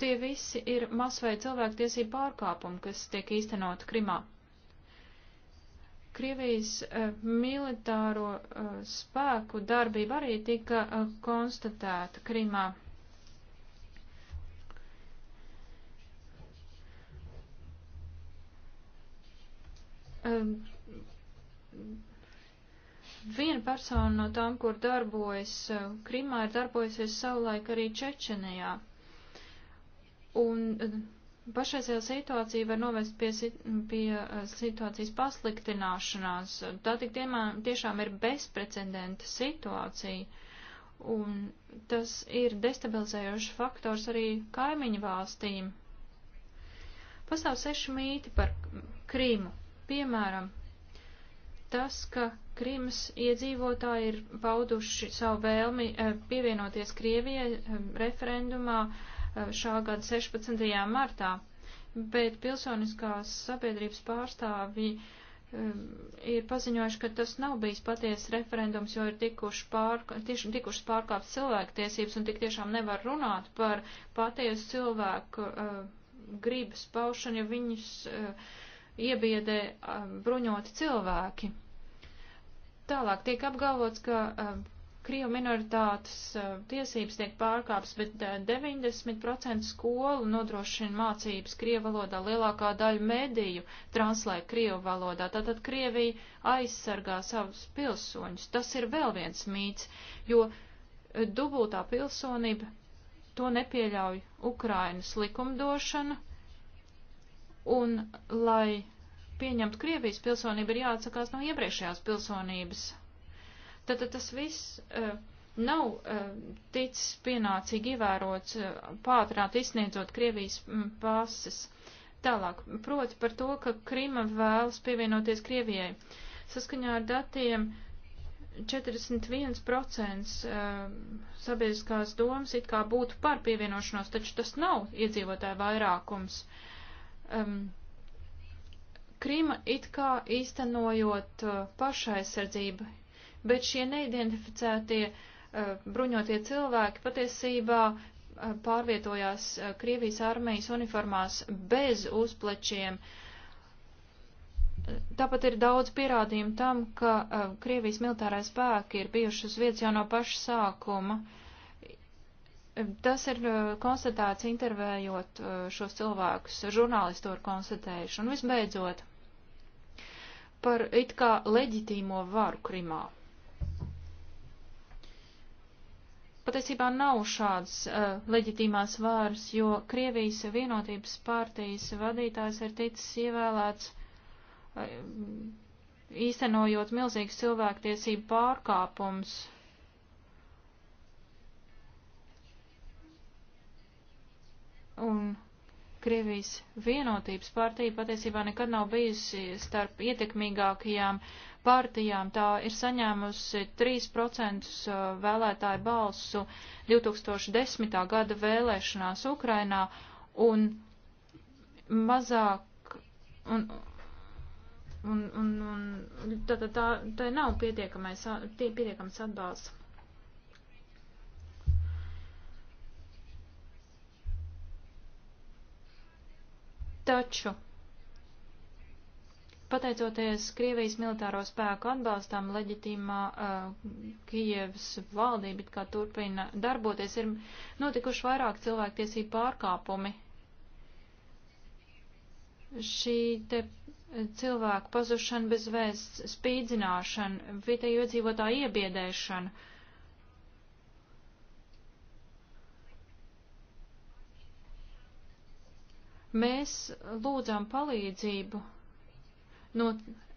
[SPEAKER 4] Tie visi ir masveida cilvēktiesība pārkāpumi, kas tiek īstenot Krimā. Krievijas uh, militāro uh, spēku darbība arī tika uh, konstatēta Krimā. Um, Viena persona no tām, kur darbojas eh, Krimā, ir darbojusies savulaik arī Čečenijā. Un eh, pašreizējā situācija var novest pie, pie eh, situācijas pasliktināšanās. Tā tik tiemā, tiešām ir bezprecedenta situācija. Un tas ir destabilizējošs faktors arī kaimiņu valstīm. Pastāv seši mīti par Krīmu. Piemēram, tas, ka Krimas iedzīvotāji ir pauduši savu vēlmi eh, pievienoties Krievijai eh, referendumā eh, šā gada 16. martā, bet pilsoniskās sabiedrības pārstāvji ir paziņojuši, ka tas nav bijis patiesa referendums, jo ir tikuši pārk tieš, tikušas pārkāptas cilvēktiesības un tik tiešām nevar runāt par patiesu cilvēku uh, gribas paušanu, ja viņus uh, iebiedē uh, bruņoti cilvēki. Tālāk tiek apgalvots, ka uh, Krievu minoritātes uh, tiesības tiek pārkāptas, bet uh, 90% skolu nodrošina mācības Krievu valodā, lielākā daļa mediju translē Krievu valodā. Tātad Krievija aizsargā savus pilsoņus. Tas ir vēl viens mīts, jo uh, dubultā pilsonība to nepieļauj Ukrainas likumdošana, un lai pieņemt Krievijas pilsonību, ir jāatsakās no iepriekšējās pilsonības. Tad, tad tas viss uh, nav uh, ticis pienācīgi ievērots, uh, pātrināt izsniedzot Krievijas m, mm, pases. Tālāk, proti par to, ka Krima vēlas pievienoties Krievijai. Saskaņā ar datiem 41% sabiedriskās domas it kā būtu par pievienošanos, taču tas nav iedzīvotāju vairākums. Um, Krima it kā īstenojot uh, pašaizsardzību, bet šie neidentificētie uh, bruņotie cilvēki patiesībā uh, pārvietojās uh, Krievijas armijas uniformās bez uzplečiem. Tāpat ir daudz pierādījumu tam, ka uh, Krievijas militārais spēki ir bijuši uz vietas jau no paša sākuma. Tas ir uh, konstatēts intervējot šos cilvēkus, žurnālisti to ir konstatējuši. Un visbeidzot, par it kā leģitīmo varu Krimā. Patiesībā nav šādas uh, leģitīmās vāras, jo Krievijas vienotības partijas vadītājs ir ticis ievēlēts uh, īstenojot milzīgas cilvēktiesību pārkāpums. Un Krievijas vienotības partija patiesībā nekad nav bijusi starp ietekmīgākajām partijām. Tā ir saņēmusi 3% vēlētāju balsu 2010. gada vēlēšanās Ukrainā un mazāk. Un, un, un, un tā, tā, tā, tā nav pietiekamais, pietiekams atbalsts. Taču, pateicoties Krievijas militāro spēku atbalstam, leģitīmā uh, Kievas valdība it kā turpina darboties, ir notikuši vairāk cilvēktiesību pārkāpumi. Šī te cilvēku pazušana bez vēsts, spīdzināšana, vietējo dzīvotāju iebiedēšana. Mēs lūdzām palīdzību no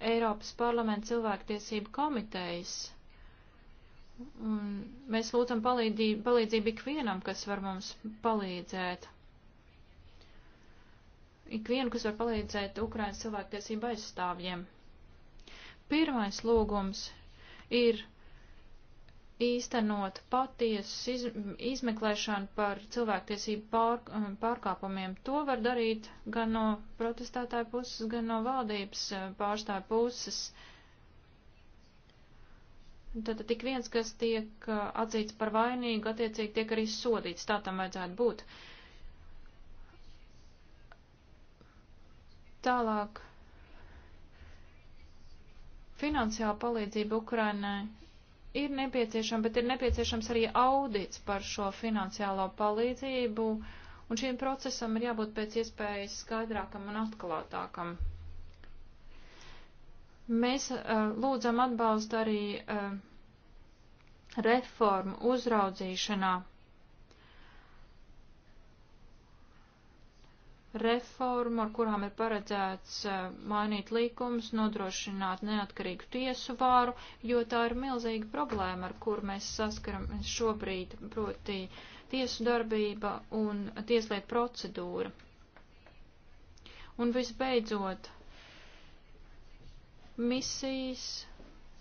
[SPEAKER 4] Eiropas parlamenta cilvēktiesību komitejas. Un mēs lūdzam palīdzību, palīdzību ikvienam, kas var mums palīdzēt. Ikvienu, kas var palīdzēt Ukrainas cilvēktiesību aizstāvjiem. Pirmais lūgums ir īstenot patiesu iz, izmeklēšanu par cilvēktiesību pār, um, pārkāpumiem. To var darīt gan no protestētāja puses, gan no valdības uh, pārstāja puses. Tad tik viens, kas tiek uh, atzīts par vainīgu, attiecīgi tiek arī sodīts. Tā tam vajadzētu būt. Tālāk. Finansiāla palīdzība Ukrainai ir nepieciešama, bet ir nepieciešams arī audits par šo finansiālo palīdzību, un šīm procesam ir jābūt pēc iespējas skaidrākam un atklātākam. Mēs uh, lūdzam atbalstu arī uh, reformu uzraudzīšanā reformu, ar kurām ir paredzēts eh, mainīt līkumus, nodrošināt neatkarīgu tiesu vāru, jo tā ir milzīga problēma, ar kur mēs saskaramies šobrīd, proti tiesu darbība un tieslietu procedūra. Un visbeidzot, misijas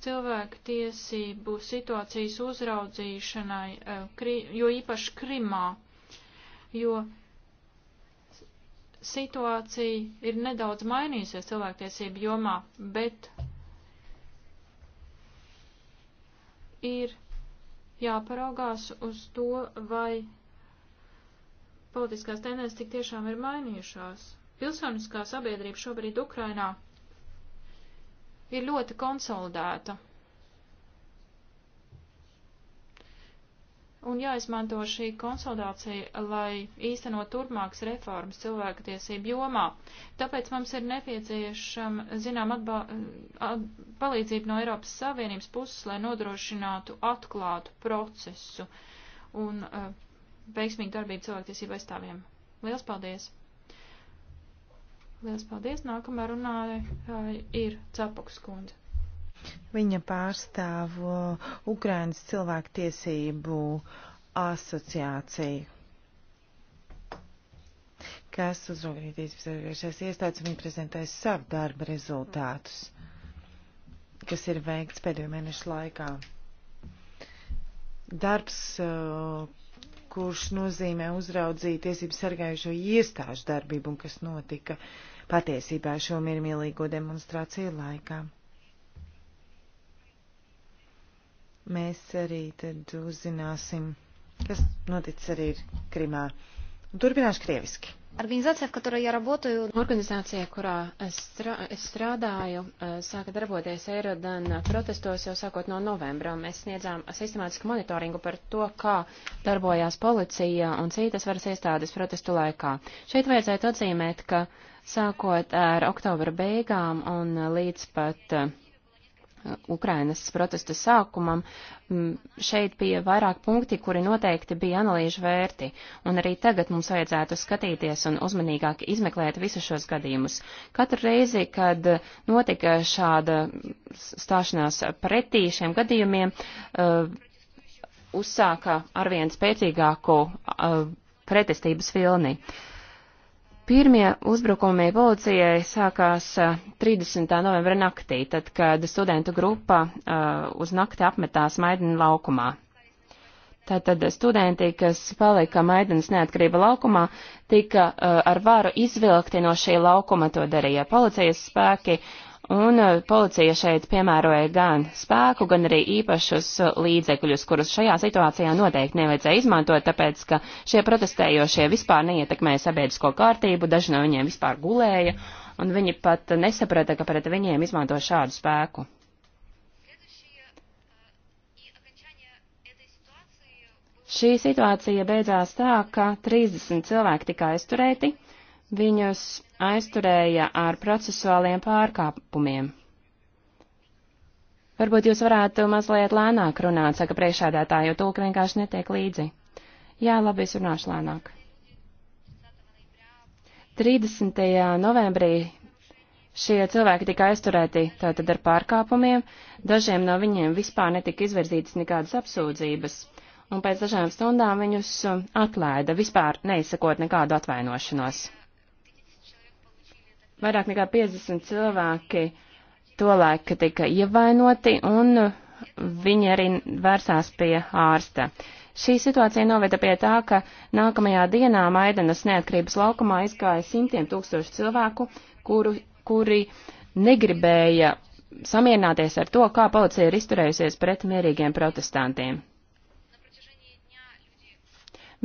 [SPEAKER 4] cilvēku tiesību situācijas uzraudzīšanai, eh, jo īpaši Krimā, jo situācija ir nedaudz mainījusies cilvēktiesību jomā, bet ir jāparaugās uz to, vai politiskās tendences tik tiešām ir mainījušās. Pilsoniskā sabiedrība šobrīd Ukrainā ir ļoti konsolidēta. un jāizmanto šī konsultācija, lai īstenot turpmākas reformas cilvēktiesību jomā. Tāpēc mums ir nepieciešama, zinām, atba, at, palīdzība no Eiropas Savienības puses, lai nodrošinātu atklātu procesu un uh, veiksmīgu darbību cilvēktiesību aizstāvjiem. Liels paldies! Liels paldies! Nākamā runāja uh, ir Cepakas kundze.
[SPEAKER 5] Viņa pārstāv uh, Ukrainas cilvēktiesību asociāciju kas uzraugrītības ieviešās iestādes, viņi prezentēs savu darba rezultātus, kas ir veikts pēdējo mēnešu laikā. Darbs, uh, kurš nozīmē uzraudzīt tiesību sargājušo iestāžu darbību un kas notika patiesībā šo mirmīlīgo demonstrāciju laikā. mēs arī tad uzzināsim, kas noticis arī Krimā. Turpināšu krieviski.
[SPEAKER 1] Organizācija, kurā я работаю, organizācija, kurā es, strā, es strādāju, eh, sāka darboties Eirodan protestos jau sākot no novembra. Mēs sniedzām sistemātisku monitoringu par to, kā darbojās policija un citas varas iestādes protestu laikā. Šeit vajadzētu atzīmēt, ka sākot ar oktobra beigām un līdz pat uh, Ukrainas protesta sākumam, šeit bija vairāk punkti, kuri noteikti bija analīžu vērti, un arī tagad mums vajadzētu skatīties un uzmanīgāk izmeklēt visus šos gadījumus. Katru reizi, kad notika šāda stāšanās pretī šiem gadījumiem, e, uzsāka arvien spēcīgāku e, pretestības vilni. Uh, Pirmie uzbrukumi policijai sākās 30. novembra naktī, tad, kad studentu grupa uh, uz nakti apmetās Maidana laukumā. Tātad studenti, kas palika Maidanas neatkarība laukumā, tika uh, ar varu izvilkti no šī laukuma, to darīja policijas spēki, uh, Un eh, policija šeit piemēroja gan spēku, gan arī īpašus eh, līdzekļus, kurus šajā situācijā noteikti nevajadzēja izmantot, tāpēc, ka šie protestējošie vispār neietekmēja sabiedrisko kārtību, daži no viņiem vispār gulēja, un viņi pat nesaprata, ka pret viņiem izmanto šādu spēku. Šī situācija beidzās tā, ka 30 cilvēki tika aizturēti Viņus aizturēja ar procesuāliem pārkāpumiem. Varbūt jūs varētu mazliet lēnāk runāt, saka priekšādātāja, jo tulka vienkārši netiek līdzi. Jā, labi, es runāšu lēnāk. 30. novembrī šie cilvēki tika aizturēti tātad ar pārkāpumiem, dažiem no viņiem vispār netika izvirzītas nekādas apsūdzības, un pēc dažām stundām viņus atlaida, vispār neizsakot nekādu atvainošanos. Vairāk nekā 50 cilvēki tolaik tika ievainoti, un viņi arī vērsās pie ārsta. Šī situācija noveda pie tā, ka nākamajā dienā Maidanas neatkarības laukumā izgāja simtiem tūkstošu cilvēku, kuru, kuri negribēja samierināties ar to, kā policija ir izturējusies pret mierīgiem protestantiem.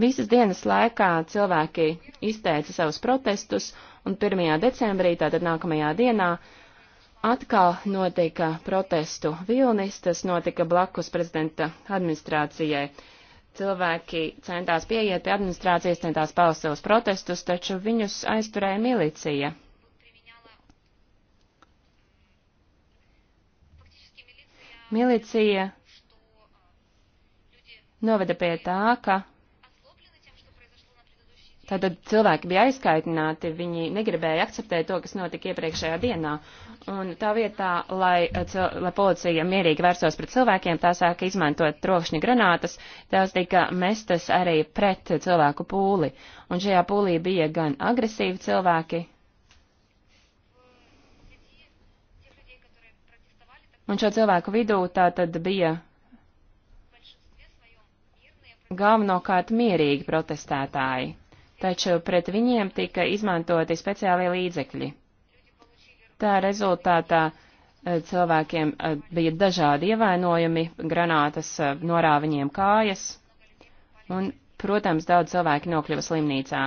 [SPEAKER 1] Visas dienas laikā cilvēki izteica savus protestus, un 1. decembrī, tātad nākamajā dienā, atkal notika protestu Vilnis, tas notika blakus prezidenta administrācijai. Cilvēki centās pieiet pie administrācijas, centās paust savus protestus, taču viņus aizturēja milicija. Milicija noveda pie tā, ka Tātad cilvēki bija aizskaitināti, viņi negribēja akceptēt to, kas notika iepriekšējā dienā. Un tā vietā, lai, lai policija mierīgi vērsos pret cilvēkiem, tā sāka izmantot trokšņa granātas, tās tika mestas arī pret cilvēku pūli. Un šajā pūlī bija gan agresīvi cilvēki, Un šo cilvēku vidū tā tad bija galvenokārt mierīgi protestētāji taču pret viņiem tika izmantoti speciālie līdzekļi. Tā rezultātā eh, cilvēkiem eh, bija dažādi ievainojumi, granātas eh, norāva viņiem kājas, un, protams, daudz cilvēki nokļuva slimnīcā.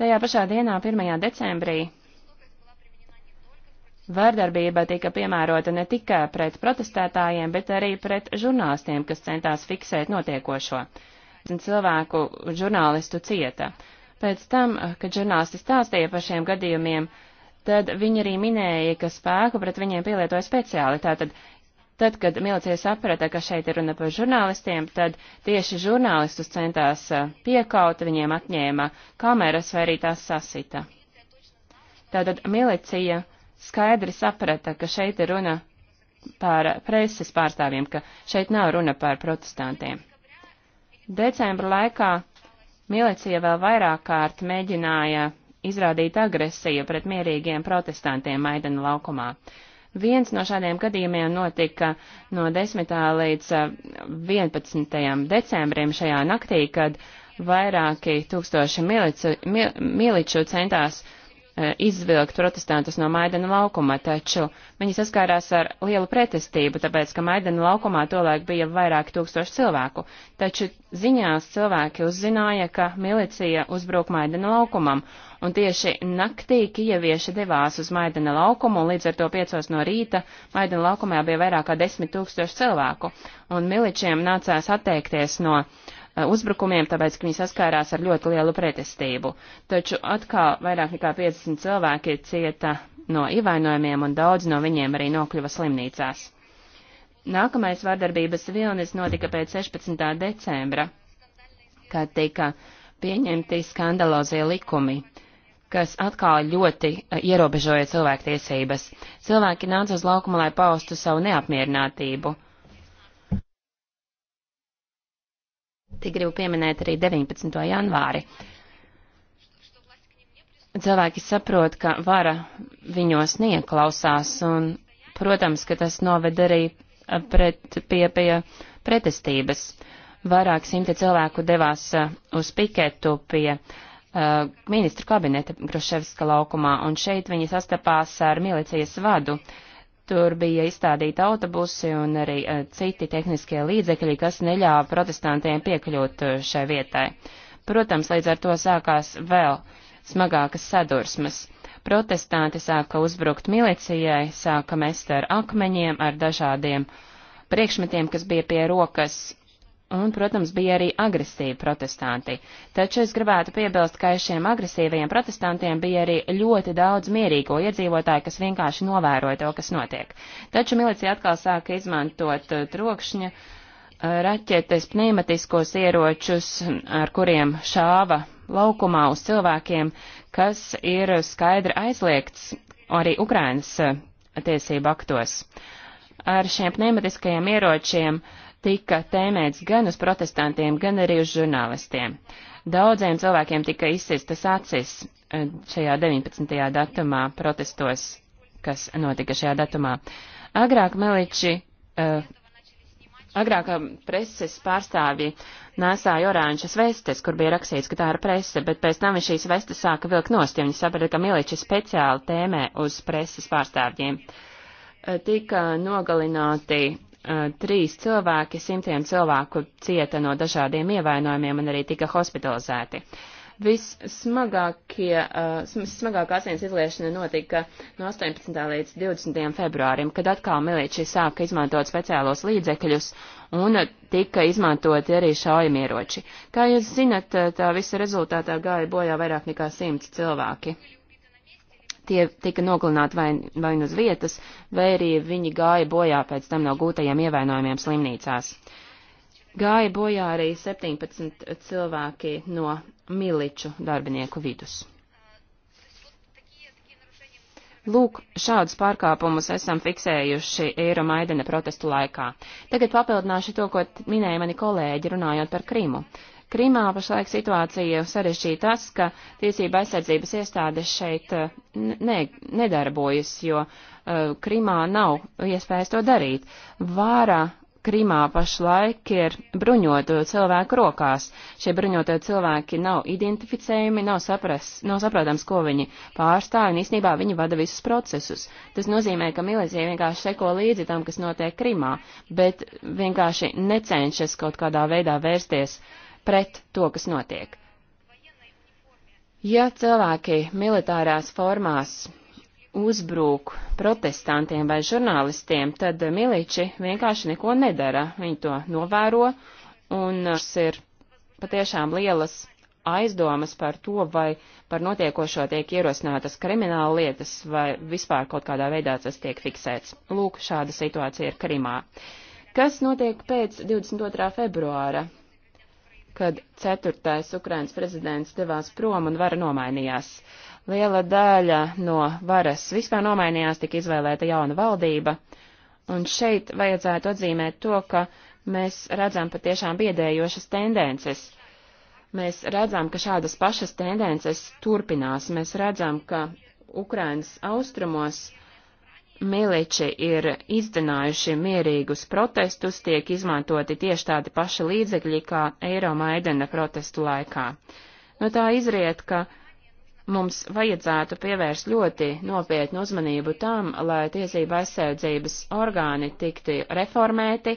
[SPEAKER 1] Tajā pašā dienā, 1. decembrī, Vārdarbība tika piemērota ne tikai pret protestētājiem, bet arī pret žurnālistiem, kas centās fiksēt notiekošo cilvēku žurnālistu cieta. Pēc tam, kad žurnālisti stāstīja par šiem gadījumiem, tad viņi arī minēja, ka spēku pret viņiem pielietoja speciāli. Tātad, tad, kad milicija saprata, ka šeit ir runa par žurnālistiem, tad tieši žurnālistus centās eh, piekaut, viņiem atņēma kameras vai arī tās sasita. Tātad milicija skaidri saprata, ka šeit ir runa par preses pārstāvjiem, ka šeit nav runa par protestantiem. Decembra laikā milicija vēl vairāk kārt mēģināja izrādīt agresiju pret mierīgiem protestantiem Maidana laukumā. Viens no šādiem gadījumiem notika no 10. līdz 11. Eh, decembrim šajā naktī, kad vairāki tūkstoši milicu, mil, miliču centās uh, E, izvilkt protestantus no Maidana laukuma, taču viņi saskārās ar lielu pretestību, tāpēc, ka Maidana laukumā tolaik bija vairāk tūkstoši cilvēku, taču ziņās cilvēki uzzināja, ka milicija uzbruk Maidana laukumam, un tieši naktī kievieši devās uz Maidana laukumu, un līdz ar to piecos no rīta Maidana laukumā bija vairāk kā desmit tūkstoši cilvēku, un miličiem nācās atteikties no uh, Eh, uzbrukumiem, tāpēc, ka viņi saskārās ar ļoti lielu pretestību. Taču atkal vairāk nekā 50 cilvēki cieta no ievainojumiem un daudz no viņiem arī nokļuva slimnīcās. Nākamais vardarbības vilnis notika pēc 16. decembra, kad tika pieņemti skandalozie likumi kas atkal ļoti eh, ierobežoja cilvēktiesības. Cilvēki nāca uz laukumu, lai paustu savu neapmierinātību. Te gribu pieminēt arī 19. janvāri. Cilvēki saprot, ka vara viņos neieklausās, un, protams, ka tas noved arī pret, pie, pie pretestības. Vairāk simti cilvēku devās uz piketu pie uh, ministru kabineta Groševska laukumā, un šeit viņi sastapās ar milicijas vadu. Uh, Tur bija izstādīti autobusi un arī e, citi tehniskie līdzekļi, kas neļāva protestantiem piekļūt e, šai vietai. Protams, līdz ar to sākās vēl smagākas sadursmes. Protestanti sāka uzbrukt milicijai, sāka mest ar akmeņiem, ar dažādiem priekšmetiem, kas bija pie rokas, un, protams, bija arī agresīvi protestanti. Taču es gribētu piebilst, ka šiem agresīvajiem protestantiem bija arī ļoti daudz mierīgo iedzīvotāju, kas vienkārši novēroja to, kas notiek. Taču milicija atkal sāka izmantot uh, trokšņa uh, raķetes, pneimatiskos ieročus, mm, ar kuriem šāva laukumā uz cilvēkiem, kas ir skaidri aizliegts arī Ukrainas uh, tiesību aktos. Ar šiem pneimatiskajiem ieročiem uh, tika tēmēts gan uz protestantiem, gan arī uz žurnālistiem. Daudziem cilvēkiem tika izsistas acis eh, šajā 19. datumā protestos, kas notika šajā datumā. Agrāk Meliči uh, Agrāk eh, preses pārstāvji nesāja oranžas vestes, kur bija rakstīts, ka tā ir prese, bet pēc tam viņš šīs vestes sāka vilkt nost, ja viņi saprata, ka Miliči speciāli tēmē uz preses pārstāvjiem. Tika nogalināti uh, trīs cilvēki, simtiem cilvēku cieta no dažādiem ievainojumiem un arī tika hospitalizēti. Vissmagākie, uh, smagākā asins izliešana notika no 18. līdz 20. februārim, kad atkal miliči sāka izmantot speciālos līdzekļus un tika izmantoti arī šaujamieroči. Kā jūs zinat, eh, tā visa rezultātā gāja bojā vairāk nekā simts cilvēki tie tika nogalināti vai, vai nu uz vietas, vai arī viņi gāja bojā pēc tam no gūtajiem ievainojumiem slimnīcās. Gāja bojā arī 17 cilvēki no miliču darbinieku vidus. Lūk, šādus pārkāpumus esam fiksējuši Eiro Maidana protestu laikā. Tagad papildināšu to, ko minēja mani kolēģi runājot par Krimu. Krimā pašlaik situācija sarežģīja tas, ka tiesība aizsardzības iestādes šeit eh, ne, nedarbojas, jo uh, Krimā nav iespējas to darīt. Vāra Krimā pašlaik ir bruņoto cilvēku rokās. Šie bruņotie cilvēki nav identificējumi, nav, sapras, nav saprotams, ko viņi pārstāv, un īstenībā viņi vada visus procesus. Tas nozīmē, ka milicija vienkārši seko līdzi tam, kas notiek Krimā, bet vienkārši necenšas kaut kādā veidā vērsties uh, pret to, kas notiek. Ja cilvēki militārās formās uzbrūk protestantiem vai žurnālistiem, tad miliči vienkārši neko nedara. Viņi to novēro, un tas ir patiešām lielas aizdomas par to, vai par notiekošo tiek ierosinātas krimināla lietas, vai vispār kaut kādā veidā tas tiek fiksēts. Lūk, šāda situācija ir Krimā. Kas notiek pēc 22. februāra? kad ceturtais Ukrainas prezidents devās prom un vara nomainījās. Liela daļa no varas vispār nomainījās, tika izvēlēta jauna valdība, un šeit vajadzētu atzīmēt to, ka mēs redzam patiešām biedējošas tendences. Mēs redzam, ka šādas pašas tendences turpinās. Mēs redzam, ka Ukrainas austrumos uh, miliči ir izdzinājuši mierīgus protestus, tiek izmantoti tieši tādi paši līdzekļi kā Eiro Maidena protestu laikā. No nu, tā izriet, ka mums vajadzētu pievērst ļoti nopietnu uzmanību tam, lai tiesība aizsardzības orgāni tiktu reformēti,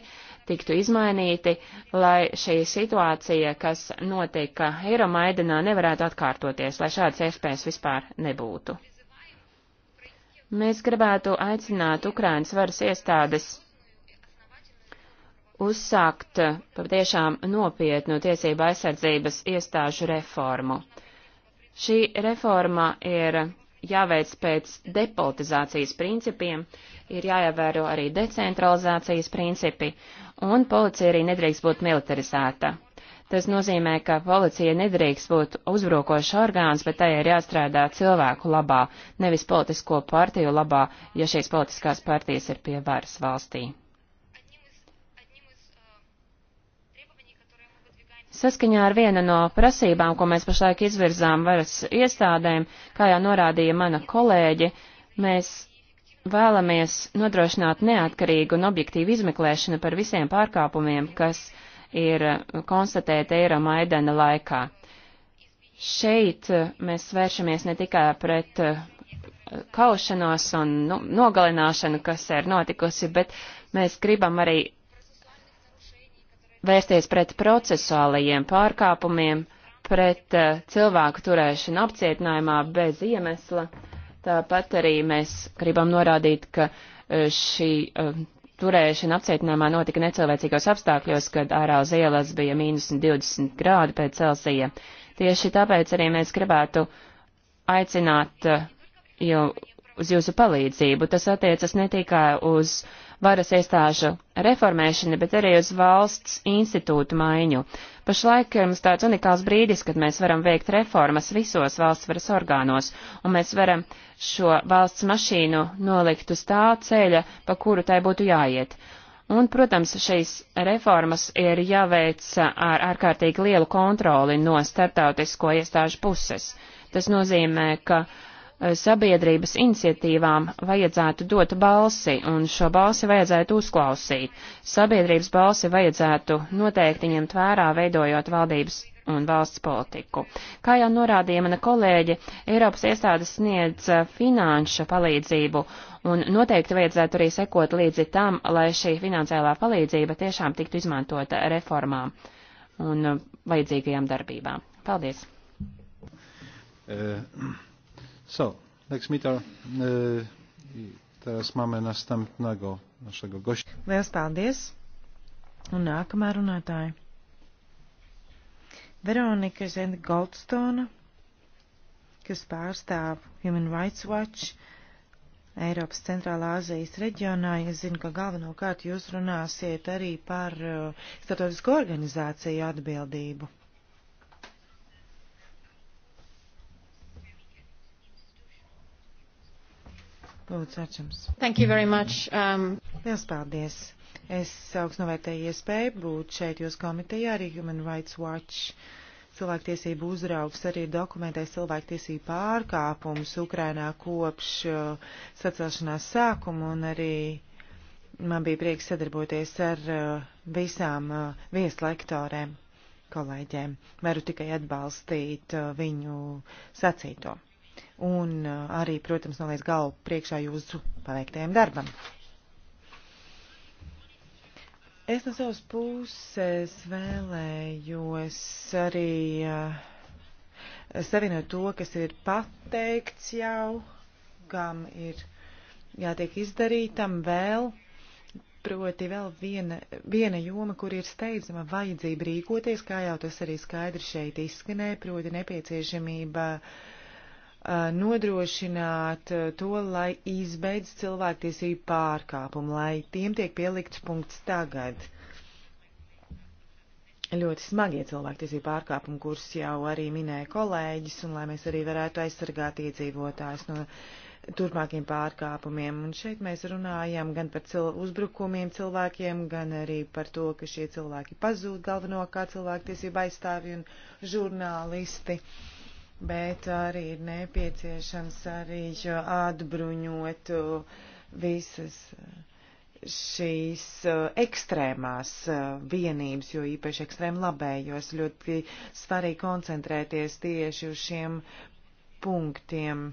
[SPEAKER 1] tiktu izmainīti, lai šī situācija, kas notika Eiro Maidenā, nevarētu atkārtoties, lai šādas iespējas vispār nebūtu. Mēs gribētu aicināt Ukrainas varas iestādes uzsākt eh, patiešām nopietnu tiesību aizsardzības iestāžu reformu. Šī reforma ir jāveic pēc depolitizācijas principiem, ir jāievēro arī decentralizācijas principi, un policija arī nedrīkst būt militarizēta. Tas nozīmē, ka policija nedrīkst būt uzbrukoša orgāns, bet tai ir jāstrādā cilvēku labā, nevis politisko partiju labā, ja šīs politiskās partijas ir pie varas valstī. Saskaņā ar vienu no prasībām, ko mēs pašlaik izvirzām varas iestādēm, kā jau norādīja mana kolēģe, mēs vēlamies nodrošināt neatkarīgu un objektīvu izmeklēšanu par visiem pārkāpumiem, kas uh, ir uh, konstatēta Eiromaidana laikā. Šeit uh, mēs vēršamies ne tikai pret uh, kaušanos un nu, nogalināšanu, kas ir notikusi, bet mēs gribam arī vērsties pret procesuālajiem pārkāpumiem, pret uh, cilvēku turēšanu apcietinājumā bez iemesla. Tāpat arī mēs gribam norādīt, ka uh, šī uh, turēšana apcietinājumā notika necilvēcīgos apstākļos, kad ārā uz ielas bija mīnus 20 grādi pēc Celsija. Tieši tāpēc arī mēs gribētu aicināt uh, jau uz jūsu palīdzību. Tas attiecas ne tikai uz uh, varas iestāžu reformēšanu, bet arī uz valsts institūtu maiņu. Pašlaik ir eh, mums tāds unikāls brīdis, kad mēs varam veikt reformas visos valsts varas orgānos, un mēs varam šo valsts mašīnu nolikt uz tā ceļa, pa kuru tai būtu jāiet. Un, protams, šīs reformas ir jāveic eh, ar ārkārtīgi lielu kontroli no starptautisko iestāžu puses. Tas nozīmē, ka uh, Eh, sabiedrības iniciatīvām vajadzētu dot balsi, un šo balsi vajadzētu uzklausīt. Sabiedrības balsi vajadzētu noteikti ņemt vērā, veidojot valdības un valsts politiku. Kā jau norādīja mana kolēģe, Eiropas iestādes sniedz eh, finanšu palīdzību, un noteikti vajadzētu arī sekot līdzi tam, lai šī finansiālā palīdzība tiešām tiktu izmantota reformām un eh, vajadzīgajām darbībām. Paldies!
[SPEAKER 3] Uh. So, next meter, y, teraz mamy następnego naszego gościa.
[SPEAKER 5] Liels paldies. Un nākamā runātāja. Veronika Zenda Goldstone, kas pārstāv Human Rights Watch Eiropas centrālā Azijas reģionā. Es zinu, ka galvenokārt jūs runāsiet arī par uh, e, statotisko organizāciju atbildību. Lūdzu, ar jums. Thank you very much. Um... Liels paldies. Es augstu novērtēju iespēju būt šeit jūs komitejā, arī Human Rights Watch cilvēktiesību uzraugs arī dokumentē cilvēktiesību pārkāpumus Ukrainā kopš uh, sacelšanās sākuma un arī man bija prieks sadarboties ar uh, visām uh, vieslektorēm, kolēģiem. Varu tikai atbalstīt uh, viņu sacīto un uh, arī, protams, noliec galvu priekšā jūsu paveiktajam darbam. Es no savas puses vēlējos arī uh, savienot to, kas ir pateikts jau, kam ir jātiek izdarītam vēl, proti vēl viena, viena joma, kur ir steidzama vajadzība rīkoties, kā jau tas arī skaidri šeit izskanēja, proti nepieciešamība uh, Eh, nodrošināt eh, to, lai izbeidz cilvēktiesību pārkāpumu, lai tiem tiek pielikts punkts tagad. Ļoti smagie cilvēktiesību pārkāpumi, kurus jau arī minēja kolēģis, un lai mēs arī varētu aizsargāt iedzīvotājs no turpmākiem pārkāpumiem. Un šeit mēs runājam gan par cil uzbrukumiem cilvēkiem, gan arī par to, ka šie cilvēki pazūd galvenokārt cilvēktiesību aizstāvi un žurnālisti. Uh, bet arī ir nepieciešams arī atbruņot uh, visas uh, šīs uh, ekstrēmās vienības, jo īpaši ekstrēm labējos ļoti svarīgi koncentrēties tieši uz šiem punktiem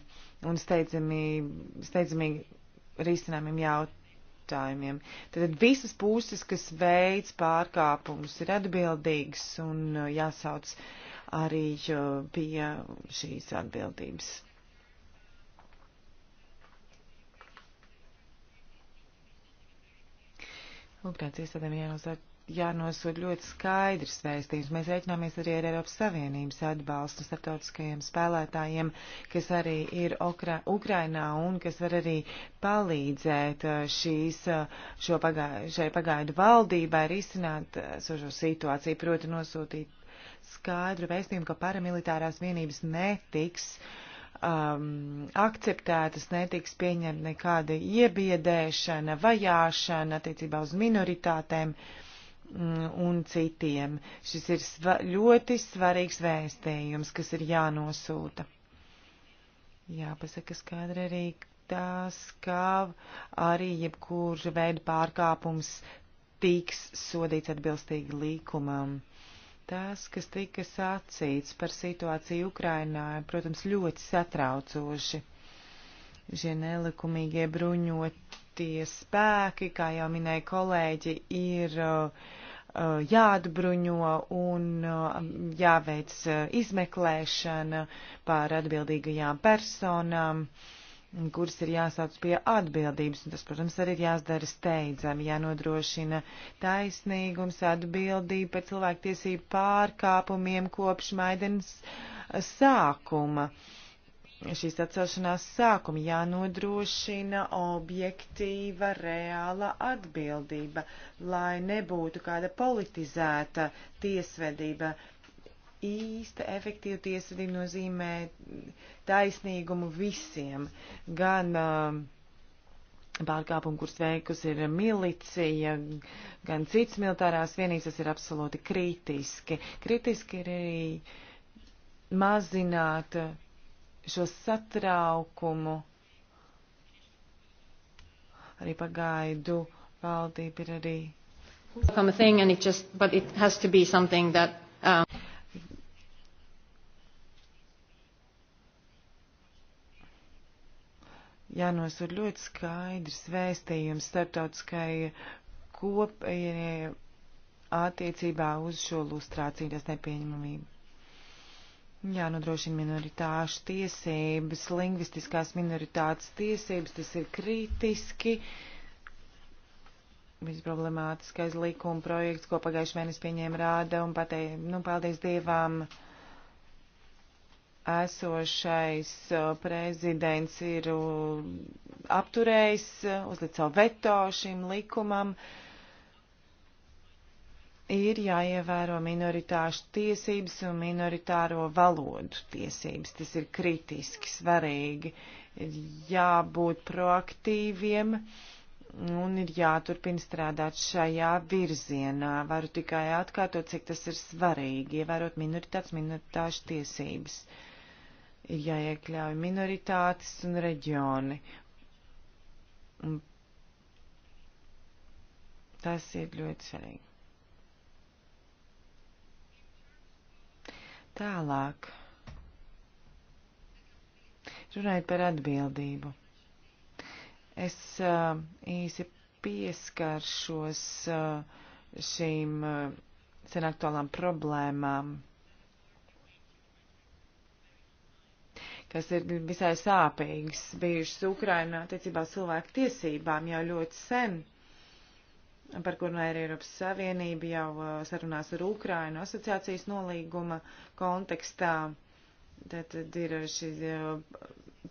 [SPEAKER 5] un steidzamīgi, steidzamīgi risinājumiem jautājumiem. Tad visas puses, kas veids pārkāpumus, ir atbildīgas un jāsauc uh, arī pie šīs atbildības. Lūkrāts iestādēm jāuzsver jānosod ļoti skaidrs vēstījums. Mēs reiķināmies arī ar Eiropas Savienības atbalstu starptautiskajiem spēlētājiem, kas arī ir Okra Ukrainā un kas var arī palīdzēt uh, šīs, uh, šo pagaidu, šai pagaidu valdībai risināt uh, sošo situāciju, proti nosūtīt skaidru vēstījumu, ka paramilitārās vienības netiks um, akceptētas, netiks pieņemta nekāda iebiedēšana, vajāšana attiecībā uz minoritātēm mm, un citiem. Šis ir sva ļoti svarīgs vēstījums, kas ir jānosūta. Jāpasaka skaidri arī tas, ka arī jebkurš veida pārkāpums tiks sodīts atbilstīgi līkumam. Tas, kas tika sacīts par situāciju Ukrainā, protams, ļoti satraucoši. Šie nelikumīgie bruņotie spēki, kā jau minēja kolēģi, ir uh, uh, jāatbruņo un uh, jāveic izmeklēšana pār atbildīgajām personām. Uh, kuras ir jāsauc pie atbildības, un tas, protams, arī ir jāizdara steidzami, jānodrošina taisnīgums, atbildība par cilvēktiesību pārkāpumiem kopš Maidenes sākuma. Šīs atcelšanās sākuma jānodrošina objektīva, reāla atbildība, lai nebūtu kāda politizēta tiesvedība īsta efektīva tiesvedība nozīmē taisnīgumu visiem, gan uh, pārkāpumu, kurus veikusi ir milicija, gan cits militārās vienības, tas ir absolūti kritiski. Kritiski ir arī mazināt šo satraukumu. Arī pagaidu valdība ir arī. Come thing and it just, but it has to be something that jānosūta ļoti skaidrs vēstījums starptautiskai kopienai attiecībā uz šo lustrācijas nepieņemamību. Jā, nodrošina minoritāšu tiesības, lingvistiskās minoritātes tiesības, tas ir kritiski. Visproblemātiskais likuma projekts, ko pagājuši mēnesi pieņēma rāda un pateica, nu, paldies Dievam, uh, esošais prezidents ir apturējis, uzlicis savu veto šim likumam. Ir jāievēro minoritāšu tiesības un minoritāro valodu tiesības. Tas ir kritiski svarīgi. Ir jābūt proaktīviem un ir jāturpina strādāt šajā virzienā. Varu tikai atkārtot, cik tas ir svarīgi, ievērot minoritātes, minoritāšu tiesības. Uh, ir jāiekļauj minoritātes un reģioni. Un tas ir ļoti svarīgi. Tālāk. Runājot par atbildību. Es uh, īsi pieskaršos uh, šīm uh, sen aktuālām problēmām kas ir visai sāpīgas bijušas Ukrainā attiecībā cilvēku tiesībām jau ļoti sen, par kur no nu Eiropas Savienība jau uh, sarunās ar Ukrainu asociācijas nolīguma kontekstā. Tad, tad ir šī uh,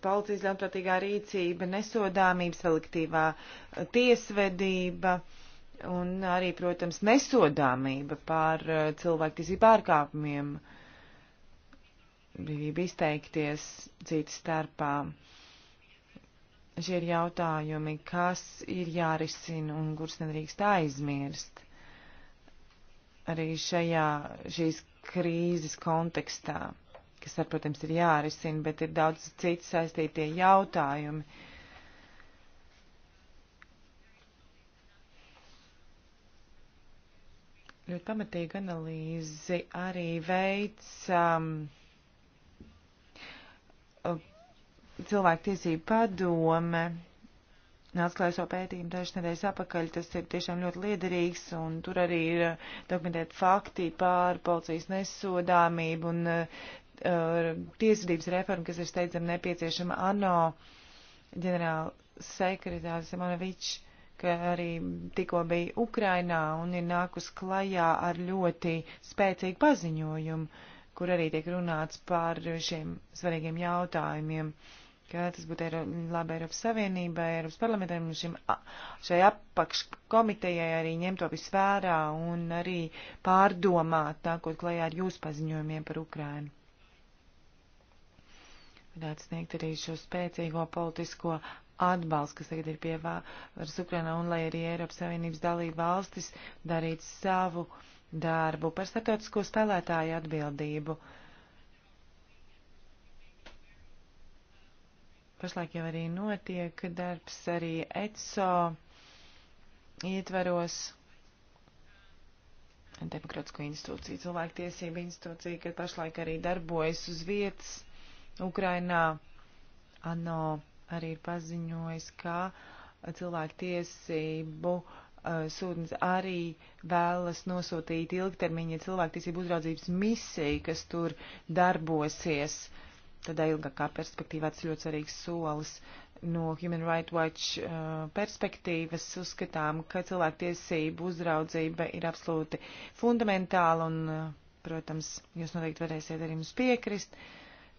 [SPEAKER 5] policijas ļaunprātīgā rīcība, nesodāmība, selektīvā uh, tiesvedība un arī, protams, nesodāmība pār cilvēktiesību pārkāpumiem. Uh, brīvība izteikties citas starpā. Šie ir jautājumi, kas ir jārisina un kurus nedrīkst aizmirst arī šajā šīs krīzes kontekstā, kas, ar, protams, ir jārisina, bet ir daudz citu saistītie jautājumi. Ļoti pamatīgi analīzi arī veids. Um, Uh, cilvēku tiesību padome nāca klāja savu pētījumu dažas nedēļas apakaļ. Tas ir tiešām ļoti liederīgs, un tur arī ir uh, dokumentēti fakti pār policijas nesodāmību un uh, uh, tiesvedības reformu, kas ir steidzami nepieciešama ANO ģenerāla sekretāra Simonovičs ka arī tikko bija Ukrainā un ir nākus klajā ar ļoti spēcīgu paziņojumu. Uh, kur arī tiek runāts par šiem svarīgiem jautājumiem, ka tas būtu Eiro, labi Eiropas Savienībai, Eiropas parlamentam, šim, šai apakškomitejai arī ņemt to visu vērā un arī pārdomāt, nākot klajā ar jūsu paziņojumiem par Ukrainu varētu sniegt arī šo spēcīgo politisko atbalstu, kas tagad ir pievārs Ukrainā, un lai arī Eiropas Savienības dalība valstis darītu savu, uh, darbu, par starptautisko spēlētāju atbildību. Pašlaik jau arī notiek darbs arī ECO ietveros demokrātisko institūciju, cilvēktiesību institūciju, kad pašlaik arī darbojas uz vietas Ukrainā. ANO arī ir paziņojis, ka cilvēktiesību uh, Eh, sūtnis arī vēlas nosūtīt ilgtermiņa cilvēktiesību uzraudzības misiju, kas tur darbosies. Tādā ilgākā perspektīvā tas ļoti svarīgs solis. No Human Rights Watch eh, perspektīvas uzskatām, ka cilvēktiesību uzraudzība ir absolūti fundamentāla un, eh, protams, jūs noteikti varēsiet arī mums piekrist.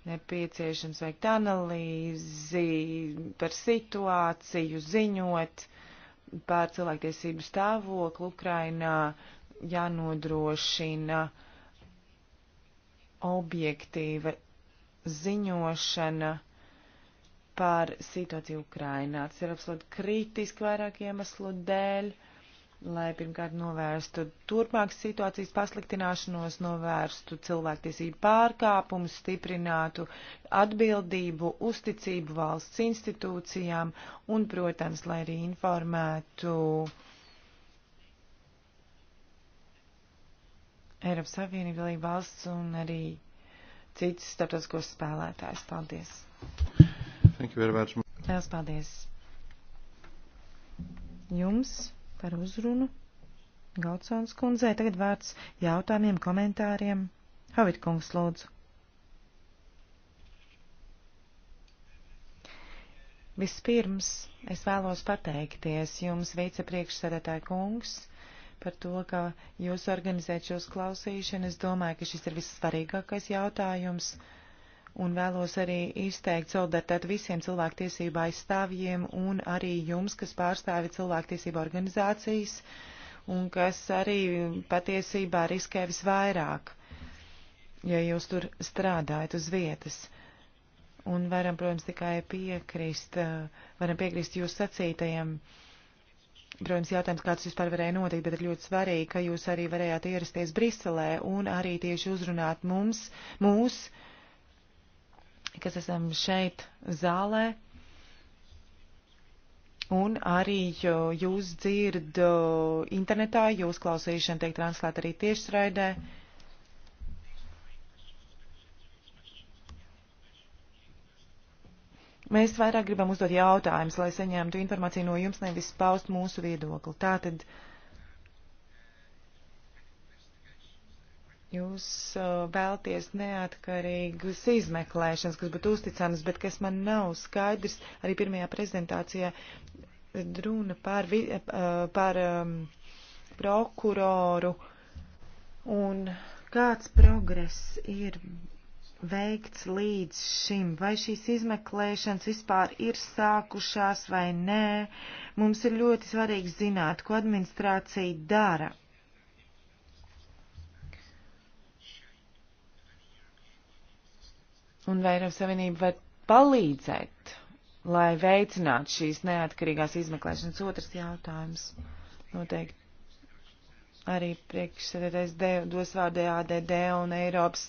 [SPEAKER 5] Nepieciešams veikt analīzi par situāciju, ziņot. Uh, par cilvēktiesību stāvokli Ukrainā jānodrošina objektīva ziņošana par situāciju Ukrainā. Tas ir absolūti kritiski vairāk iemeslu dēļ. Uh, lai pirmkārt novērstu turpmākas situācijas pasliktināšanos, novērstu cilvēktiesību pārkāpumus, stiprinātu atbildību, uzticību valsts institūcijām un, protams, lai arī informētu Eiropas Savienību, lai valsts un arī citas starptautiskos spēlētājs. Paldies! Thank you very much. Lielas paldies! Jums! par uzrunu. Galtsons kundzei tagad vārds jautājumiem, komentāriem. Havid kungs lūdzu. Vispirms es vēlos pateikties jums, vicepriekšsēdētāja kungs, par to, ka jūs organizējat šos klausīšanas. Es domāju, ka šis ir vissvarīgākais jautājums. Uh, un vēlos arī izteikt solidaritāti visiem cilvēktiesību aizstāvjiem un arī jums, kas pārstāvi cilvēktiesību organizācijas un kas arī patiesībā riskē visvairāk, ja jūs tur strādājat uz vietas. Un varam, protams, tikai piekrist, varam piekrist jūs sacītajiem. Protams, jautājums, kāds vispār varēja notikt, bet ir ļoti svarīgi, ka jūs arī varējāt ierasties Briselē un arī tieši uzrunāt mums, mūsu kas esam šeit zālē. Un arī jūs dzird internetā, jūs klausīšana tiek translēta arī tiešraidē. Mēs vairāk gribam uzdot jautājumus, lai saņemtu informāciju no jums, nevis paust mūsu viedokli. Tātad. Uh, Jūs uh, vēlties neatkarīgas izmeklēšanas, kas būtu uzticamas, bet kas man nav skaidrs, arī pirmajā prezentācijā runa par, uh, par um, prokuroru un kāds progress ir veikts līdz šim, vai šīs izmeklēšanas vispār ir sākušās vai nē. Mums ir ļoti svarīgi zināt, ko administrācija dara Un vai Eiropas Savienība var palīdzēt, lai veicinātu šīs neatkarīgās izmeklēšanas otrs jautājums? Noteikti arī priekšsēdētais dos vārdu e ADD un Eiropas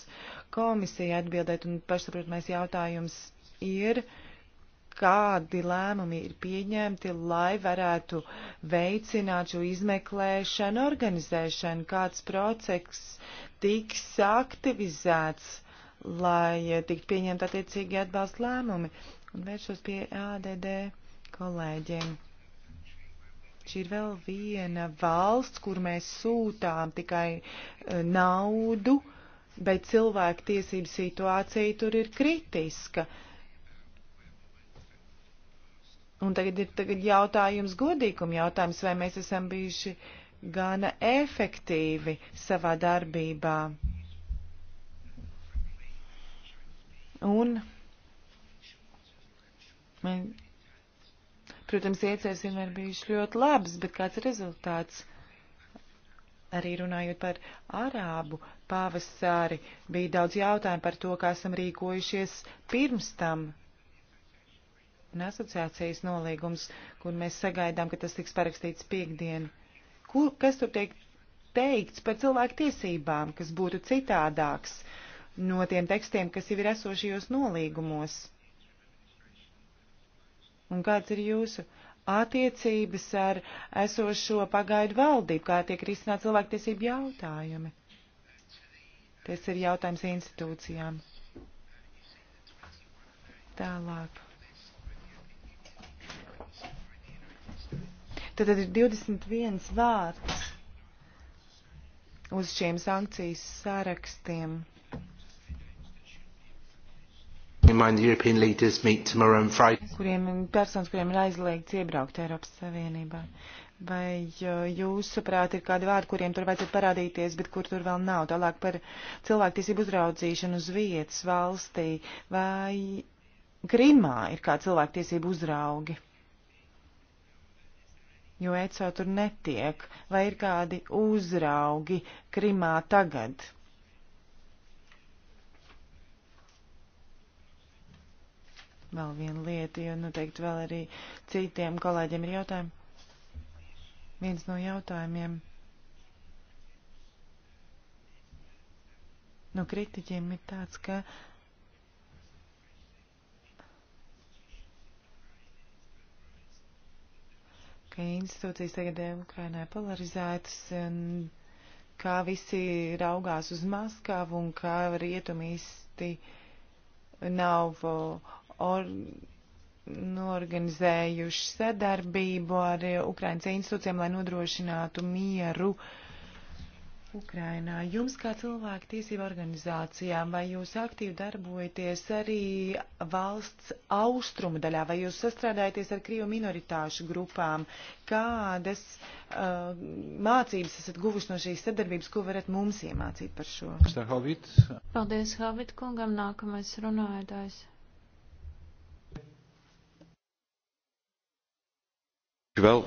[SPEAKER 5] komisija atbildēt, un pašsaprotamais jautājums ir, kādi lēmumi ir pieņemti, lai varētu veicināt šo izmeklēšanu, organizēšanu, kāds process tiks aktivizēts lai tiktu pieņemt attiecīgi atbalsta lēmumi. Un vēršos pie ADD kolēģiem. Šī ir vēl viena valsts, kur mēs sūtām tikai eh, naudu, bet cilvēku tiesību situācija tur ir kritiska. Un tagad ir tagad jautājums godīguma jautājums, vai mēs esam bijuši gana efektīvi savā darbībā Un, protams, iecēs vienmēr bijuši ļoti labs, bet kāds ir rezultāts? Arī runājot par arābu pavasari, bija daudz jautājumu par to, kā esam rīkojušies pirms tam, un asociācijas nolīgums, kur mēs sagaidām, ka tas tiks parakstīts piekdien. Kur, kas tur tiek teikts par cilvēku tiesībām, kas būtu citādāks no tiem tekstiem, kas jau ir esošajos nolīgumos. Un kāds ir jūsu attiecības ar esošo pagaidu valdību, kā tiek risināt cilvēktiesību jautājumi? Tas ir jautājums institūcijām. Tālāk. Tad, tad ir 21 vārds uz šiem sankcijas sarakstiem. kuriem, personas, kuriem ir aizliegts iebraukt Eiropas Savienībā. Vai jūsuprāt ir kādi vārdi, kuriem tur vajadzētu parādīties, bet kur tur vēl nav? Tālāk par cilvēktiesību uzraudzīšanu uz vietas valstī vai Krimā ir kā cilvēktiesību uzraugi? Jo ECO tur netiek. Vai ir kādi uzraugi Krimā tagad? vēl viena lieta, jo noteikti nu, vēl arī citiem kolēģiem ir jautājumi. Viens no jautājumiem no kritiķiem ir tāds, ka ka institūcijas tagad eh, ir Ukrainai polarizētas, un kā visi raugās uz Maskavu, un kā rietumi īsti nav or, norganizējuši sadarbību ar eh, Ukrainas institūcijām, lai nodrošinātu mieru Ukrainā. Jums kā cilvēku tiesību organizācijām, vai jūs aktīvi darbojaties arī valsts austrumu daļā, vai jūs sastrādājaties ar krievu minoritāšu grupām? Kādas uh, mācības esat guvuši no šīs sadarbības, ko varat mums iemācīt par šo?
[SPEAKER 4] Paldies, Havit kungam. Nākamais runājotājs.
[SPEAKER 3] Vēl.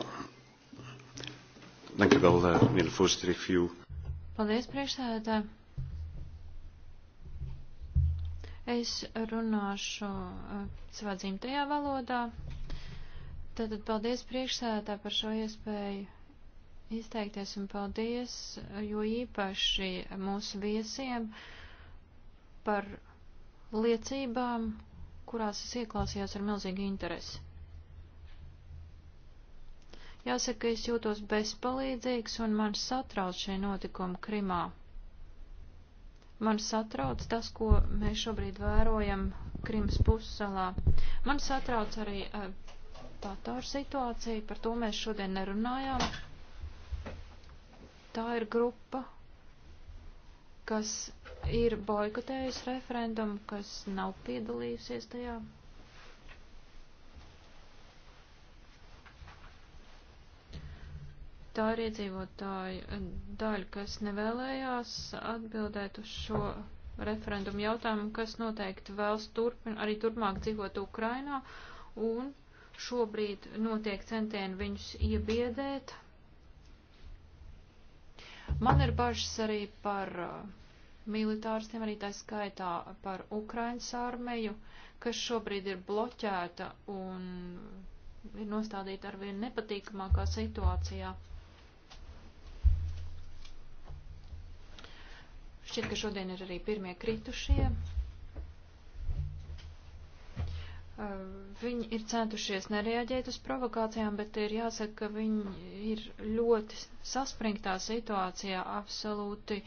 [SPEAKER 3] Dank u wel, eh, meneer de voorzitter. Ik viel.
[SPEAKER 4] Paldies, priekšsēdētāji. Es runāšu eh, savā dzimtajā valodā. Tātad paldies priekšsēdētā par šo iespēju izteikties un paldies, jo īpaši mūsu viesiem par liecībām, kurās es ieklausījos ar milzīgu interesi. Jāsaka, es jūtos bezpalīdzīgs un man satrauc šie notikumi Krimā. Man satrauc tas, ko mēs šobrīd vērojam Krimas pussalā. Man satrauc arī uh, eh, Tatāru situācija, par to mēs šodien nerunājām. Tā ir grupa, kas ir boikotējusi referendumu, kas nav piedalījusies tajā Tā ir iedzīvotāju eh, daļa, kas nevēlējās atbildēt uz šo referendumu jautājumu, kas noteikti vēlas turpin, arī turpmāk dzīvot Ukrainā, un šobrīd notiek centieni viņus iebiedēt. Man ir bažas arī par eh, militāristiem, arī tā skaitā par Ukrainas armiju, kas šobrīd ir bloķēta un ir nostādīta arvien nepatīkamākā situācijā. Šķiet, ka šodien ir arī pirmie kritušie. Uh, viņi ir centušies nereaģēt uz provokācijām, bet ir jāsaka, ka viņi ir ļoti saspringtā situācijā, absolūti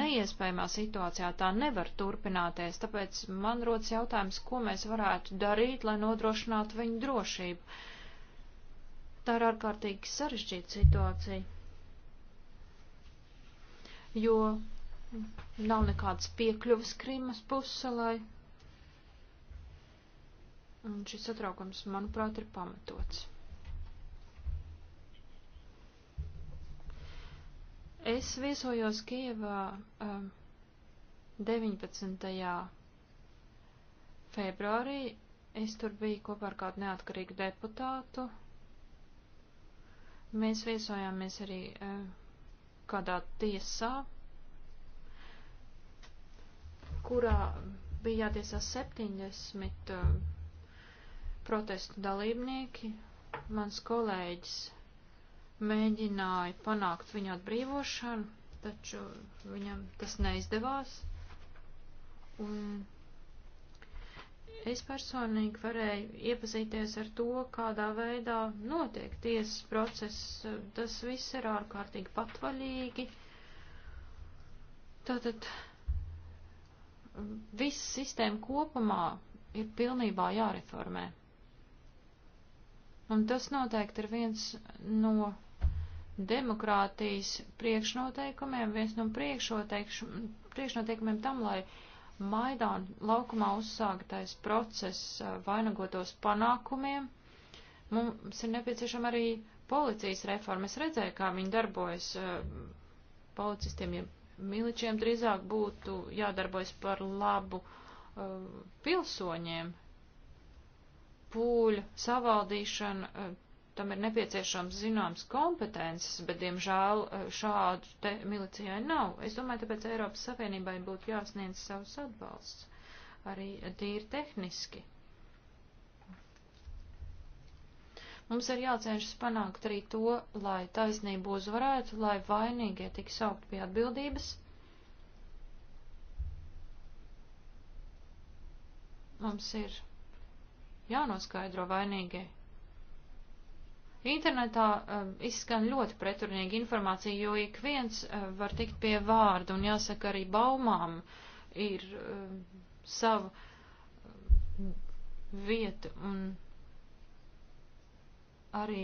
[SPEAKER 4] neiespējamā situācijā. Tā nevar turpināties, tāpēc man rodas jautājums, ko mēs varētu darīt, lai nodrošinātu viņu drošību. Tā ir ārkārtīgi sarežģīta situācija, jo Nav nekādas piekļuvas Krīmas pussalai. Un šis satraukums, manuprāt, ir pamatots. Es viesojos Kievā um, 19. februārī. Es tur biju kopā ar kādu neatkarīgu deputātu. Mēs viesojāmies arī uh, kādā tiesā kurā bija jātiesā 70 uh, protestu dalībnieki. Mans kolēģis mēģināja panākt viņa atbrīvošanu, taču viņam tas neizdevās. Un es personīgi varēju iepazīties ar to, kādā veidā notiek tiesas process. Tas viss ir ārkārtīgi patvaļīgi. Tātad visa sistēma kopumā ir pilnībā jāreformē. Un tas noteikti ir viens no demokrātijas priekšnoteikumiem, viens no priekšnoteikumiem tam, lai Maidan laukumā uzsāktais process eh, vainagotos panākumiem. Mums ir nepieciešama arī policijas reforma. Es redzēju, kā viņi darbojas eh, policistiem, ja Miličiem drīzāk būtu jādarbojas par labu uh, pilsoņiem. Pūļu savaldīšana, uh, tam ir nepieciešams zināms kompetences, bet, diemžēl, uh, šādu te milicijai nav. Es domāju, tāpēc Eiropas Savienībai būtu jāsniedz savus atbalsts arī tīri tehniski. Mums ir jācenšas panākt arī to, lai taisnība uzvarētu, lai vainīgie tiks saukt pie atbildības. Mums ir jānoskaidro vainīgie. Internetā um, izskan ļoti pretrunīga informācija, jo ik viens uh, var tikt pie vārda un jāsaka arī baumām ir um, sava um, vieta un arī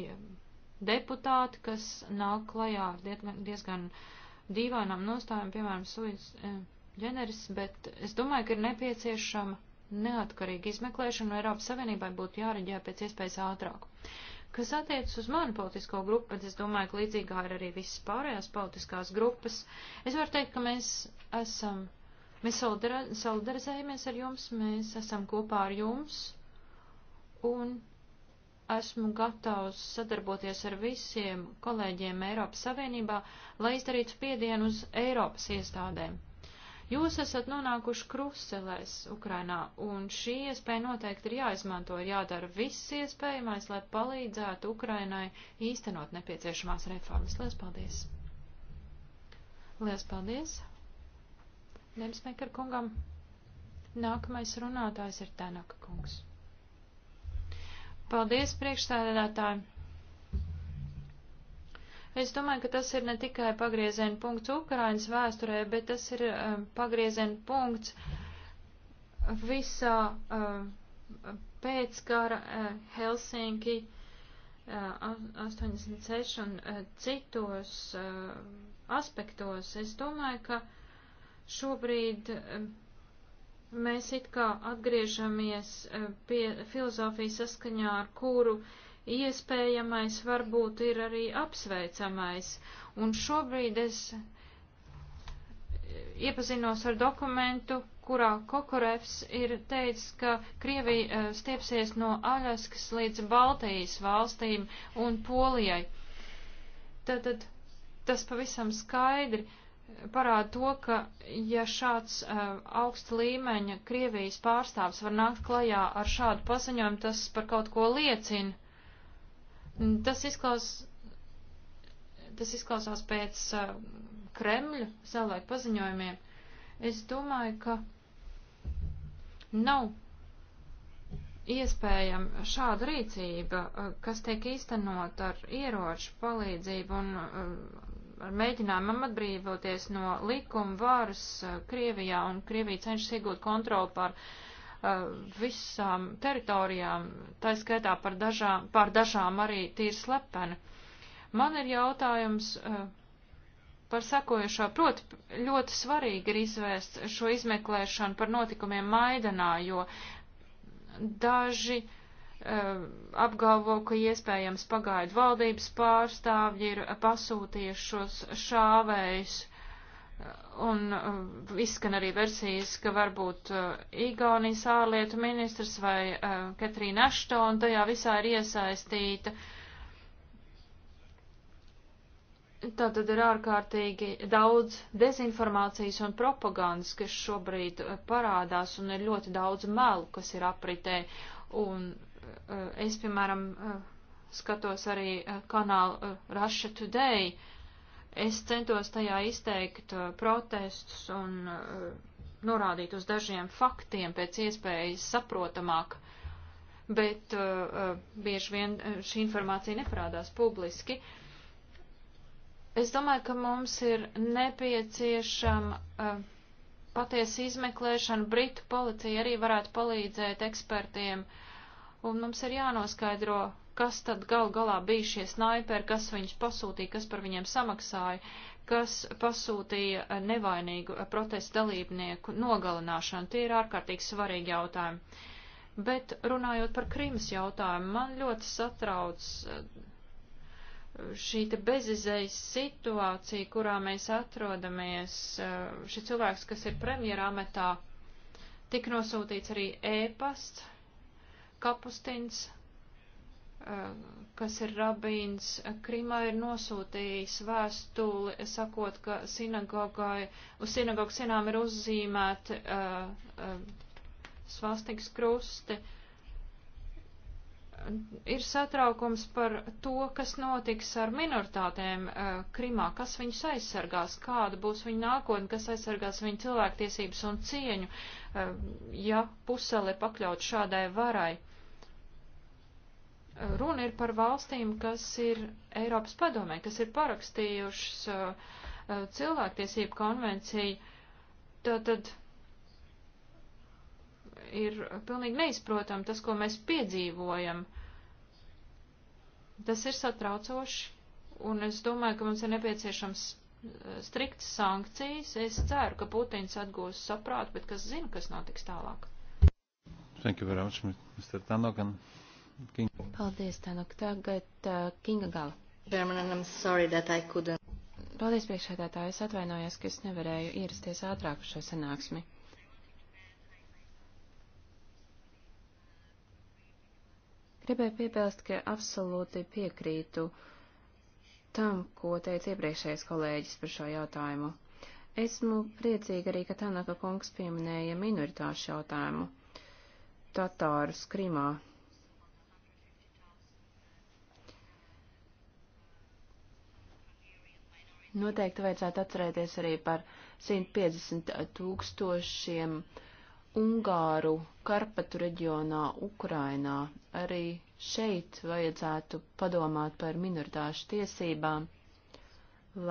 [SPEAKER 4] deputāti, kas nāk klajā ar diezgan, diezgan dīvainām nostājām, piemēram, suiz ģeneris, bet es domāju, ka ir nepieciešama neatkarīga izmeklēšana, un Eiropas Savienībai būtu jāreģē pēc iespējas ātrāk. Kas attiecas uz manu politisko grupu, bet es domāju, ka līdzīgā ir arī visas pārējās politiskās grupas, es varu teikt, ka mēs esam, mēs solidarizējamies ar jums, mēs esam kopā ar jums, un esmu gatavs sadarboties ar visiem kolēģiem Eiropas Savienībā, lai izdarītu spiedienu uz Eiropas iestādēm. Jūs esat nonākuši kruselēs Ukrainā, un šī iespēja noteikti ir jāizmanto, ir jādara viss iespējamais, lai palīdzētu Ukrainai īstenot nepieciešamās reformas. Lielas paldies! Lielas paldies! Nemsmekar kungam! Nākamais runātājs ir Tanaka kungs. Paldies, priekšstādātāji! Es domāju, ka tas ir ne tikai pagrieziena punkts Ukrainas vēsturē, bet tas ir um, pagrieziena punkts visā um, pēckara uh, Helsinki uh, 86 un uh, citos uh, aspektos. Es domāju, ka šobrīd. Uh, mēs it kā atgriežamies e, pie filozofijas saskaņā, ar kuru iespējamais varbūt ir arī apsveicamais. Un šobrīd es e, iepazinos ar dokumentu, kurā Kokorevs ir teicis, ka Krievija e, stiepsies no Aļaskas līdz Baltijas valstīm un Polijai. Tātad tas pavisam skaidri. Uh, parāda to, ka ja šāds uh, augsta līmeņa Krievijas pārstāvs var nākt klajā ar šādu paziņojumu, tas par kaut ko liecina. Tas, izklaus, tas izklausās pēc uh, Kremļa savulaik paziņojumiem. Es domāju, ka nav iespējama šāda rīcība, eh, kas tiek īstenot ar ieroču palīdzību un ar mēģinājumu atbrīvoties no likuma varas eh, Krievijā, un Krievija cenšas iegūt kontroli pār uh, eh, visām teritorijām, tā skaitā par dažām, pār dažām arī tīri slepeni. Man ir jautājums uh, par sakojušo, proti ļoti svarīgi ir izvērst šo izmeklēšanu par notikumiem Maidanā, jo daži uh, Eh, apgalvo, ka iespējams pagaidu valdības pārstāvji ir pasūtījuši šos šāvējus. Eh, un eh, izskan arī versijas, ka varbūt Igaunijas ārlietu ministrs vai Katrīna Aštona tajā visā ir iesaistīta. Tā tad ir ārkārtīgi daudz dezinformācijas un propagandas, kas šobrīd parādās, un ir ļoti daudz melu, kas ir apritē. Un Eh, eh, es, piemēram, eh, skatos arī kanālu Russia Today. Es centos tajā izteikt protestus un norādīt uz dažiem faktiem pēc iespējas saprotamāk, bet bieži vien šī informācija neparādās publiski. Es domāju, ka mums ir nepieciešama uh, patiesa izmeklēšana. Britu policija arī varētu palīdzēt ekspertiem uh, un mums ir jānoskaidro, kas tad gal galā bija šie snaiperi, kas viņus pasūtīja, kas par viņiem samaksāja, kas pasūtīja eh, nevainīgu eh, protestu dalībnieku nogalināšanu. Tie ir ārkārtīgi svarīgi jautājumi. Bet runājot par Krimas jautājumu, man ļoti satrauc eh, šī te bezizējas situācija, kurā mēs atrodamies. Šis cilvēks, kas ir premjerā metā, tik nosūtīts arī ēpasts, e Kapustins, eh, kas ir rabīns, Krimā ir nosūtījis vēstuli, sakot, ka sinagogai, uz sinagogas sienām ir uzzīmēti eh, eh, svastikas krusti. Ir satraukums par to, kas notiks ar minoritātēm Krimā, kas viņus aizsargās, kāda būs viņa nākotne, kas aizsargās viņa cilvēktiesības un cieņu, ja pusele pakļaut šādai varai. Runa ir par valstīm, kas ir Eiropas padomē, kas ir parakstījušas uh, uh, cilvēktiesību konvenciju. Tātad ir pilnīgi neizprotam tas, ko mēs piedzīvojam. Tas ir satraucoši, un es domāju, ka mums ir nepieciešams uh, strikts sankcijas. Es ceru, ka Putins atgūs saprātu, bet kas zina, kas notiks tālāk.
[SPEAKER 3] Thank you very much, Mr. Tanogan. King.
[SPEAKER 1] Paldies, Tanuk. Tagad uh, Kinga Gala. Chairman, and I'm sorry that I couldn't. Paldies, priekšsēdētāji. Es atvainojos, ka es nevarēju ierasties ātrāk uz šo sanāksmi. Gribēju piebilst, ka absolūti piekrītu tam, ko teica iepriekšējais kolēģis par šo jautājumu. Esmu priecīga arī, ka Tanaka kungs pieminēja minoritāšu jautājumu. Tatārus Krimā Noteikti vajadzētu atcerēties arī par 150 tūkstošiem Ungāru Karpatu reģionā Ukrainā. Arī šeit vajadzētu padomāt par minoritāšu tiesībām,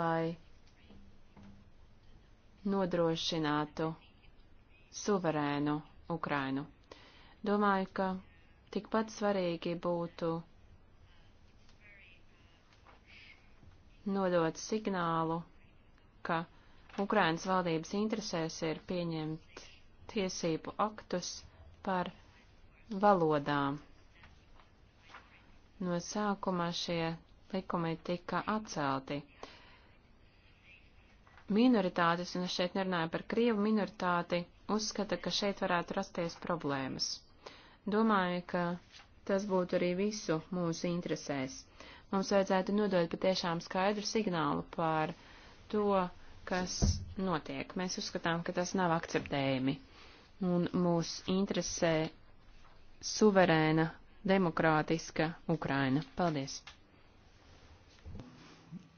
[SPEAKER 1] lai nodrošinātu suverēnu Ukrainu. Domāju, ka tikpat svarīgi būtu nodot signālu, ka Ukrainas valdības interesēs ir pieņemt tiesību aktus par valodām. No sākuma šie likumi tika atcelti. Minoritātes, un es šeit nerunāju par krievu minoritāti, uzskata, ka šeit varētu rasties problēmas. Domāju, ka tas būtu arī visu mūsu interesēs. Mums vajadzētu nodot patiešām skaidru signālu par to, kas notiek. Mēs uzskatām, ka tas nav akceptējami. Un mūs interesē suverēna, demokrātiska Ukraina. Paldies!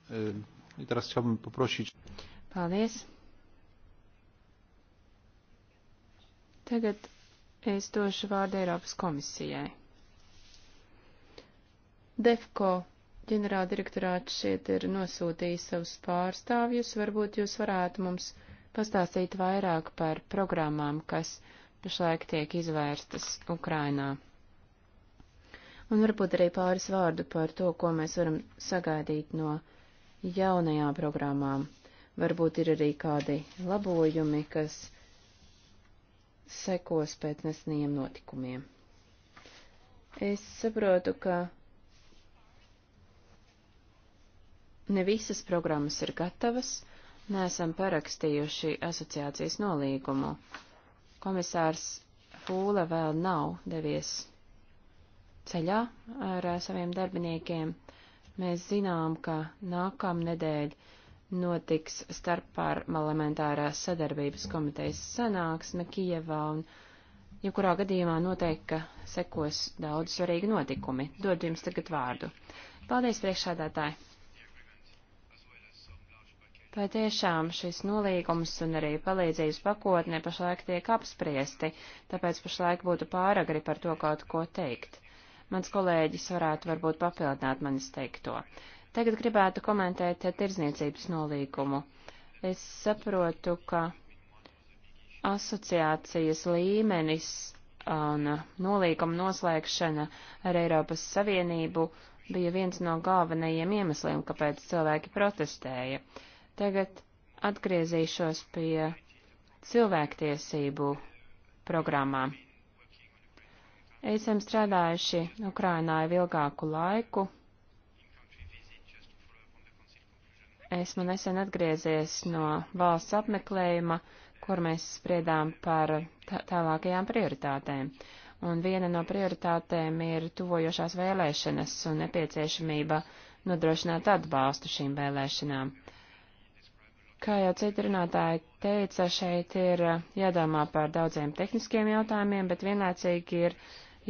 [SPEAKER 3] Ehm, I teraz chciałbym poprosić.
[SPEAKER 1] Paldies. Tagad es došu vārdu Eiropas komisijai. DEFCO ģenerāldirektorāts šeit ir nosūtījis savus pārstāvjus. Varbūt jūs varētu mums pastāstīt vairāk par programmām, kas pašlaik tiek izvērstas Ukrainā. Un varbūt arī pāris vārdu par to, ko mēs varam sagaidīt no jaunajām programmām. Varbūt ir arī kādi labojumi, kas sekos pēc nesenajiem notikumiem. Es saprotu, ka Ne visas programmas ir gatavas, neesam parakstījuši asociācijas nolīgumu. Komisārs Fūle vēl nav devies ceļā ar saviem darbiniekiem. Mēs zinām, ka nākamnedēļ notiks starppārlamentārās sadarbības komitejas sanāksme Kijevā un jebkurā ja gadījumā noteikti, ka sekos daudz svarīgi notikumi. Dod jums tagad vārdu. Paldies, priekšādātāji! Vai tiešām šis nolīgums un arī palīdzības pakotne pašlaik tiek apspriesti, tāpēc pašlaik būtu pāragri par to kaut ko teikt? Mans kolēģis varētu varbūt papildināt manis teikto. Tagad gribētu komentēt tirzniecības nolīgumu. Es saprotu, ka asociācijas līmenis un nolīguma noslēgšana ar Eiropas Savienību bija viens no galvenajiem iemesliem, kāpēc cilvēki protestēja. Tagad atgriezīšos pie cilvēktiesību programmām. Esam strādājuši Ukrainā jau ilgāku laiku. Esmu nesen atgriezies no valsts apmeklējuma, kur mēs spriedām par tālākajām prioritātēm un viena no prioritātēm ir tuvojošās vēlēšanas un nepieciešamība nodrošināt atbalstu šīm vēlēšanām. Kā jau citi runātāji teica, šeit ir eh, jādomā par daudziem tehniskiem jautājumiem, bet vienlaicīgi ir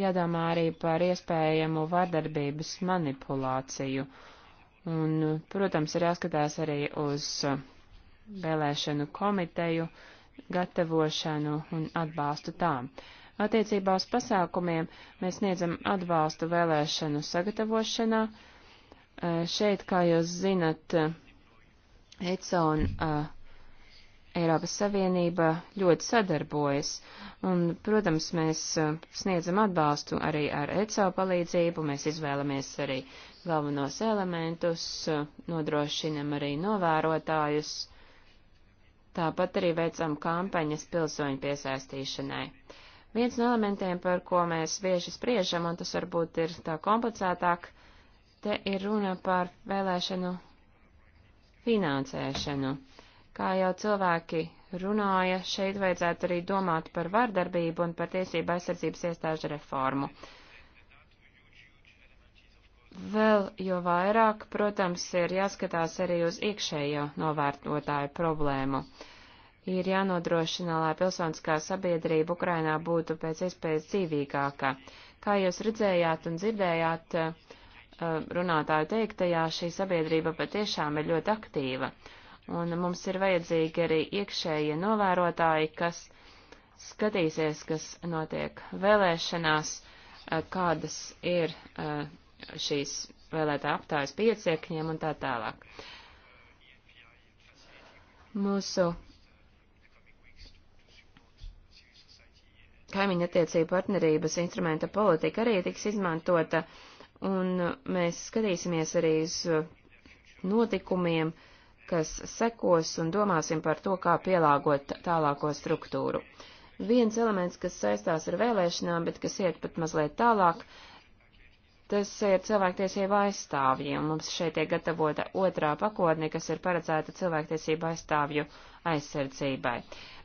[SPEAKER 1] jādomā arī par iespējamu vardarbības manipulāciju. Un, protams, ir jāskatās arī uz eh, vēlēšanu komiteju, gatavošanu un atbalstu tām. Attiecībā uz pasākumiem mēs sniedzam atbalstu vēlēšanu sagatavošanā. Eh, šeit, kā jūs zinat, ECO un uh, Eiropas Savienība ļoti sadarbojas, un, protams, mēs sniedzam atbalstu arī ar ECO palīdzību, mēs izvēlamies arī galvenos elementus, nodrošinam arī novērotājus, tāpat arī veicam kampaņas pilsoņu piesaistīšanai. Viens no elementiem, par ko mēs bieži spriežam, un tas varbūt ir tā komplicētāk, te ir runa par vēlēšanu finansēšanu. Kā jau cilvēki runāja, šeit vajadzētu arī domāt par vardarbību un par tiesību aizsardzības iestāžu reformu. Vēl jo vairāk, protams, ir jāskatās arī uz iekšējo novērtotāju problēmu. Ir jānodrošina, lai pilsoniskā sabiedrība Ukrainā būtu pēc iespējas dzīvīgāka. Kā jūs redzējāt un dzirdējāt, uh, Eh, runātāju teiktajā, šī sabiedrība patiešām ir ļoti aktīva. Un mums ir vajadzīgi arī iekšējie novērotāji, kas skatīsies, kas notiek vēlēšanās, eh, kādas ir eh, šīs vēlētā aptājas pieciekņiem un tā tālāk. Mūsu kaimiņa attiecību partnerības instrumenta politika arī tiks izmantota uh, un mēs skatīsimies arī uz notikumiem, kas sekos un domāsim par to, kā pielāgot tālāko struktūru. Viens elements, kas saistās ar vēlēšanām, bet kas iet pat mazliet tālāk, Tas ir cilvēktiesība aizstāvji, un mums šeit tiek gatavota otrā pakotne, kas ir paredzēta cilvēktiesība aizstāvju aizsardzībai.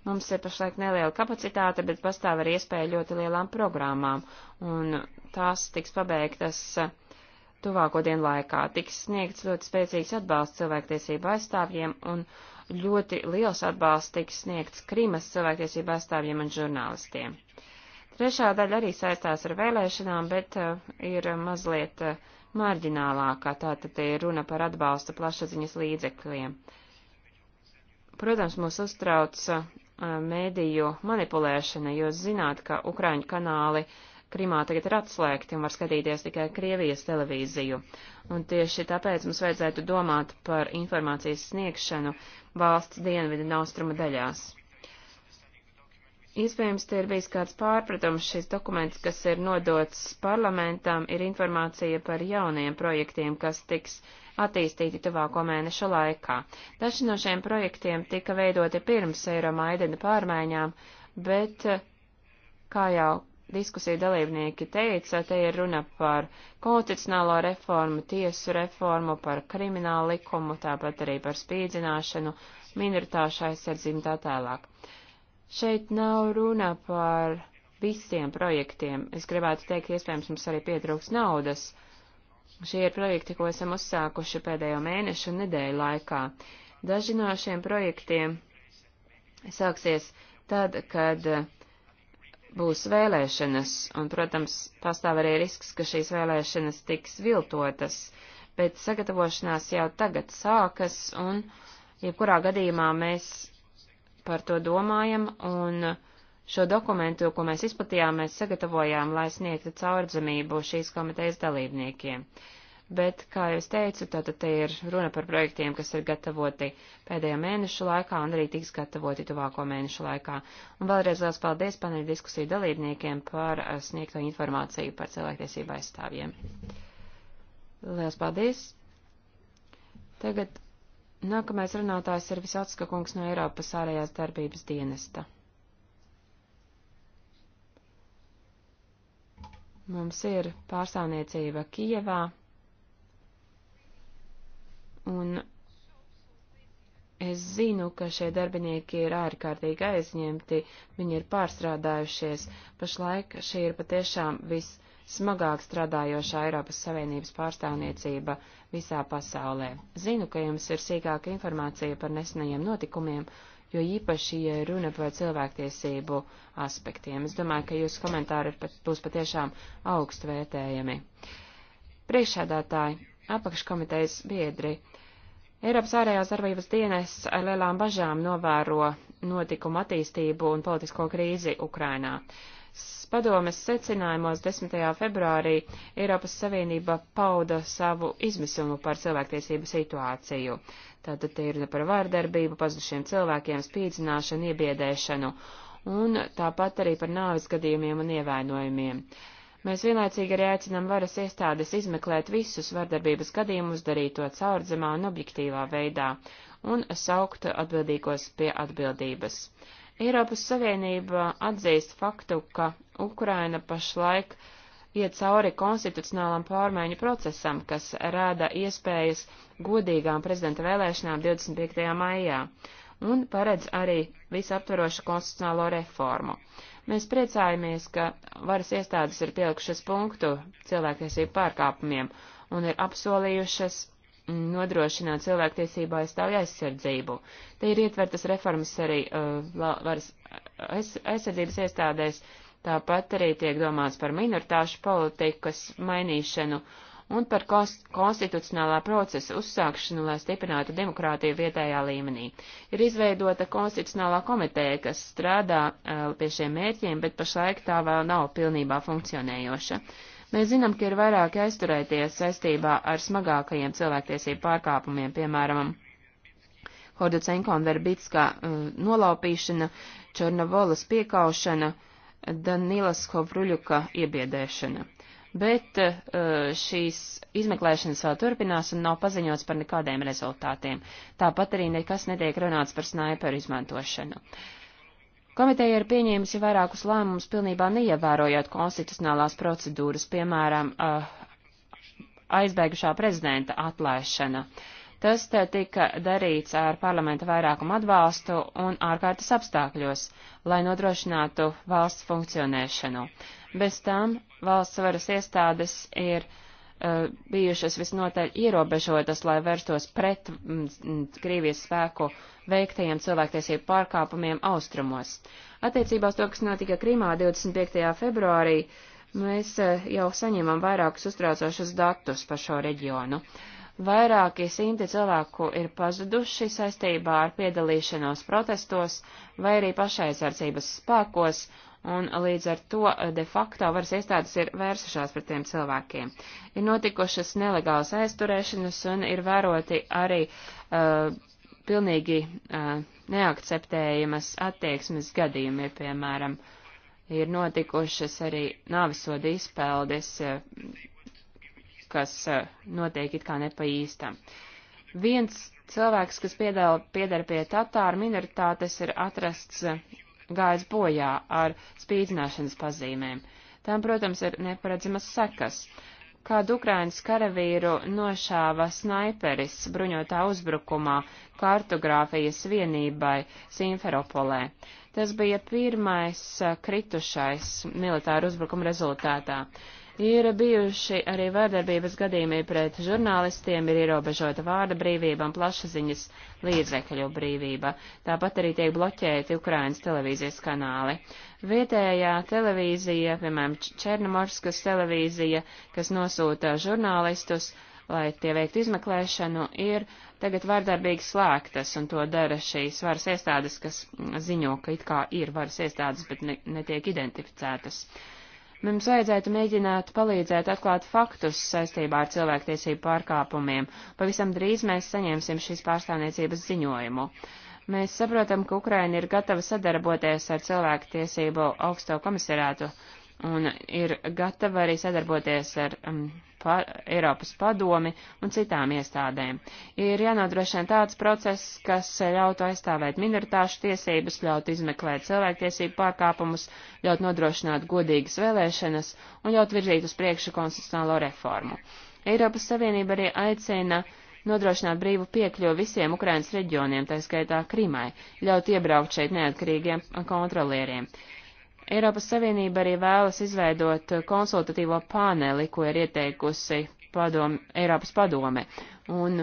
[SPEAKER 1] Mums ir pašlaik neliela kapacitāte, bet pastāv arī iespēja ļoti lielām programmām, un tās tiks pabeigtas tuvāko dienu laikā. Tiks sniegts ļoti spēcīgs atbalsts cilvēktiesību aizstāvjiem, un ļoti liels atbalsts tiks sniegts Krimas cilvēktiesību aizstāvjiem un žurnālistiem. Trešā daļa arī saistās ar vēlēšanām, bet uh, ir mazliet uh, marģinālākā, tātad te ir runa par atbalstu plašsaziņas līdzekļiem. Protams, mūs uztrauc uh, mēdīju manipulēšana, jo zināt, ka Ukraiņu kanāli Krimā tagad ir atslēgti un var skatīties tikai Krievijas televīziju. Un tieši tāpēc mums vajadzētu domāt par informācijas sniegšanu valsts dienvidu naustruma daļās. Iespējams, te ir bijis kāds pārpratums. Šis dokuments, kas ir nodots parlamentam, ir informācija par jauniem projektiem, kas tiks attīstīti tuvāko mēnešu laikā. Daži no šiem projektiem tika veidoti pirms Eiromaidena pārmaiņām, bet, kā jau diskusija dalībnieki teica, te ir runa par konstitucionālo reformu, tiesu reformu, par kriminālu likumu, tāpat arī par spīdzināšanu, minoritāšu aizsardzību tā tālāk. Šeit nav runa par visiem projektiem. Es gribētu teikt, iespējams, mums arī pietrūks naudas. Šie ir projekti, ko esam uzsākuši pēdējo mēnešu un nedēļu laikā. Daži no šiem projektiem sāksies tad, kad būs vēlēšanas, un, protams, pastāv arī risks, ka šīs vēlēšanas tiks viltotas, bet sagatavošanās jau tagad sākas, un, jebkurā gadījumā, mēs par to domājam, un šo dokumentu, ko mēs izplatījām, mēs sagatavojām, lai sniegtu caurdzamību šīs komitejas dalībniekiem. Bet, kā jau es teicu, tātad te ir runa par projektiem, kas ir gatavoti pēdējo mēnešu laikā un arī tiks gatavoti tuvāko mēnešu laikā. Un vēlreiz liels paldies paneļa diskusiju dalībniekiem par eh, sniegto informāciju par cilvēktiesību aizstāvjiem. Liels paldies! Tagad Nākamais runātājs ir Visotska kungs no Eiropas ārējās darbības dienesta. Mums ir pārstāvniecība Kijevā, un es zinu, ka šie darbinieki ir ārkārtīgi aizņemti, viņi ir pārstrādājušies. Pašlaik šī ir patiešām viss smagāk strādājošā Eiropas Savienības pārstāvniecība visā pasaulē. Zinu, ka jums ir sīkāka informācija par nesenajiem notikumiem, jo īpaši, ja runa par cilvēktiesību aspektiem. Es domāju, ka jūsu komentāri pat, būs patiešām augstu vērtējami. Priekšsēdētāji, apakškomitejas biedri, Eiropas ārējās darbības dienas ar lielām bažām novēro notikumu attīstību un politisko krīzi Ukrainā. Uh, padomes secinājumos 10. februārī Eiropas Savienība pauda savu izmisumu par cilvēktiesību situāciju. Tātad te ir runa par vārdarbību, pazudušiem cilvēkiem, spīdzināšanu, iebiedēšanu un tāpat arī par nāvis gadījumiem un ievainojumiem. Mēs vienlaicīgi arī aicinām varas iestādes izmeklēt visus vardarbības gadījumus, darīt to caurdzamā un objektīvā veidā, un saukt atbildīgos pie atbildības. Eiropas Savienība atzīst faktu, ka Ukraina pašlaik iet cauri konstitucionālam pārmaiņu procesam, kas rāda iespējas godīgām prezidenta vēlēšanām 25. maijā un paredz arī visaptverošu konstitucionālo reformu. Mēs priecājamies, ka varas iestādes ir pielikušas punktu cilvēktiesību pārkāpumiem un ir apsolījušas nodrošināt cilvēktiesību aizstāvju aizsardzību. Te ir ietvertas reformas arī uh, varas aiz, aizsardzības iestādēs, tāpat arī tiek domāts par minoritāšu politikas mainīšanu un par kost, konstitucionālā procesa uzsākšanu, lai stiprinātu demokrātiju vietējā līmenī. Ir izveidota konstitucionālā komiteja, kas strādā uh, pie šiem mērķiem, bet pašlaik tā vēl nav pilnībā funkcionējoša. Uh, Mēs zinām, ka ir vairāki aizturēties saistībā ar smagākajiem cilvēktiesību pārkāpumiem, piemēram, Hordacenko un Verbitska uh, nolaupīšana, Černavolas piekaušana, Danilas Hovruļuka iebiedēšana. Bet uh, šīs izmeklēšanas vēl turpinās un nav paziņots par nekādiem rezultātiem. Tāpat arī nekas netiek runāts par snaiperu izmantošanu. Uh, Komiteja ir pieņēmusi vairākus lēmumus, pilnībā neievērojot konstitucionālās procedūras, piemēram, uh, aizbēgušā prezidenta atlaišana. Tas te tika darīts ar parlamenta vairākumu atbalstu un ārkārtas apstākļos, lai nodrošinātu valsts funkcionēšanu. Bez tam valsts varas iestādes ir uh, Eh, bijušas visnotaļ ierobežotas, lai vērstos pret mm, Krievijas spēku veiktajiem cilvēktiesību pārkāpumiem austrumos. Attiecībā uz to, kas notika Krimā 25. februārī, mēs eh, jau saņemam vairākus uztraucošus datus par šo reģionu. Vairāki simti cilvēku ir pazuduši saistībā ar piedalīšanos protestos vai arī pašaizsardzības spēkos un līdz ar to eh, de facto varas iestādes ir vērsušās pret tiem cilvēkiem. Ir notikušas nelegālas aizturēšanas un ir vēroti arī uh, pilnīgi uh, neakceptējamas attieksmes gadījumi, piemēram, ir notikušas arī nāvisoda izpeldes, uh, kas uh, notiek it kā nepa īstam. Viens cilvēks, kas piedala, piedara pie tatāru minoritātes, ir atrasts gājis bojā ar spīdzināšanas pazīmēm. Tām, protams, ir neparedzamas sekas. Kādu Ukrainas karavīru nošāva snaiperis bruņotā uzbrukumā kartogrāfijas vienībai Simferopolē. Tas bija pirmais kritušais militāru uzbrukumu rezultātā. Ir bijuši arī vārdarbības gadījumi pret žurnālistiem, ir ierobežota vārda brīvība un plašsaziņas līdzekļu brīvība. Tāpat arī tiek bloķēti Ukrainas televīzijas kanāli. Vietējā televīzija, piemēram, Černomorskas televīzija, kas nosūta žurnālistus, lai tie veiktu izmeklēšanu, ir uh, tagad vardarbīgi slēgtas, un to dara šīs varas iestādes, kas ziņo, ka it kā ir varas iestādes, bet ne, netiek identificētas. Mums vajadzētu mēģināt palīdzēt atklāt faktus saistībā ar cilvēktiesību pārkāpumiem. Pavisam drīz mēs saņemsim šīs pārstāvniecības ziņojumu. Mēs saprotam, ka Ukraina ir gatava sadarboties ar cilvēktiesību augsto komisarātu un ir gatava arī sadarboties ar um, pa, Eiropas padomi un citām iestādēm. Ir jānodrošina tāds process, kas ļautu aizstāvēt minoritāšu tiesības, ļaut izmeklēt cilvēktiesību pārkāpumus, ļaut nodrošināt godīgas vēlēšanas un ļaut virzīt uz priekšu konstitucionālo reformu. Eiropas Savienība arī aicina nodrošināt brīvu piekļuvu visiem Ukrainas reģioniem, tā skaitā Krimai, ļaut iebraukt šeit neatkarīgiem kontrolieriem. Eiropas Savienība arī vēlas izveidot konsultatīvo paneli, ko ir ieteikusi padom, Eiropas padome. Un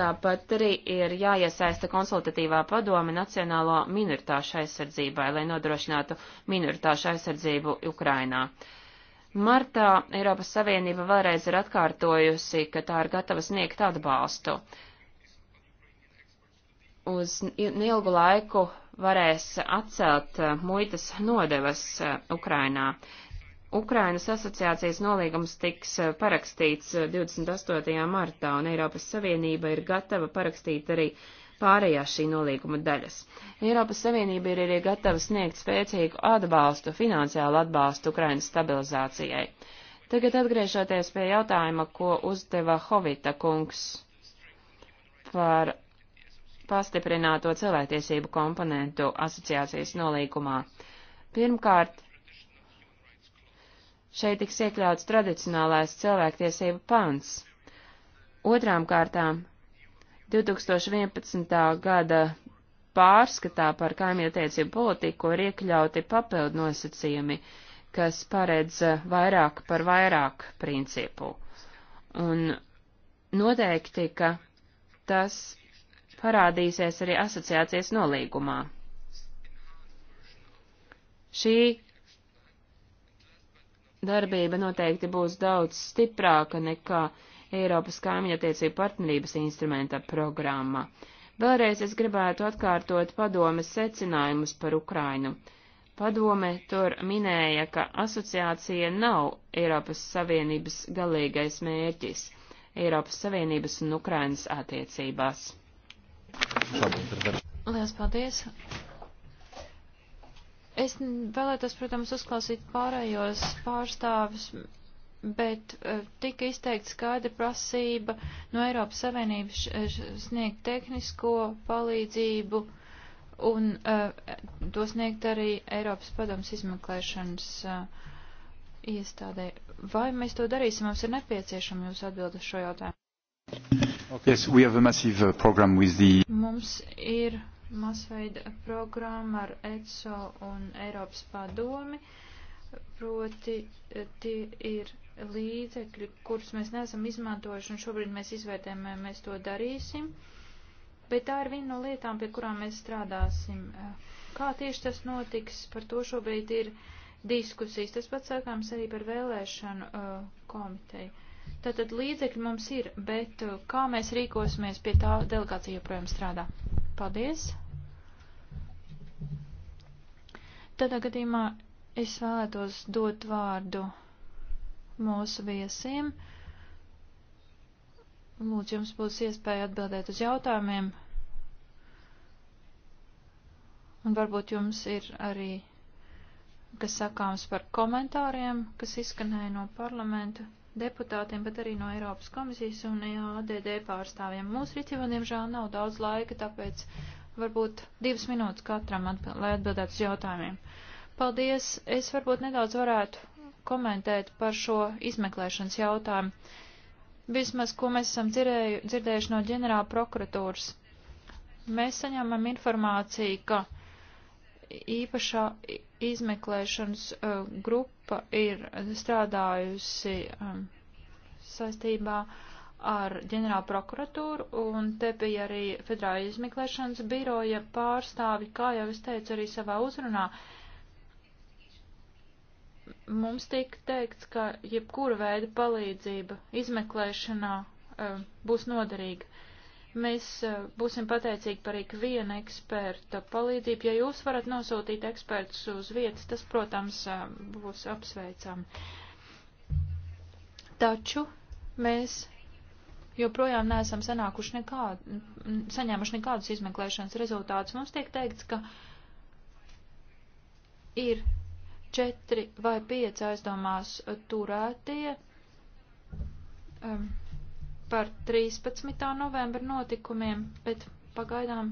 [SPEAKER 1] tāpat arī ir jāiesaista konsultatīvā padome Nacionālo minoritāšu aizsardzībai, lai nodrošinātu minoritāšu aizsardzību Ukrainā. Martā Eiropas Savienība vēlreiz ir atkārtojusi, ka tā ir gatava sniegt atbalstu uz neilgu laiku varēs atcelt eh, muitas nodevas eh, Ukrainā. Ukrainas asociācijas nolīgums tiks eh, parakstīts 28. martā, un Eiropas Savienība ir gatava parakstīt arī pārējās šī nolīguma daļas. Eiropas Savienība ir arī gatava sniegt spēcīgu atbalstu, finansiālu atbalstu Ukrainas stabilizācijai. Tagad atgriežoties pie jautājuma, ko uzdeva Hovita kungs par pastiprināto cilvēktiesību komponentu asociācijas nolīgumā. Pirmkārt, šeit tiks iekļauts tradicionālais cilvēktiesību pants. Otrām kārtām, 2011. gada pārskatā par kaimietiecību politiku ir iekļauti papildu nosacījumi, kas paredz vairāk par vairāk principu. Un noteikti, ka tas parādīsies arī asociācijas nolīgumā. Šī darbība noteikti būs daudz stiprāka nekā Eiropas kaimiņattiecību partnerības instrumenta programma. Vēlreiz es gribētu atkārtot padomes secinājumus par Ukrainu. Padome tur minēja, ka asociācija nav Eiropas Savienības galīgais mērķis Eiropas Savienības un Ukrainas attiecībās.
[SPEAKER 4] Lielas paldies! Es vēlētos, protams, uzklausīt pārējos pārstāvis, bet e, tika izteikta skaidra prasība no Eiropas Savienības e, sniegt tehnisko palīdzību un e, to sniegt arī Eiropas padoms izmeklēšanas iestādē. Vai mēs to darīsim? Mums ir nepieciešama jūsu atbildes šo jautājumu.
[SPEAKER 3] Okay. Yes, we have a massive uh, program with the...
[SPEAKER 4] Mums ir masveida programma ar ECO un Eiropas padomi, proti eh, tie ir līdzekļi, kurus mēs neesam izmantojuši, un šobrīd mēs izvērtējam, vai mēs to darīsim. Bet tā ir viena no lietām, pie kurām mēs strādāsim. Eh, kā tieši tas notiks, par to šobrīd ir diskusijas. Tas pats sākāms arī par vēlēšanu uh, komiteju. Tātad līdzekļi mums ir, bet uh, kā mēs rīkosimies pie tā delegācija joprojām strādā. Paldies. Tādā gadījumā es vēlētos dot vārdu mūsu viesiem. Lūdzu, jums būs iespēja atbildēt uz jautājumiem. Un varbūt jums ir arī, kas sakāms par komentāriem, kas izskanēja no parlamenta deputātiem, bet arī no Eiropas komisijas un ADD pārstāvjiem. Mūsu rīcībā, diemžēl, nav daudz laika, tāpēc varbūt divas minūtes katram, atb lai atbildētu uz jautājumiem. Paldies! Es varbūt nedaudz varētu komentēt par šo izmeklēšanas jautājumu. Vismaz, ko mēs esam dzirdēju, dzirdējuši no ģenerāla prokuratūras. Mēs saņemam informāciju, ka īpašā izmeklēšanas uh, grupa grupa ir strādājusi um, saistībā ar ģenerālu prokuratūru, un te bija arī federāla izmeklēšanas biroja pārstāvi, kā jau es teicu arī savā uzrunā. Mums tika teikts, ka jebkura veida palīdzība izmeklēšanā um, būs noderīga. Uh, Mēs eh, būsim pateicīgi par ikvienu eksperta palīdzību. Ja jūs varat nosūtīt ekspertus uz vietas, tas, protams, eh, būs apsveicam. Taču mēs joprojām neesam sanākuši nekādu, saņēmuši nekādus izmeklēšanas rezultātus. Mums tiek teikts, ka ir četri vai pieci aizdomās turētie. Um, par 13. novembra notikumiem, bet pagaidām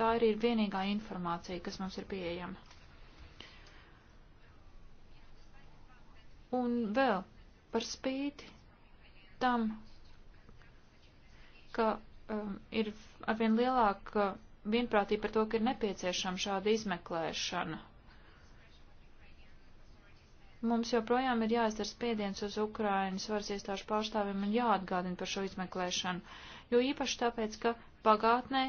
[SPEAKER 4] tā arī ir vienīgā informācija, kas mums ir pieejama. Un vēl par spīti tam, ka um, ir arvien lielāka vienprātība par to, ka ir nepieciešama šāda izmeklēšana Mums joprojām ir jāizdara spiediens uz Ukrainas varas iestāžu pārstāvjiem un jāatgādina par šo izmeklēšanu, jo īpaši tāpēc, ka pagātnē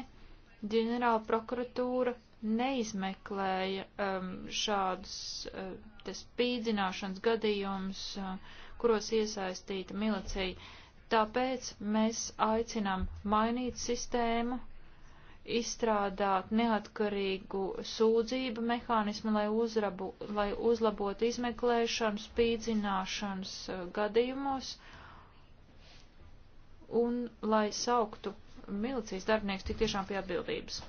[SPEAKER 4] ģenerāla prokuratūra neizmeklēja um, šādus uh, spīdzināšanas gadījumus, uh, kuros iesaistīta milicija. Tāpēc mēs aicinām mainīt sistēmu, izstrādāt neatkarīgu sūdzību mehānismu, lai, uzrabu, lai uzlabotu izmeklēšanu, spīdzināšanas eh, gadījumos un lai sauktu milicijas darbinieks tik tiešām pie atbildības.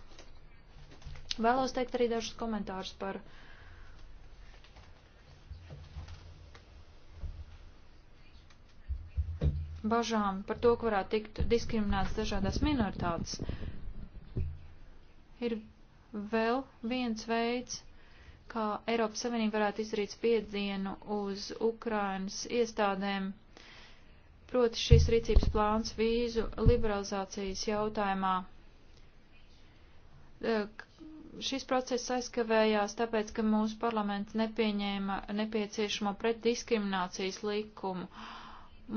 [SPEAKER 4] Vēlos teikt arī dažus komentārus par bažām par to, ka varētu tikt diskriminētas dažādas minoritātes ir vēl viens veids, kā Eiropas Savienība varētu izdarīt spiedienu uz Ukrainas iestādēm, proti šis rīcības plāns vīzu liberalizācijas jautājumā. Šis process aizkavējās tāpēc, ka mūsu parlaments nepieņēma nepieciešamo pretdiskriminācijas likumu.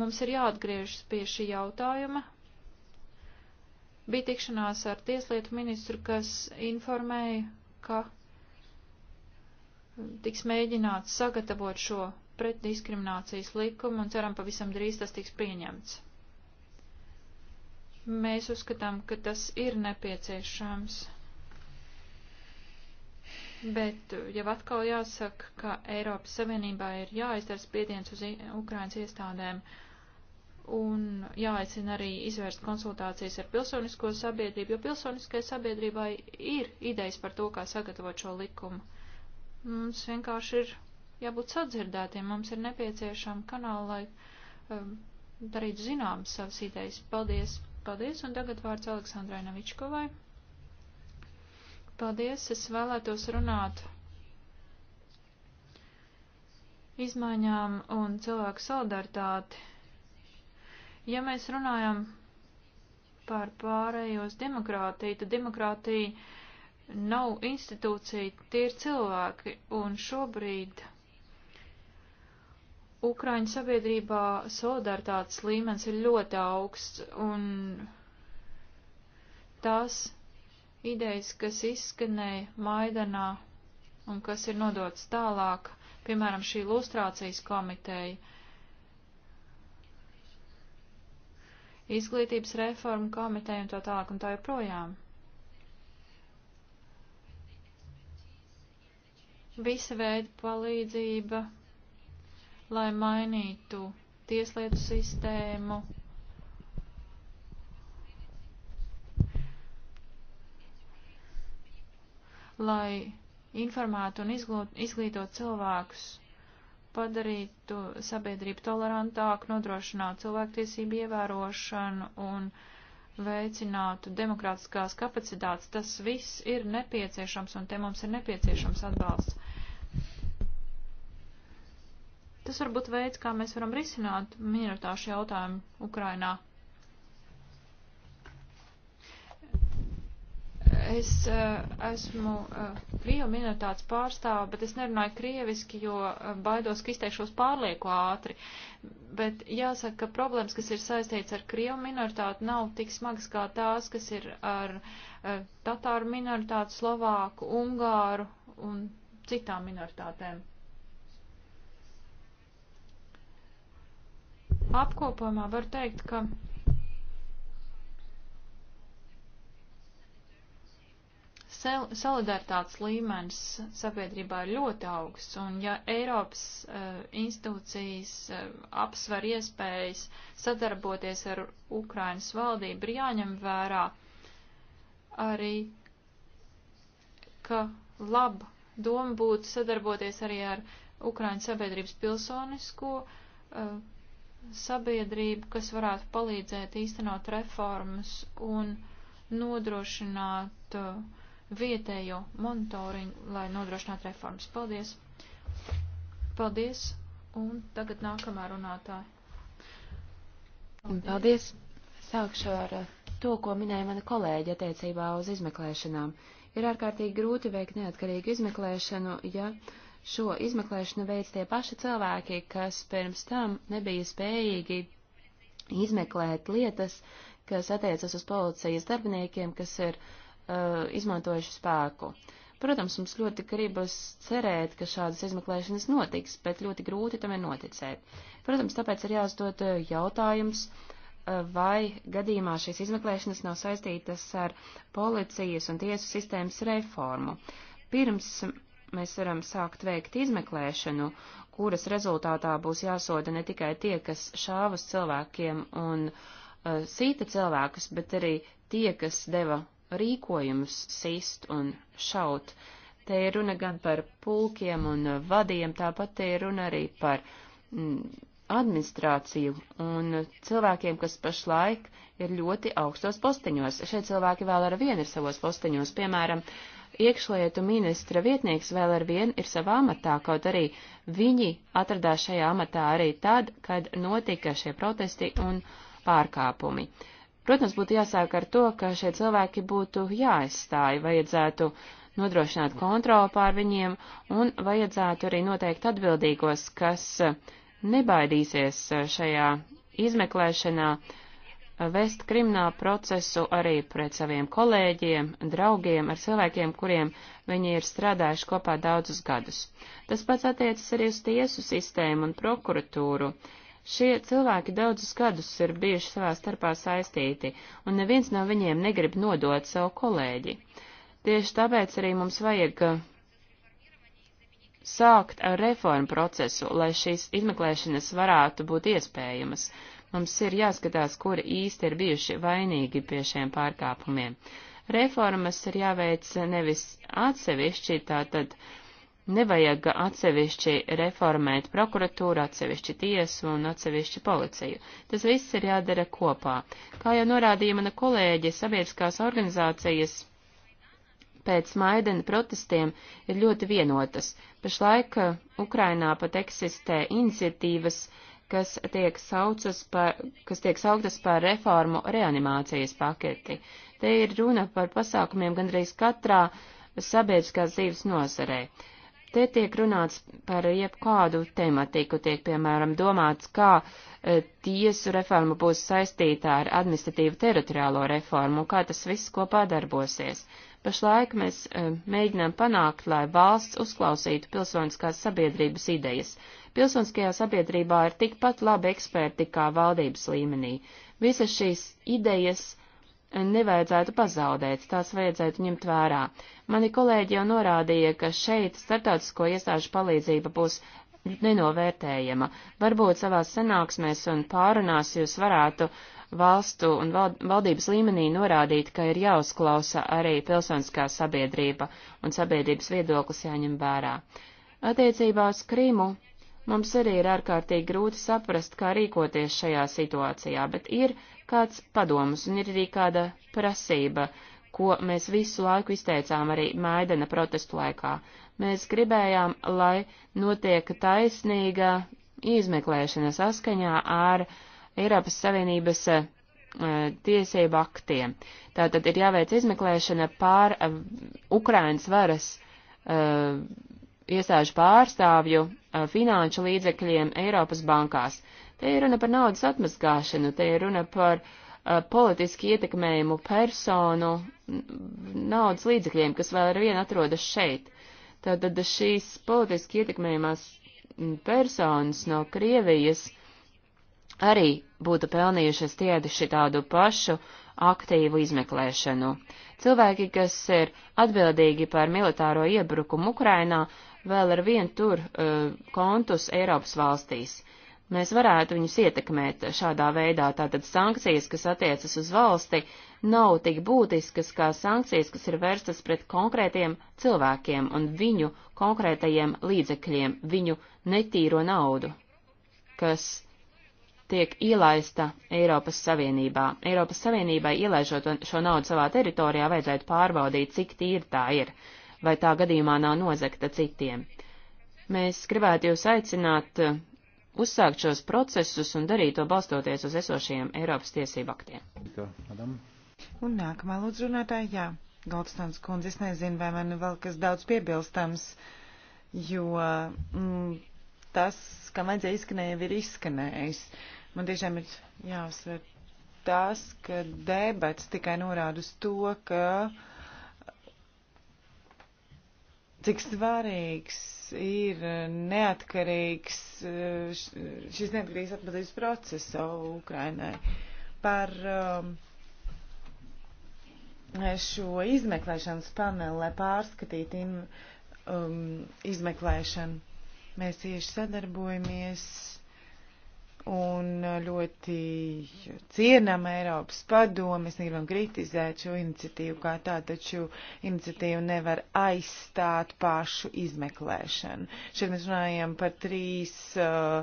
[SPEAKER 4] Mums ir jāatgriežas pie šī jautājuma, Bija tikšanās ar tieslietu ministru, kas informēja, ka tiks mēģināts sagatavot šo pretdiskriminācijas likumu un ceram pavisam drīz tas tiks pieņemts. Mēs uzskatām, ka tas ir nepieciešams. Bet jau atkal jāsaka, ka Eiropas Savienībā ir jāizdara spiediens uz Ukrainas iestādēm. Uh, un jāaicina arī izvērst konsultācijas ar pilsonisko sabiedrību, jo pilsoniskai sabiedrībai ir idejas par to, kā sagatavot šo likumu. Mums vienkārši ir jābūt sadzirdētiem, mums ir nepieciešama kanāla, lai um, darītu zināmas savas idejas. Paldies, paldies, un tagad vārds Aleksandrai Navičkovai. Paldies, es vēlētos runāt izmaiņām un cilvēku solidaritāti Ja mēs runājam par pārējos demokrātiju, tad demokrātija nav institūcija, tie ir cilvēki, un šobrīd Ukraiņu sabiedrībā solidaritātes līmenis ir ļoti augsts, un tās idejas, kas izskanēja Maidanā un kas ir nodots tālāk, piemēram, šī lustrācijas komiteja, izglītības reformu komiteju un tā tālāk un tā joprojām. Visa veida palīdzība, lai mainītu tieslietu sistēmu, lai informētu un izglītotu cilvēkus padarītu sabiedrību tolerantāku, nodrošinātu cilvēktiesību ievērošanu un veicinātu demokrātiskās kapacitātes. Tas viss ir nepieciešams un te mums ir nepieciešams atbalsts. Tas varbūt veids, kā mēs varam risināt minoritāšu jautājumu Ukrainā. Es uh, esmu uh, krievu minoritātes pārstāva, bet es nerunāju krieviski, jo uh, baidos, ka izteikšos pārlieku ātri. Bet jāsaka, ka problēmas, kas ir saistīts ar krievu minoritāti, nav tik smagas kā tās, kas ir ar uh, tatāru minoritāti, slovāku, ungāru un citām minoritātēm. Apkopojumā var teikt, ka solidaritātes līmenis sabiedrībā ir ļoti augsts, un ja Eiropas uh, institūcijas uh, apsver iespējas sadarboties ar Ukrainas valdību, ir jāņem vērā arī, ka laba doma būtu sadarboties arī ar Ukrainas sabiedrības pilsonisko uh, sabiedrību, kas varētu palīdzēt īstenot reformas un nodrošināt uh, vietējo monitoringu, lai nodrošinātu reformas. Paldies! Paldies! Un tagad nākamā runātāja.
[SPEAKER 1] Paldies! Paldies. Sākšu ar uh, to, ko minēja mana kolēģa attiecībā uz izmeklēšanām. Ir ārkārtīgi grūti veikt neatkarīgu izmeklēšanu, ja šo izmeklēšanu veic tie paši cilvēki, kas pirms tam nebija spējīgi izmeklēt lietas, kas attiecas uz policijas darbiniekiem, kas ir uh, uh, izmantojuši spēku. Protams, mums ļoti gribas cerēt, ka šādas izmeklēšanas notiks, bet ļoti grūti tam ir noticēt. Protams, tāpēc ir jāuzdod uh, jautājums, uh, vai gadījumā šīs izmeklēšanas nav saistītas ar policijas un tiesu sistēmas reformu. Pirms mēs varam sākt veikt izmeklēšanu, kuras rezultātā būs jāsoda ne tikai tie, kas šāvas cilvēkiem un uh, sīta cilvēkus, bet arī tie, kas deva rīkojumus sist un šaut. Te ir runa gan par pulkiem un vadiem, tāpat te ir runa arī par mm, administrāciju un cilvēkiem, kas pašlaik ir ļoti augstos posteņos. Šie cilvēki vēl ar vienu ir savos posteņos, piemēram, iekšlietu ministra vietnieks vēl ar vienu ir savā amatā, kaut arī viņi atradās šajā amatā arī tad, kad notika šie protesti un pārkāpumi. Uh, Protams, būtu jāsāk ar to, ka šie cilvēki būtu jāaizstāja, vajadzētu nodrošināt kontroli pār viņiem un vajadzētu arī noteikt atbildīgos, kas nebaidīsies šajā izmeklēšanā vest kriminālu procesu arī pret saviem kolēģiem, draugiem, ar cilvēkiem, kuriem viņi ir strādājuši kopā daudzus gadus. Tas pats attiecas arī uz tiesu sistēmu un prokuratūru. Uh, Šie cilvēki daudzus gadus ir bijuši savā starpā saistīti, un neviens no viņiem negrib nodot savu kolēģi. Tieši tāpēc arī mums vajag uh, sākt ar reformu procesu, lai šīs izmeklēšanas varētu būt iespējamas. Mums ir jāskatās, kuri īsti ir bijuši vainīgi pie šiem pārkāpumiem. Reformas ir jāveic nevis atsevišķi, tātad Nevajag atsevišķi reformēt prokuratūru, atsevišķi tiesu un atsevišķi policiju. Tas viss ir jādara kopā. Kā jau norādīja mana kolēģe, sabiedriskās organizācijas pēc Maidena protestiem ir ļoti vienotas. Pašlaik eh, Ukrainā pat eksistē iniciatīvas, kas tiek, par, kas tiek sauktas par reformu reanimācijas paketi. Te ir runa par pasākumiem gandrīz katrā sabiedriskās dzīves nozarē. Te tiek runāts par jebkādu tematiku, tiek piemēram domāts, kā e, tiesu reforma būs saistītā ar administratīvu teritoriālo reformu un kā tas viss kopā darbosies. Pašlaik mēs e, mēģinām panākt, lai valsts uzklausītu pilsoniskās sabiedrības idejas. Pilsoniskajā sabiedrībā ir tikpat labi eksperti kā valdības līmenī. Visas šīs idejas nevajadzētu pazaudēt, tās vajadzētu ņemt vērā. Mani kolēģi jau norādīja, ka šeit startautisko iestāžu palīdzība būs nenovērtējama. Varbūt savās sanāksmēs un pārunās jūs varētu valstu un valdības līmenī norādīt, ka ir jāuzklausa arī pilsoniskā sabiedrība un sabiedrības viedoklis jāņem vērā. Attiecībā uz Krīmu mums arī ir ārkārtīgi grūti saprast, kā rīkoties šajā situācijā, bet ir kāds padomus un ir arī kāda prasība, ko mēs visu laiku izteicām arī Maidana protestu laikā. Mēs gribējām, lai notiek taisnīga izmeklēšana saskaņā ar Eiropas Savienības eh, tiesību aktiem. Tātad ir jāveic izmeklēšana pār uh, Ukrainas varas uh, iestāžu pārstāvju uh, finanšu līdzekļiem Eiropas bankās. Te ir runa par naudas atmazgāšanu, te ir runa par uh, politiski ietekmējumu personu mm, naudas līdzekļiem, kas vēl ar vienu atrodas šeit. Tātad šīs politiski ietekmējumās mm, personas no Krievijas arī būtu pelnījušas tieši tādu pašu aktīvu izmeklēšanu. Cilvēki, kas ir atbildīgi par militāro iebrukumu Ukrainā, vēl ar vienu tur uh, kontus Eiropas valstīs mēs varētu viņus ietekmēt šādā veidā. Tātad sankcijas, kas attiecas uz valsti, nav tik būtiskas kā sankcijas, kas ir vērstas pret konkrētiem cilvēkiem un viņu konkrētajiem līdzekļiem, viņu netīro naudu, kas tiek ielaista Eiropas Savienībā. Airopas Savienībai ielaižot šo naudu savā teritorijā vajadzētu pārbaudīt, cik tīra tā ir, vai tā gadījumā nav nozagta citiem. Mēs gribētu jūs aicināt uzsākt šos procesus un darīt to balstoties uz esošajiem Eiropas tiesību aktiem.
[SPEAKER 5] Un nākamā lūdzu runātāja, jā, Goldstons kundze, es nezinu, vai man vēl kas daudz piebilstams, jo mm, tas, kam vajadzēja izskanēja, ir izskanējis. Man tiešām ir jāuzsver tas, ka debats tikai norāda uz to, ka uh, cik svarīgs ir neatkarīgs eh, šis neatkarīgs atbildības process Ukrainai par um, šo izmeklēšanas paneli, lai pārskatītu um, izmeklēšanu. Mēs tieši sadarbojamies un ļoti cienam Eiropas padomu. Mēs negribam kritizēt šo iniciatīvu kā tā, taču iniciatīvu nevar aizstāt pašu izmeklēšanu. Šeit mēs runājam par trīs uh,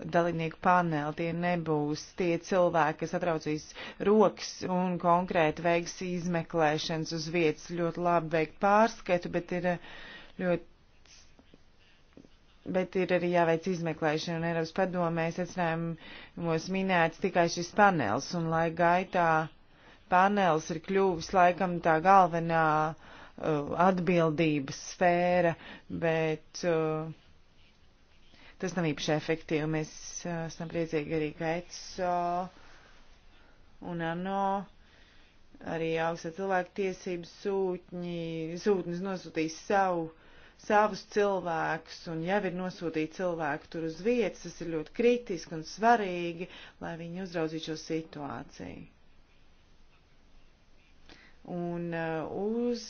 [SPEAKER 5] dalībnieku paneli. Tie nebūs tie cilvēki, kas atraucīs rokas un konkrēti veiks izmeklēšanas uz vietas. Ļoti labi veikt pārskatu, bet ir uh, ļoti Bet ir arī jāveic izmeklēšana, un Eiropas padomē secinājumos minēts tikai šis panels, un lai gaitā panels ir kļuvis laikam tā galvenā uh, atbildības sfēra, bet uh, tas nav īpaši efektīvi. Mēs uh, esam priecīgi arī, ka ECO un ANO arī augsta cilvēku tiesības sūtņi, sūtnis nosūtīs savu savus cilvēkus un jau ir nosūtīti cilvēki tur uz vietas, tas ir ļoti kritiski un svarīgi, lai viņi uzraudzītu šo situāciju. Un uh, uz,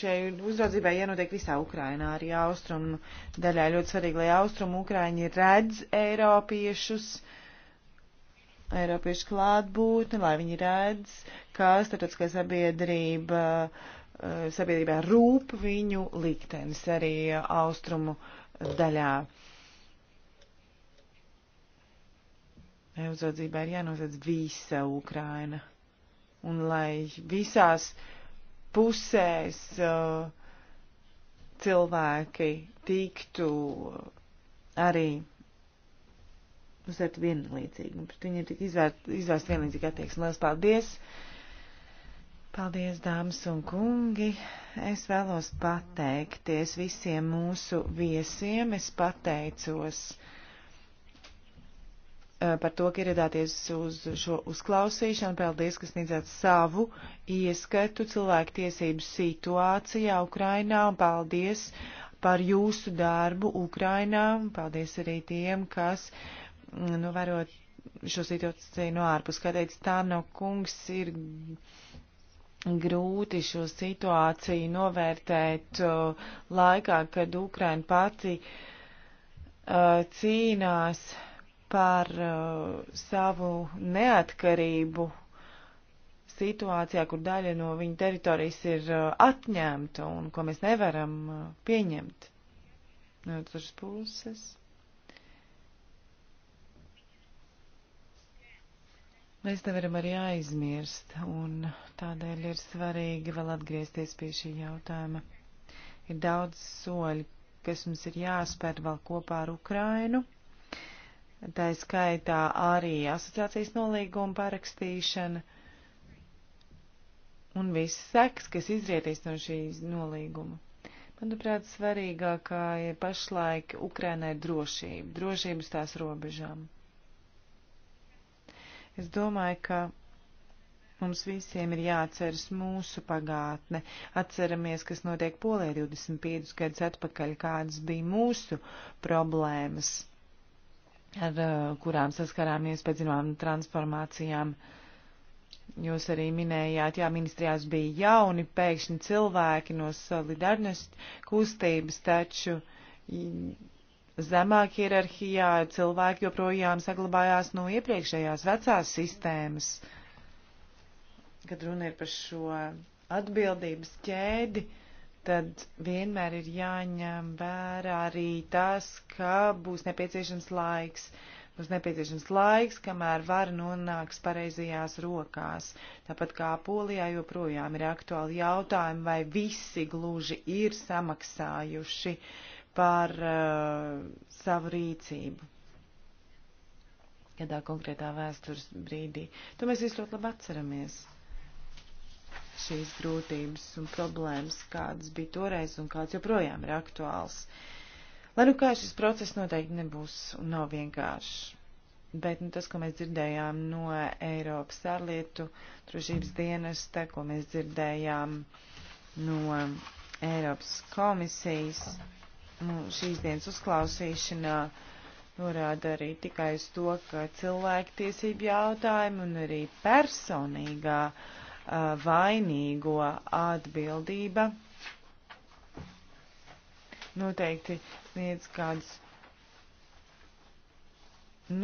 [SPEAKER 5] šai uzraudzībai jānotiek visā Ukrainā, arī austrumu daļā. Ļoti svarīgi, lai austrumu Ukraiņi redz Eiropiešus, Eiropiešu klātbūtni, lai viņi redz, ka starptautiskā sabiedrība uh, sabiedrībā rūp viņu liktenis arī austrumu daļā. Uzraudzībā ir jānosedz visa Ukraina. Un lai visās pusēs uh, cilvēki tiktu arī uzsvērt vienlīdzīgi. Pret viņiem tik izvērst, izvērst vienlīdzīgi attieksmi. Lielas paldies! Uh, Paldies, dāmas un kungi! Es vēlos pateikties visiem mūsu viesiem. Es pateicos par to, ka ieradāties uz šo uzklausīšanu. Paldies, ka sniedzāt savu ieskatu cilvēku tiesību situācijā Ukrainā. Un paldies par jūsu darbu Ukrainā. Un paldies arī tiem, kas novērot nu, šo situāciju no ārpus. Kā teica Tāno kungs, ir grūti šo situāciju novērtēt laikā, kad Ukraina pati cīnās par savu neatkarību situācijā, kur daļa no viņa teritorijas ir atņemta un ko mēs nevaram pieņemt no otras puses. Mēs nevaram arī aizmirst, un tādēļ ir svarīgi vēl atgriezties pie šī jautājuma. Ir daudz soļi, kas mums ir jāspēr vēl kopā ar Ukrainu. Tā ir skaitā arī asociācijas nolīguma parakstīšana un viss seks, kas izrietīs no šīs nolīguma. Manuprāt, svarīgākā ir pašlaik Ukrainai drošība, drošības tās robežām. Es domāju, ka mums visiem ir jāatceras mūsu pagātne. Atceramies, kas notiek Polē 25 gadus atpakaļ, kādas bija mūsu problēmas, ar uh, kurām saskarāmies pēc zināmām transformācijām. Jūs arī minējāt, jā, ministrijās bija jauni pēkšņi cilvēki no solidarnost kustības, taču zemāk hierarhijā cilvēki joprojām saglabājās no iepriekšējās vecās sistēmas, kad runa ir par šo atbildības ķēdi, tad vienmēr ir jāņem vērā arī tas, ka būs nepieciešams laiks. Būs nepieciešams laiks, kamēr vara nonāks pareizajās rokās. Tāpat kā polijā joprojām ir aktuāli jautājumi, vai visi gluži ir samaksājuši uh, par uh, savu rīcību kādā konkrētā vēstures brīdī. To mēs visu ļoti labi atceramies. Šīs grūtības un problēmas, kādas bija toreiz un kāds joprojām ir aktuāls. Lai nu kā šis process noteikti nebūs un nav vienkāršs. Bet nu, tas, ko mēs dzirdējām no Eiropas ārlietu drošības dienesta, ko mēs dzirdējām no Eiropas komisijas. Okay Nu, šīs dienas uzklausīšanā norāda arī tikai uz to, ka cilvēktiesību jautājumi un arī personīgā vainīgo atbildība noteikti sniedz kādus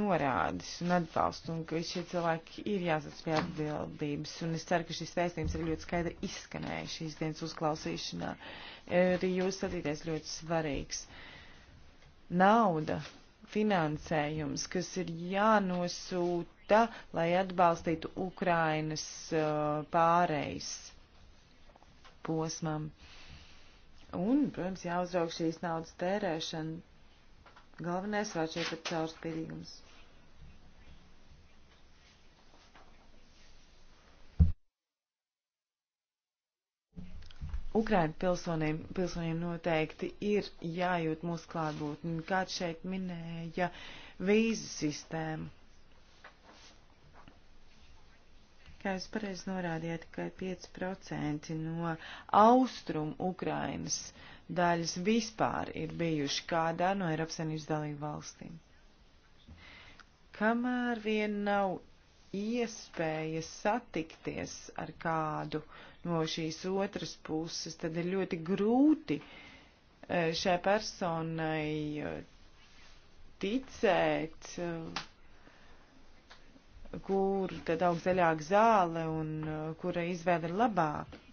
[SPEAKER 5] norādes un atbalstu, un ka šie cilvēki ir jāsats pie atbildības, un es ceru, ka šis vēstījums ir ļoti skaidri izskanējis šīs dienas uzklausīšanā. Uh, arī jūs sacīties ļoti svarīgs. Nauda, finansējums, kas ir jānosūta, lai atbalstītu Ukrainas uh, pārejas posmam. Un, protams, jāuzrauk šīs naudas tērēšana. Galvenais vārds šeit ir caurspīdīgums. Ukraina pilsoniem, pilsoniem noteikti ir jājūt mūsu klātbūtni, kāds šeit minēja vīzu sistēmu. Kā jūs pareizi norādījāt, ka 5% no austrum Ukrainas daļas vispār ir bijuši kādā no Eiropas Savienības dalību valstīm. Kamēr vien nav iespējas satikties ar kādu no šīs otras puses, tad ir ļoti grūti e, šai personai e, ticēt, e, kur tad aug zaļāk zāle un kura izvēle ir labāka.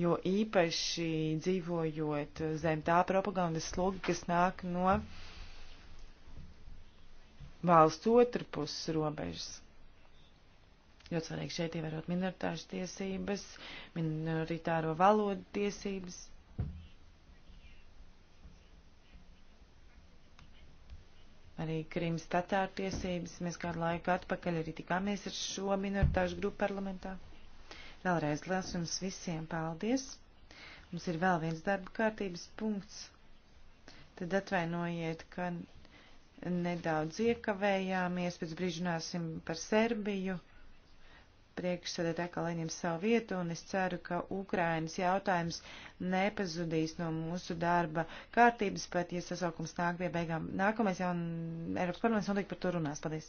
[SPEAKER 5] Jo īpaši dzīvojot zem tā propagandas sloga, kas nāk no uh, valsts otru puses robežas. Ļoti svarīgi šeit ievērot minoritāšu tiesības, minoritāro valodu tiesības. Arī Krimas tatāru tiesības. Mēs kādu laiku atpakaļ arī tikāmies ar šo minoritāšu grupu parlamentā. Vēlreiz liels jums visiem paldies. Mums ir vēl viens darba kārtības punkts. Tad atvainojiet, ka nedaudz iekavējāmies, pēc brīžināsim par Serbiju. Priekšsēdētāj, ka leņem savu vietu, un es ceru, ka Ukrainas jautājums nepazudīs no mūsu darba kārtības, pat, ja sasaukums nāk pie beigām. Nākamais jau Eiropas parlaments noteikti par to runās. Paldies.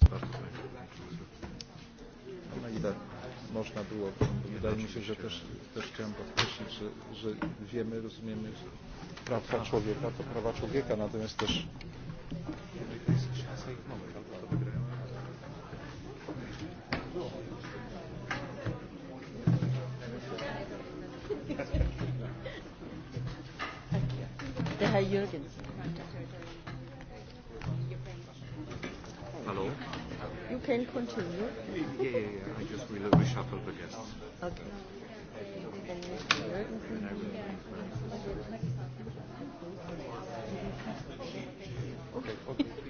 [SPEAKER 3] Paldies można było. Wydaje mi się, że też, też chciałem podkreślić, że, że wiemy, rozumiemy prawa człowieka, to prawa człowieka, natomiast też Der Herr Jürgens. Hello. You can continue. Yeah, yeah, yeah. I just will reshuffle the guests.
[SPEAKER 2] Okay. And Mr. Jürgens. okay, okay.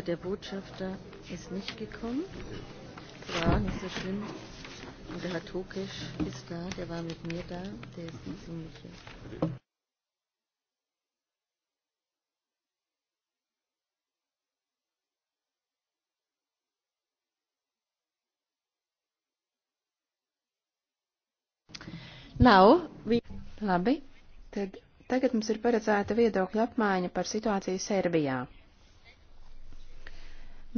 [SPEAKER 2] Also der Botschafter ist nicht gekommen. War nicht so schlimm. Und der Herr Tokisch ist da, der war mit mir da, der ist nicht so mit hier.
[SPEAKER 1] Nav. Vi... Labi. Tad tagad mums ir paredzēta viedokļa apmaiņa par situāciju Serbijā.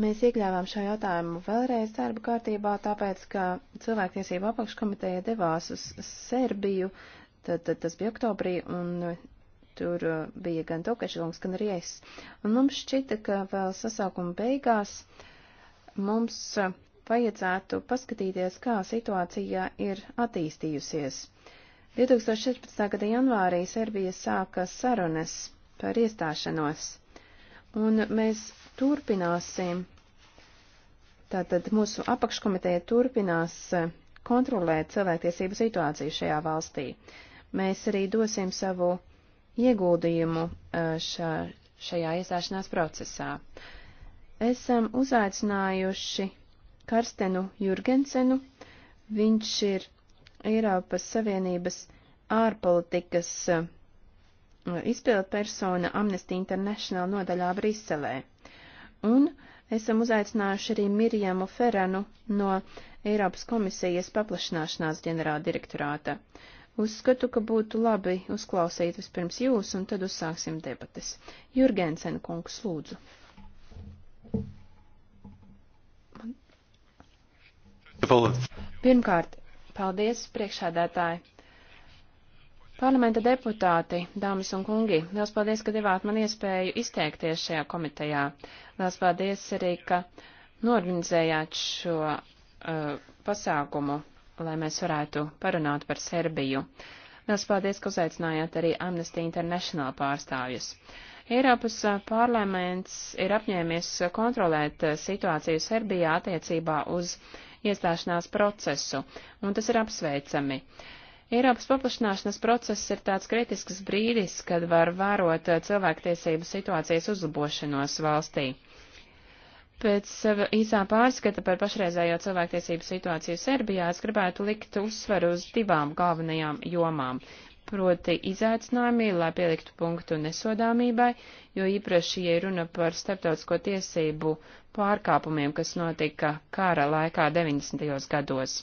[SPEAKER 1] Mēs iekļāvām šo jautājumu vēlreiz darba kārtībā, tāpēc, ka cilvēktiesība apakškomiteja devās uz Serbiju, tad, tad tas bija oktobrī, un tur uh, bija gan Tokeškungs, gan arī es. Un mums šķita, ka vēl sasaukuma beigās mums uh, vajadzētu paskatīties, kā situācija ir attīstījusies. 2014. gada janvārī Serbija sāka sarunas par iestāšanos, un mēs turpināsim, tātad mūsu apakškomiteja turpinās eh, kontrolēt cilvēktiesību situāciju šajā valstī. Mēs arī dosim savu ieguldījumu eh, šā, šajā iestāšanās procesā. Esam uzaicinājuši Karstenu Jurgensenu. Viņš ir Eiropas Savienības ārpolitikas eh, izpildpersona Amnesty International nodaļā Briselē. Un esam uzaicinājuši arī Mirjamu Feranu no Eiropas komisijas paplašināšanās ģenerāla direktorāta. Uzskatu, ka būtu labi uzklausīt vispirms jūs, un tad uzsāksim debates. Jurgensen kungs, lūdzu. Pirmkārt, paldies priekšādātāji Parlamenta deputāti, dāmas un kungi, liels paldies, ka devāt man iespēju izteikties šajā komitejā. Liels paldies arī, ka norganizējāt šo uh, pasākumu, lai mēs varētu parunāt par Serbiju. Liels paldies, ka uzaicinājāt arī Amnesty International pārstāvjus. Eiropas uh, parlaments ir apņēmies kontrolēt uh, situāciju Serbijā attiecībā uz iestāšanās procesu, un tas ir apsveicami. Uh, Eiropas paplašanāšanas process ir tāds kritisks brīdis, kad var vērot eh, cilvēktiesību situācijas uzlabošanos valstī. Pēc sava īsā pārskata par pašreizējo cilvēktiesību situāciju Serbijā es gribētu likt uzsvaru uz divām galvenajām jomām proti izaicinājumi, lai pieliktu punktu nesodāmībai, jo īpaši, ja runa par starptautisko tiesību pārkāpumiem, kas notika kara laikā 90. gados.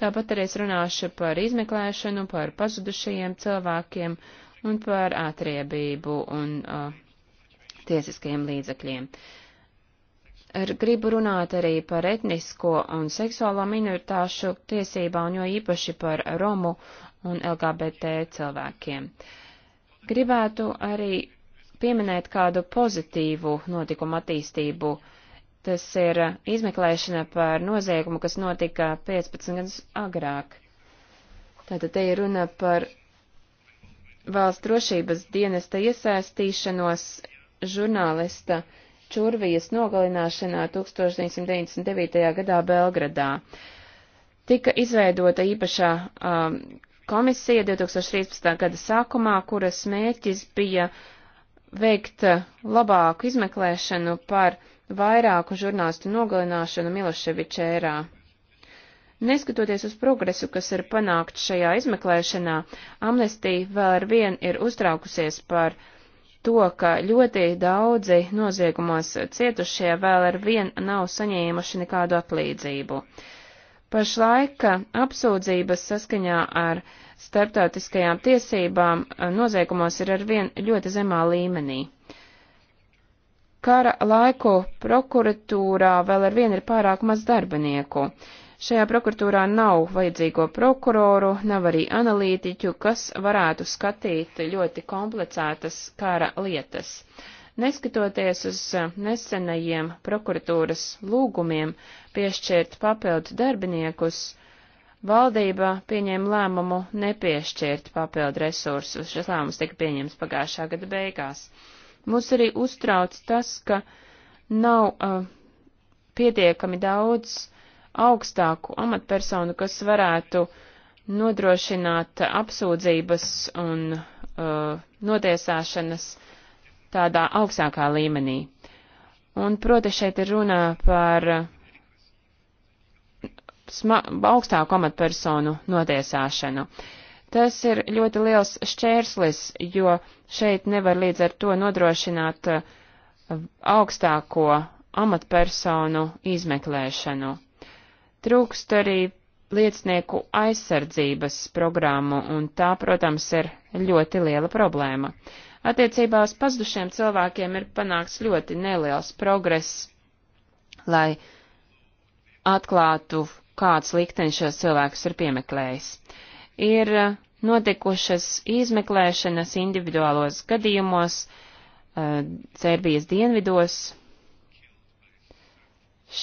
[SPEAKER 1] Tāpat arī es runāšu par izmeklēšanu, par pazudušajiem cilvēkiem un par atriebību un uh, tiesiskajiem līdzekļiem. Ar gribu runāt arī par etnisko un seksuālo minoritāšu tiesībām, jo īpaši par Romu un LGBT cilvēkiem. Gribētu arī pieminēt kādu pozitīvu notikumu attīstību. Tas ir izmeklēšana par noziegumu, kas notika 15 gadus agrāk. Tātad te ir runa par valsts drošības dienesta iesaistīšanos žurnālista Čurvijas nogalināšanā 1999. gadā Belgradā. Tika izveidota īpašā um, komisija 2013. gada sākumā, kuras mērķis bija veikt eh, labāku izmeklēšanu par vairāku žurnālistu nogalināšanu Miloševičērā. Neskatoties uz progresu, kas ir panākts šajā izmeklēšanā, amnestija vēl ar vien ir uztraukusies par to, ka ļoti daudzi noziegumos cietušie vēl ar vien nav saņēmuši nekādu atlīdzību. Pašlaik apsūdzības saskaņā ar starptautiskajām tiesībām eh, noziegumos ir arvien ļoti zemā līmenī. Kara laiku prokuratūrā vēl arvien ir pārāk maz darbinieku. Šajā prokuratūrā nav vajadzīgo prokuroru, nav arī analītiķu, kas varētu skatīt ļoti komplicētas kara lietas. Uh, Neskatoties uz eh, nesenajiem prokuratūras lūgumiem piešķirt papildu darbiniekus, valdība pieņēma lēmumu nepiešķirt papildu resursus. Šis lēmums tika pieņemts pagājušā gada beigās. Mūs arī uztrauc tas, ka nav uh, pietiekami daudz augstāku amatpersonu, kas varētu nodrošināt apsūdzības un uh, notiesāšanas uh, tādā augstākā līmenī. Un, protams, šeit ir runā par augstāku amatpersonu notiesāšanu. Tas ir ļoti liels šķērslis, jo šeit nevar līdz ar to nodrošināt uh, augstāko amatpersonu izmeklēšanu. Trūkst arī liecinieku aizsardzības programmu, un tā, protams, ir ļoti liela problēma. Attiecībā uz pazudušiem cilvēkiem ir panāks ļoti neliels progress, lai atklātu, kāds liktenis šos cilvēkus ir piemeklējis. Ir eh, notikušas izmeklēšanas individuālos gadījumos eh, Serbijas dienvidos.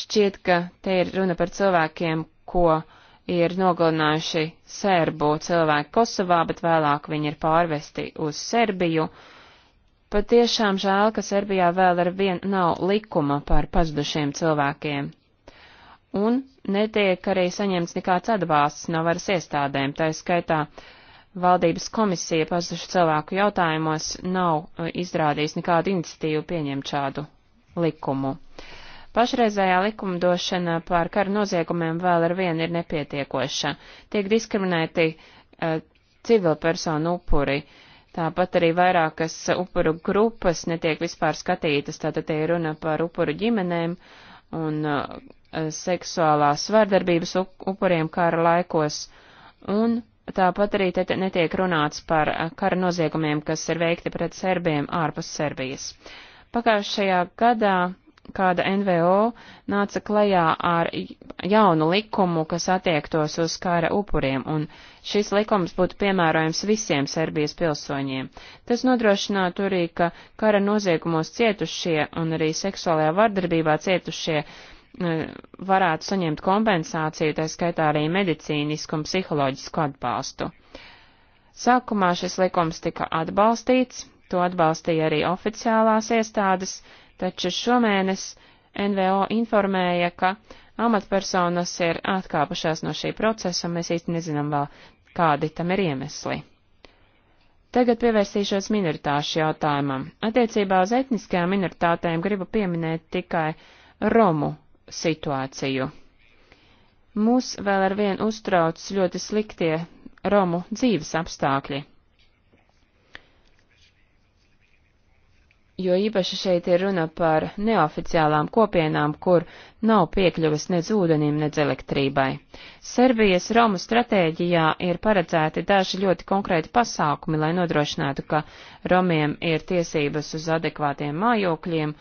[SPEAKER 1] Šķiet, ka te ir runa par cilvēkiem, ko uh, ir nogalinājuši serbu cilvēku Kosovā, bet vēlāk viņi ir pārvesti uz Serbiju. Patiešām žēl, ka Serbijā vēl ar vien nav likuma par pazudušiem cilvēkiem. Un netiek arī saņemts nekāds atbalsts no varas iestādēm, tā skaitā valdības komisija pazudušu cilvēku jautājumos nav eh, izrādījis nekādu iniciatīvu pieņemt šādu likumu. Uh, Pašreizējā likumdošana par karu noziegumiem vēl ar vienu ir nepietiekoša. Tiek diskriminēti uh, civilpersonu upuri. Tāpat arī vairākas upuru grupas netiek vispār skatītas, tātad te ir runa par upuru ģimenēm un uh, seksuālās vardarbības upuriem kara laikos. Un tāpat arī te netiek runāts par e, kara noziegumiem, kas ir veikti pret serbiem ārpus Serbijas. Pagājušajā gadā kāda NVO nāca klajā ar jaunu likumu, kas attiektos uz kara upuriem, un šis likums būtu piemērojams visiem Serbijas pilsoņiem. Tas nodrošinātu arī, ka kara noziegumos cietušie un arī seksuālajā vardarbībā cietušie e, varētu saņemt kompensāciju, tā skaitā arī medicīnisku un psiholoģisku atbalstu. Sākumā šis likums tika atbalstīts, to atbalstīja arī oficiālās iestādes, taču šomēnes NVO informēja, ka amatpersonas ir atkāpušās no šī procesa, un mēs īsti nezinām vēl, kādi tam ir iemesli. Tagad pievērsīšos minoritāšu jautājumam. Attiecībā uz etniskajām minoritātēm gribu pieminēt tikai Romu situāciju. Mūs vēl ar vien uztrauc ļoti sliktie Romu dzīves apstākļi. jo īpaši šeit ir runa par neoficiālām kopienām, kur nav piekļuvis nedz ūdenim, nedz elektrībai. Serbijas Romu stratēģijā ir paredzēti daži ļoti konkrēti pasākumi, lai nodrošinātu, ka Romiem ir tiesības uz adekvātiem mājokļiem,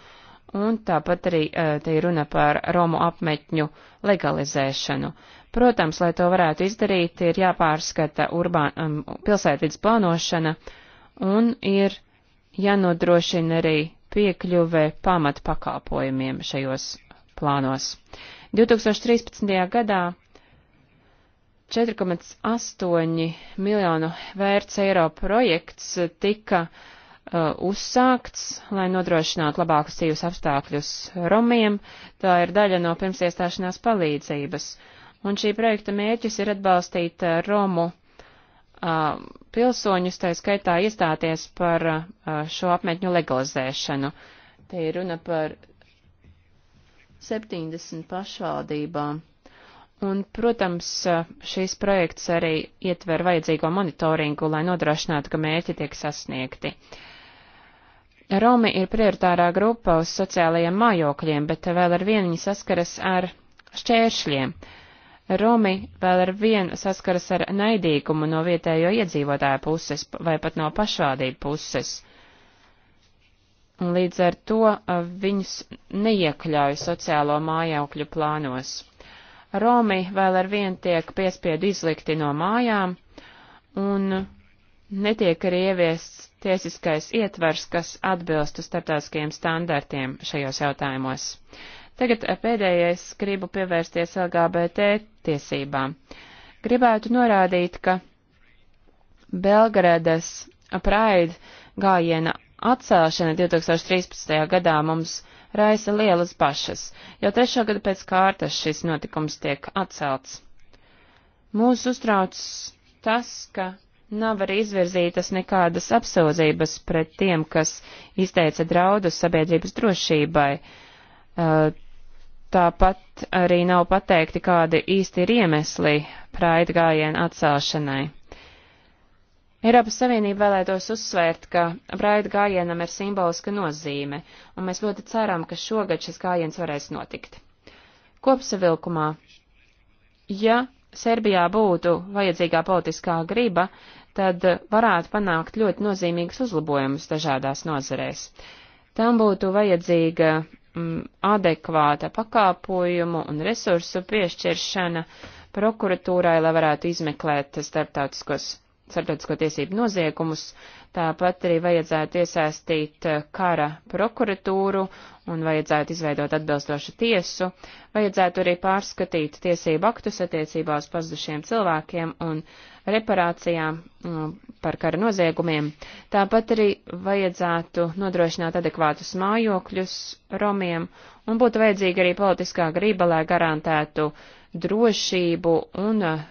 [SPEAKER 1] un tāpat arī e, te ir runa par Romu apmetņu legalizēšanu. Protams, lai to varētu izdarīt, ir jāpārskata urbāna um, pilsētvidas plānošana un ir jānodrošina arī piekļuve pamatpakalpojumiem šajos plānos. 2013. gadā 4,8 miljonu vērts eiro projekts tika uh, uzsākts, lai nodrošinātu labākus dzīves apstākļus romiem. Tā ir daļa no pirmsiestāšanās palīdzības. Un šī projekta mērķis ir atbalstīt uh, romu pilsoņus, tā skaitā iestāties par šo apmetņu legalizēšanu. Te ir runa par 70 pašvaldībām. Un, protams, šīs projekts arī ietver vajadzīgo monitoringu, lai nodrošinātu, ka mērķi tiek sasniegti. Romi ir prioritārā grupa uz sociālajiem mājokļiem, bet vēl ar vienu viņi saskaras ar šķēršļiem. Uh, Romi vēl ar vienu saskaras ar naidīgumu no vietējo iedzīvotāju puses vai pat no pašvaldību puses. Un līdz ar to viņus neiekļauj sociālo mājaukļu plānos. Romi vēl ar vienu tiek piespiedu izlikti no mājām, un netiek arī ieviests tiesiskais ietvers, kas atbilstu starptautiskajiem standartiem šajos jautājumos. Tagad eh, pēdējais gribu pievērsties LGBT tiesībām. Gribētu norādīt, ka Belgradas Pride gājiena atcelšana 2013. gadā mums raisa lielas pašas, jo trešo gadu pēc kārtas šis notikums tiek atcelts. Mūs uztrauc tas, ka nav arī izvirzītas nekādas apsūdzības pret tiem, kas izteica draudus sabiedrības drošībai, eh, Tāpat arī nav pateikti, kādi īsti ir iemesli praida gājienu atcelšanai. Eiropas Savienība vēlētos uzsvērt, ka praida gājienam ir simboliska nozīme, un mēs ļoti ceram, ka šogad šis gājiens varēs notikt. Kopsavilkumā, ja Serbijā būtu vajadzīgā politiskā griba, tad varētu panākt ļoti nozīmīgus uzlabojumus dažādās nozarēs. Tam būtu vajadzīga Mm, adekvāta pakāpojumu un resursu piešķiršana prokuratūrai, lai varētu izmeklēt starptautiskos starptautisko tiesību noziegumus, tāpat arī vajadzētu iesaistīt eh, kara prokuratūru un vajadzētu izveidot atbilstošu tiesu, vajadzētu arī pārskatīt tiesību aktus attiecībā uz pazudušiem cilvēkiem un reparācijām mm, par kara noziegumiem. Tāpat arī vajadzētu nodrošināt adekvātus mājokļus romiem un būtu vajadzīga arī politiskā grība, lai garantētu uh, drošību un uh,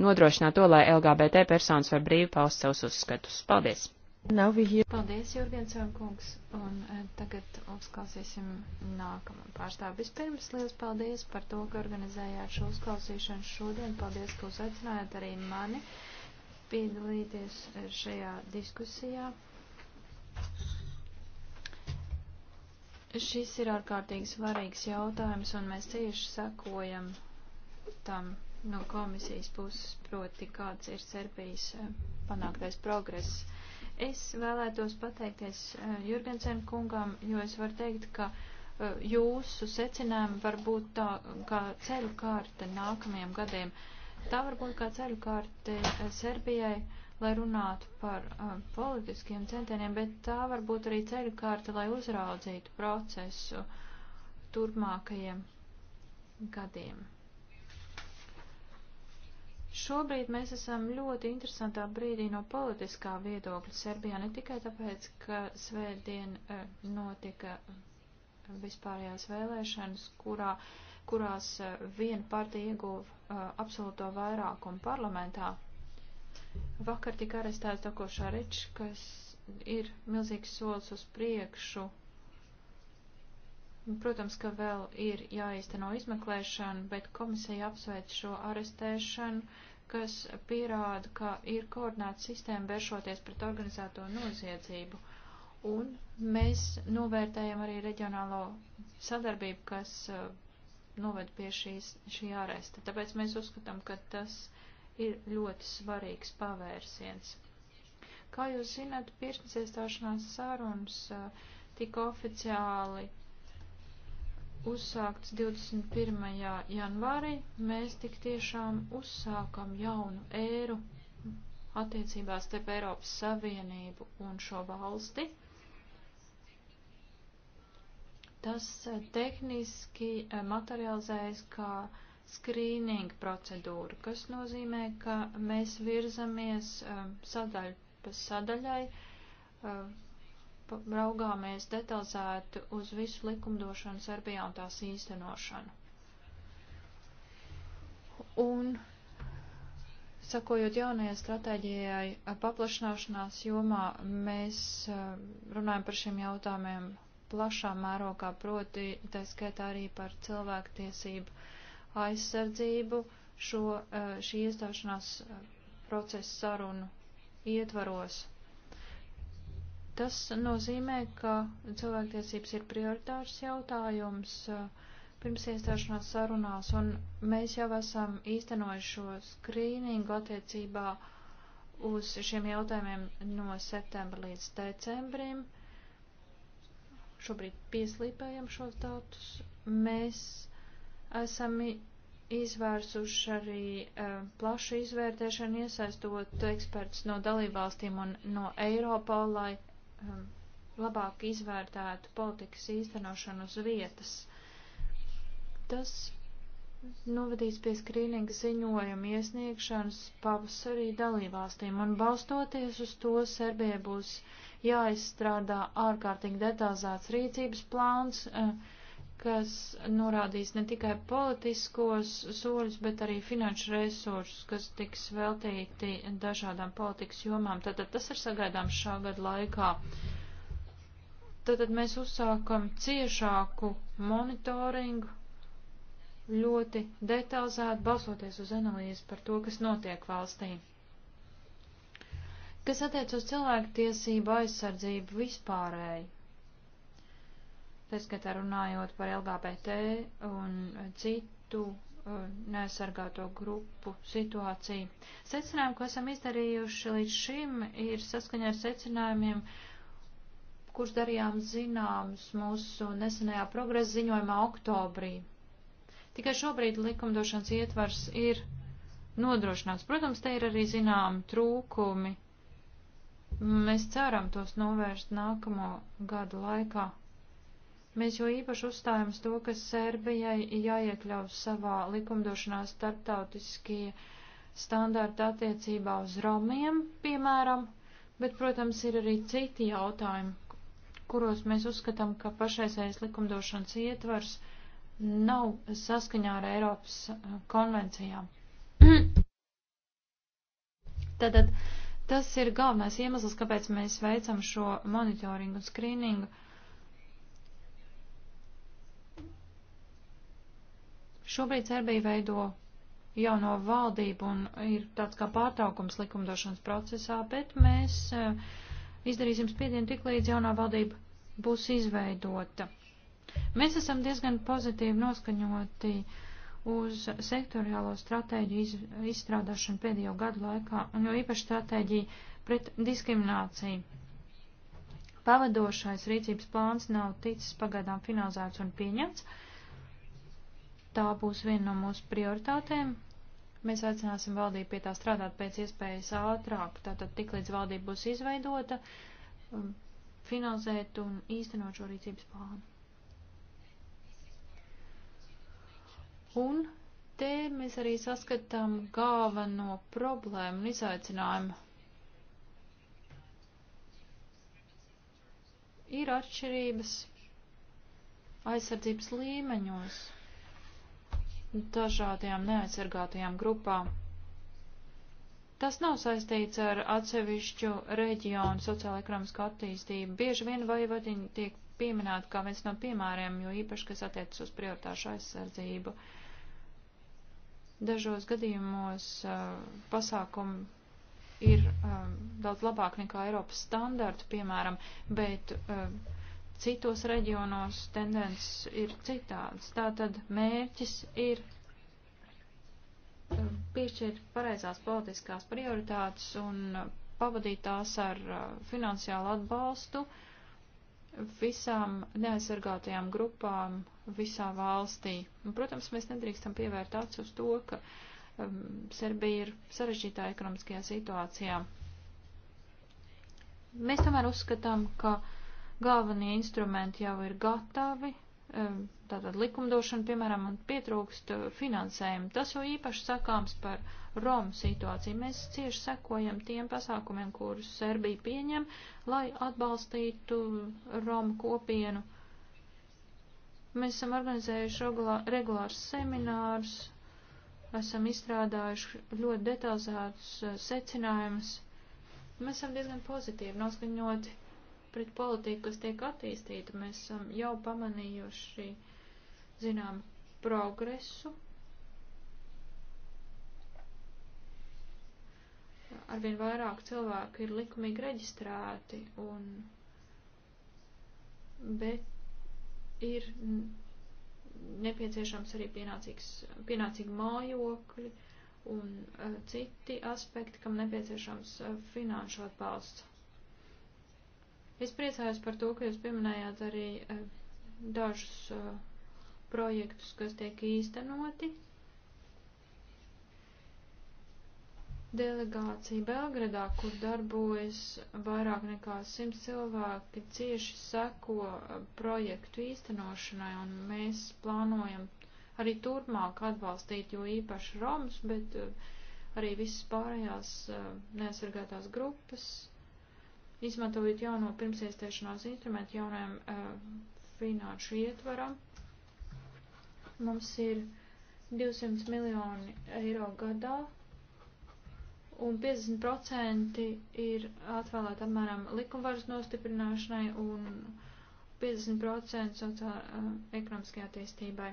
[SPEAKER 1] nodrošināt to, lai LGBT personas var brīvi paust savus uzskatus. Paldies!
[SPEAKER 2] Nav viņa.
[SPEAKER 4] Paldies, Jurgensson kungs. Un e, tagad uzklausīsim nākamā pārstāvu. Vispirms liels paldies par to, ka organizējāt šo uzklausīšanu šodien. Paldies, ka uzaicinājāt arī mani piedalīties eh, šajā diskusijā. Šis ir ārkārtīgi svarīgs jautājums, un mēs cieši sakojam tam no komisijas puses, proti kāds ir Serbijas eh, panāktais progress. Es vēlētos pateikties eh, Jurgensen kungam, jo es varu teikt, ka eh, jūsu secinājumi var būt tā kā ceļu kārta nākamajiem gadiem. Tā var būt kā ceļu kārta Serbijai, lai runātu par uh, politiskiem centieniem, bet tā var būt arī ceļu kārta, lai uzraudzītu procesu turpmākajiem gadiem. Šobrīd mēs esam ļoti interesantā brīdī no politiskā viedokļa Serbijā, ne tikai tāpēc, ka svētdien e, notika vispārējās vēlēšanas, kurā, kurās e, viena partija ieguva e, absolūto vairākumu parlamentā. Vakar tika arestēts Dokošarič, kas ir milzīgs solis uz priekšu Protams, ka vēl ir jāīsteno izmeklēšana, bet komisija apsveic šo arestēšanu, kas pierāda, ka ir koordināta sistēma vēršoties pret organizēto noziedzību. Un mēs novērtējam arī reģionālo sadarbību, kas uh, noved pie šīs, šī āresta. Tāpēc mēs uzskatām, ka tas ir ļoti svarīgs pavērsiens. Kā jūs zināt, pirms iestāšanās sarunas uh, tika oficiāli uzsākts 21. janvārī, mēs tik tiešām uzsākam jaunu ēru attiecībās starp Eiropas Savienību un šo valsti. Tas eh, tehniski eh, materializējas kā skrīninga procedūra, kas nozīmē, ka mēs virzamies eh, sadaļu pa sadaļai raugāmies detalizēti uz visu likumdošanu Serbijā un tās īstenošanu. Un, sakojot jaunajai stratēģijai paplašināšanās jomā, mēs runājam par šiem jautājumiem plašā mērogā, proti, tā skaitā arī par cilvēktiesību aizsardzību, šo, šī iestāšanās procesa sarunu ietvaros. Tas nozīmē, ka cilvēktiesības ir prioritārs jautājums uh, pirms iestāšanās sarunās, un mēs jau esam īstenojuši šo skrīningu attiecībā uz šiem jautājumiem no septembra līdz decembrim. Šobrīd pieslīpējam šos datus. Mēs esam izvērsuši arī uh, plašu izvērtēšanu, iesaistot ekspertus no dalībvalstīm un no Eiropā, lai um, labāk izvērtētu politikas īstenošanu uz vietas. Tas novadīs pie skrīninga ziņojuma iesniegšanas pavasarī dalībvalstīm, un balstoties uz to Serbijai būs jāizstrādā ārkārtīgi detalizēts rīcības plāns, uh, kas norādīs ne tikai politiskos soļus, bet arī finanšu resursus, kas tiks veltīti dažādām politikas jomām. Tātad tas ir sagaidāms šā gada laikā. Tātad mēs uzsākam ciešāku monitoringu, ļoti detalizētu, balsoties uz analīzi par to, kas notiek valstī. Kas attiec uz cilvēku tiesību aizsardzību vispārēji, Taiskaitā runājot par LGBT un citu uh, neaizsargāto grupu situāciju. Secinājumi, ko esam izdarījuši līdz šim, ir saskaņā ar secinājumiem, kurus darījām zināms mūsu nesenajā progresa ziņojumā oktobrī. Tikai šobrīd likumdošanas ietvars ir nodrošināts. Protams, te ir arī zinām trūkumi. Mēs ceram tos novērst nākamo gadu laikā. Mēs jau īpaši uzstājam uz to, ka Serbijai jāiekļaus savā likumdošanā starptautiskie standarti attiecībā uz romiem, piemēram, bet, protams, ir arī citi jautājumi, kuros mēs uzskatām, ka pašreizējais likumdošanas ietvars nav saskaņā ar Eiropas eh, konvencijām. [CLEARS THROAT] Tātad tas ir galvenais iemesls, kāpēc mēs veicam šo monitoringu un skrīningu Šobrīd Serbija veido jauno valdību un ir tāds kā pārtraukums likumdošanas procesā, bet mēs eh, izdarīsim spiedienu tik līdz jaunā valdība būs izveidota. Mēs esam diezgan pozitīvi noskaņoti uz sektoriālo stratēģiju izstrādāšanu pēdējo gadu laikā, un jo īpaši stratēģiju pret diskrimināciju. Pavadošais rīcības plāns nav ticis pagaidām finansēts un pieņemts. Uh, Tā būs viena no mūsu prioritātēm. Mēs aicināsim valdību pie tā strādāt pēc iespējas ātrāk, tātad tik līdz valdība būs izveidota, um, finalizēt un īstenot šo rīcības plānu. Un te mēs arī saskatām galveno problēmu un izaicinājumu. ir atšķirības aizsardzības līmeņos dažādajām neaizsargātajām grupām. Tas nav saistīts ar atsevišķu reģionu sociāla-ekonomisko attīstību. Bieži vien vai vadiņi tiek pieminēti kā viens no piemēriem, jo īpaši, kas attiecas uz prioritāšu aizsardzību. Dažos gadījumos uh, pasākumi ir uh, daudz labāk nekā Eiropas standarti, piemēram, bet uh, citos reģionos tendences ir citādas. Tātad mērķis ir um, piešķirt pareizās politiskās prioritātes un pavadīt tās ar uh, finansiālu atbalstu visām neaizsargātajām grupām visā valstī. Un, protams, mēs nedrīkstam pievērt acu uz to, ka um, Serbija ir sarežģītā ekonomiskajā situācijā. Mēs tomēr uzskatām, ka uh, Galvenie instrumenti jau ir gatavi, eh, tātad likumdošana, piemēram, un pietrūkst eh, finansējumu. Tas jau īpaši sakāms par Romu situāciju. Mēs cieši sekojam tiem pasākumiem, kurus Serbija pieņem, lai atbalstītu Romu kopienu. Mēs esam organizējuši regulārus seminārus, esam izstrādājuši ļoti detalizētus eh, secinājumus. Mēs esam diezgan pozitīvi noskaņoti pret politiku, kas tiek attīstīta. Mēs esam jau pamanījuši, zinām, progresu. Arvien vairāk cilvēku ir likumīgi reģistrēti, un, bet ir nepieciešams arī pienācīgi mājokļi un uh, citi aspekti, kam nepieciešams uh, finanšu atbalsts. Es priecājos par to, ka jūs pieminējāt arī eh, dažus eh, projektus, kas tiek īstenoti. Delegācija Belgradā, kur darbojas vairāk nekā simts cilvēki, cieši seko eh, projektu īstenošanai, un mēs plānojam arī turpmāk atbalstīt, jo īpaši Romas, bet arī visas pārējās neaizsargātās grupas izmantojot jauno pirmsiestiešanās instrumentu jaunajam uh, finanšu ietvaram. Mums ir 200 miljoni eiro gadā, un 50% ir atvēlēti apmēram likumvaras nostiprināšanai un 50% sociāla uh, eh, ekonomiskajā attīstībai.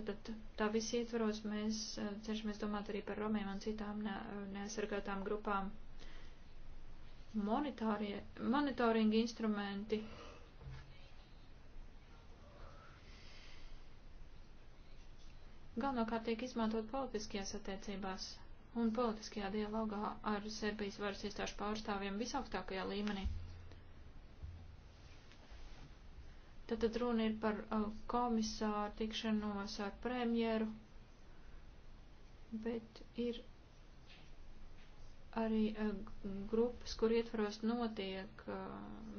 [SPEAKER 4] Tātad tā visi ietvaros mēs uh, cenšamies domāt arī par romiem un citām ne, neaizsargātām grupām monitoringa instrumenti. Galvenokārt tiek izmantot politiskajās attiecībās un politiskajā dialogā ar Serbijas varas iestāžu pārstāvjiem visaugstākajā līmenī. Tad, tad runa ir par uh, komisāru tikšanos ar premjeru, bet ir arī eh, grupas, kur ietvaros notiek eh,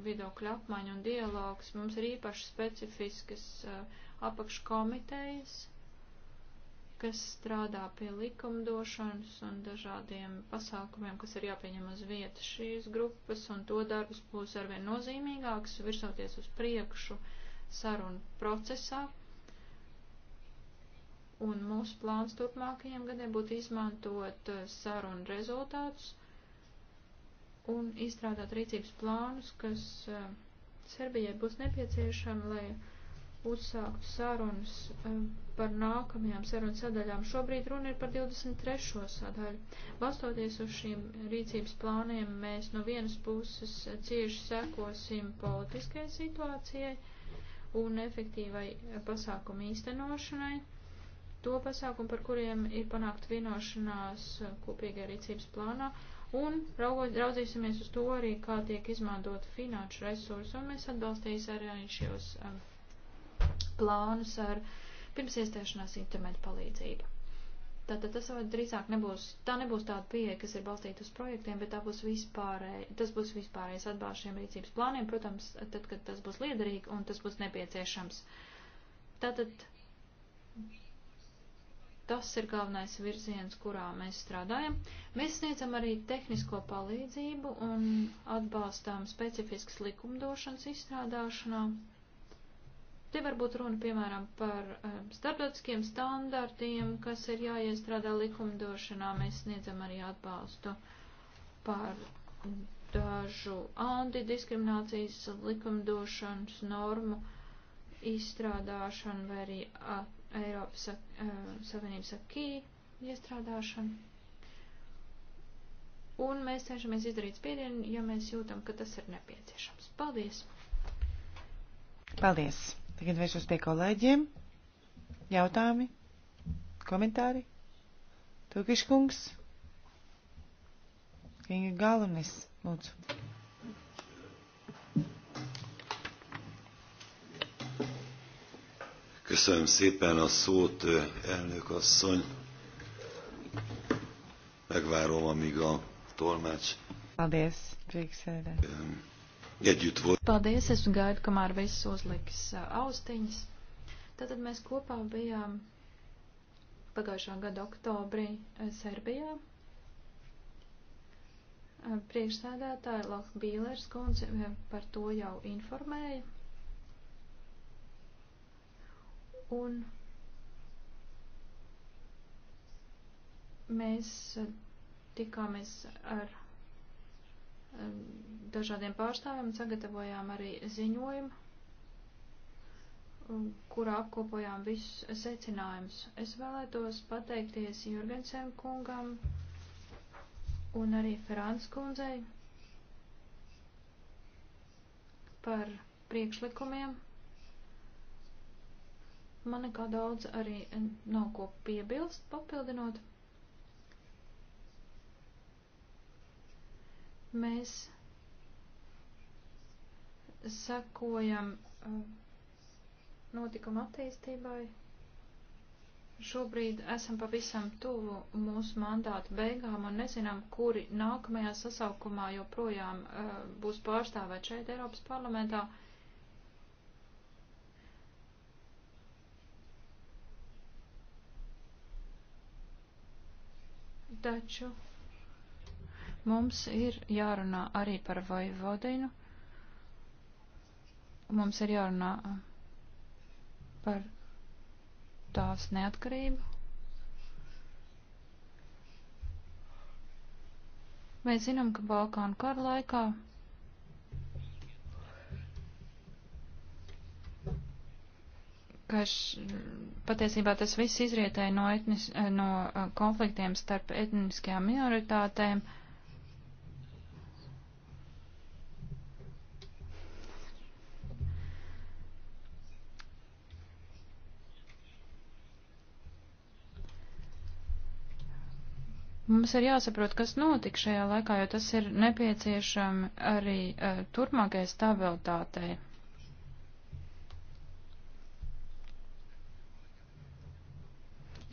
[SPEAKER 4] viedokļa apmaiņa un dialogs. Mums ir īpaši specifiskas eh, apakškomitejas, kas strādā pie likumdošanas un dažādiem pasākumiem, kas ir jāpieņem uz vietas šīs grupas, un to darbs būs arvien nozīmīgāks, virsoties uz priekšu sarunu procesā, Un mūsu plāns turpmākajiem gadiem būtu izmantot eh, sarunu rezultātus un izstrādāt rīcības plānus, kas eh, Serbijai būs nepieciešami, lai uzsāktu sarunas eh, par nākamajām sarunu sadaļām. Šobrīd runa ir par 23. sadaļu. Balstoties uz šīm rīcības plāniem, mēs no vienas puses cieši sekosim politiskajai situācijai un efektīvai pasākumu īstenošanai to pasākumu, par kuriem ir panākt vienošanās kopīgā rīcības plānā, un raudzīsimies uz to arī, kā tiek izmantot finanšu resursi, un mēs atbalstīs arī šos um, plānus ar pirms iestāšanās internetu palīdzību. Tātad tas drīzāk nebūs, tā nebūs tāda pieeja, kas ir balstīta uz projektiem, bet tā būs vispārēj, tas būs vispārējais atbalsts šiem rīcības plāniem, protams, tad, kad tas būs liederīgi un tas būs nepieciešams. Tātad tas ir galvenais virziens, kurā mēs strādājam. Mēs sniedzam arī tehnisko palīdzību un atbalstām specifiskas likumdošanas izstrādāšanā. Te varbūt runa, piemēram, par eh, starptautiskiem standartiem, kas ir jāiestrādā likumdošanā. Mēs sniedzam arī atbalstu par dažu antidiskriminācijas likumdošanas normu izstrādāšanu vai arī at Eiropas eh, Savienības akī iestrādāšanu. Un mēs cenšamies izdarīt spiedienu, ja mēs jūtam, ka tas ir nepieciešams. Paldies!
[SPEAKER 5] Paldies! Tagad vēršos pie kolēģiem. Jautājumi? Komentāri? Tūkiškungs? Kinga Galunis, lūdzu.
[SPEAKER 3] Köszönöm szépen a szót, elnök asszony. Megvárom, amíg a tolmács.
[SPEAKER 5] Paldies, priekšsēdē.
[SPEAKER 3] Együtt volt.
[SPEAKER 4] Paldies, es gaidu, kamēr viss uzliks austiņas. Tātad mēs kopā bijām pagājušā gada oktobrī Serbijā. Priekšsēdētāja Laka Bīlers kundze par to jau informēja. Un mēs eh, tikāmies ar eh, dažādiem pārstāvjiem, sagatavojām arī ziņojumu, um, kurā apkopojām visus secinājumus. Es vēlētos pateikties Jurgensen kungam un arī Ferāns kundzei par priekšlikumiem, Man nekā daudz arī nav ko piebilst, papildinot. Mēs sekojam uh, notikuma attīstībai. Šobrīd esam pavisam tuvu mūsu mandāta beigām un nezinām, kuri nākamajā sasaukumā joprojām uh, būs pārstāvēt šeit Eiropas parlamentā. Uh, Taču mums ir jārunā arī par vaivodinu. Mums ir jārunā par tās neatkarību. Mēs zinām, ka Balkānu kara laikā ka š, patiesībā tas viss izrietēja no, etnis, eh, no eh, konfliktiem starp etniskajām minoritātēm. Mums ir jāsaprot, kas notika šajā laikā, jo tas ir nepieciešami arī uh, turpmākajai stabilitātei.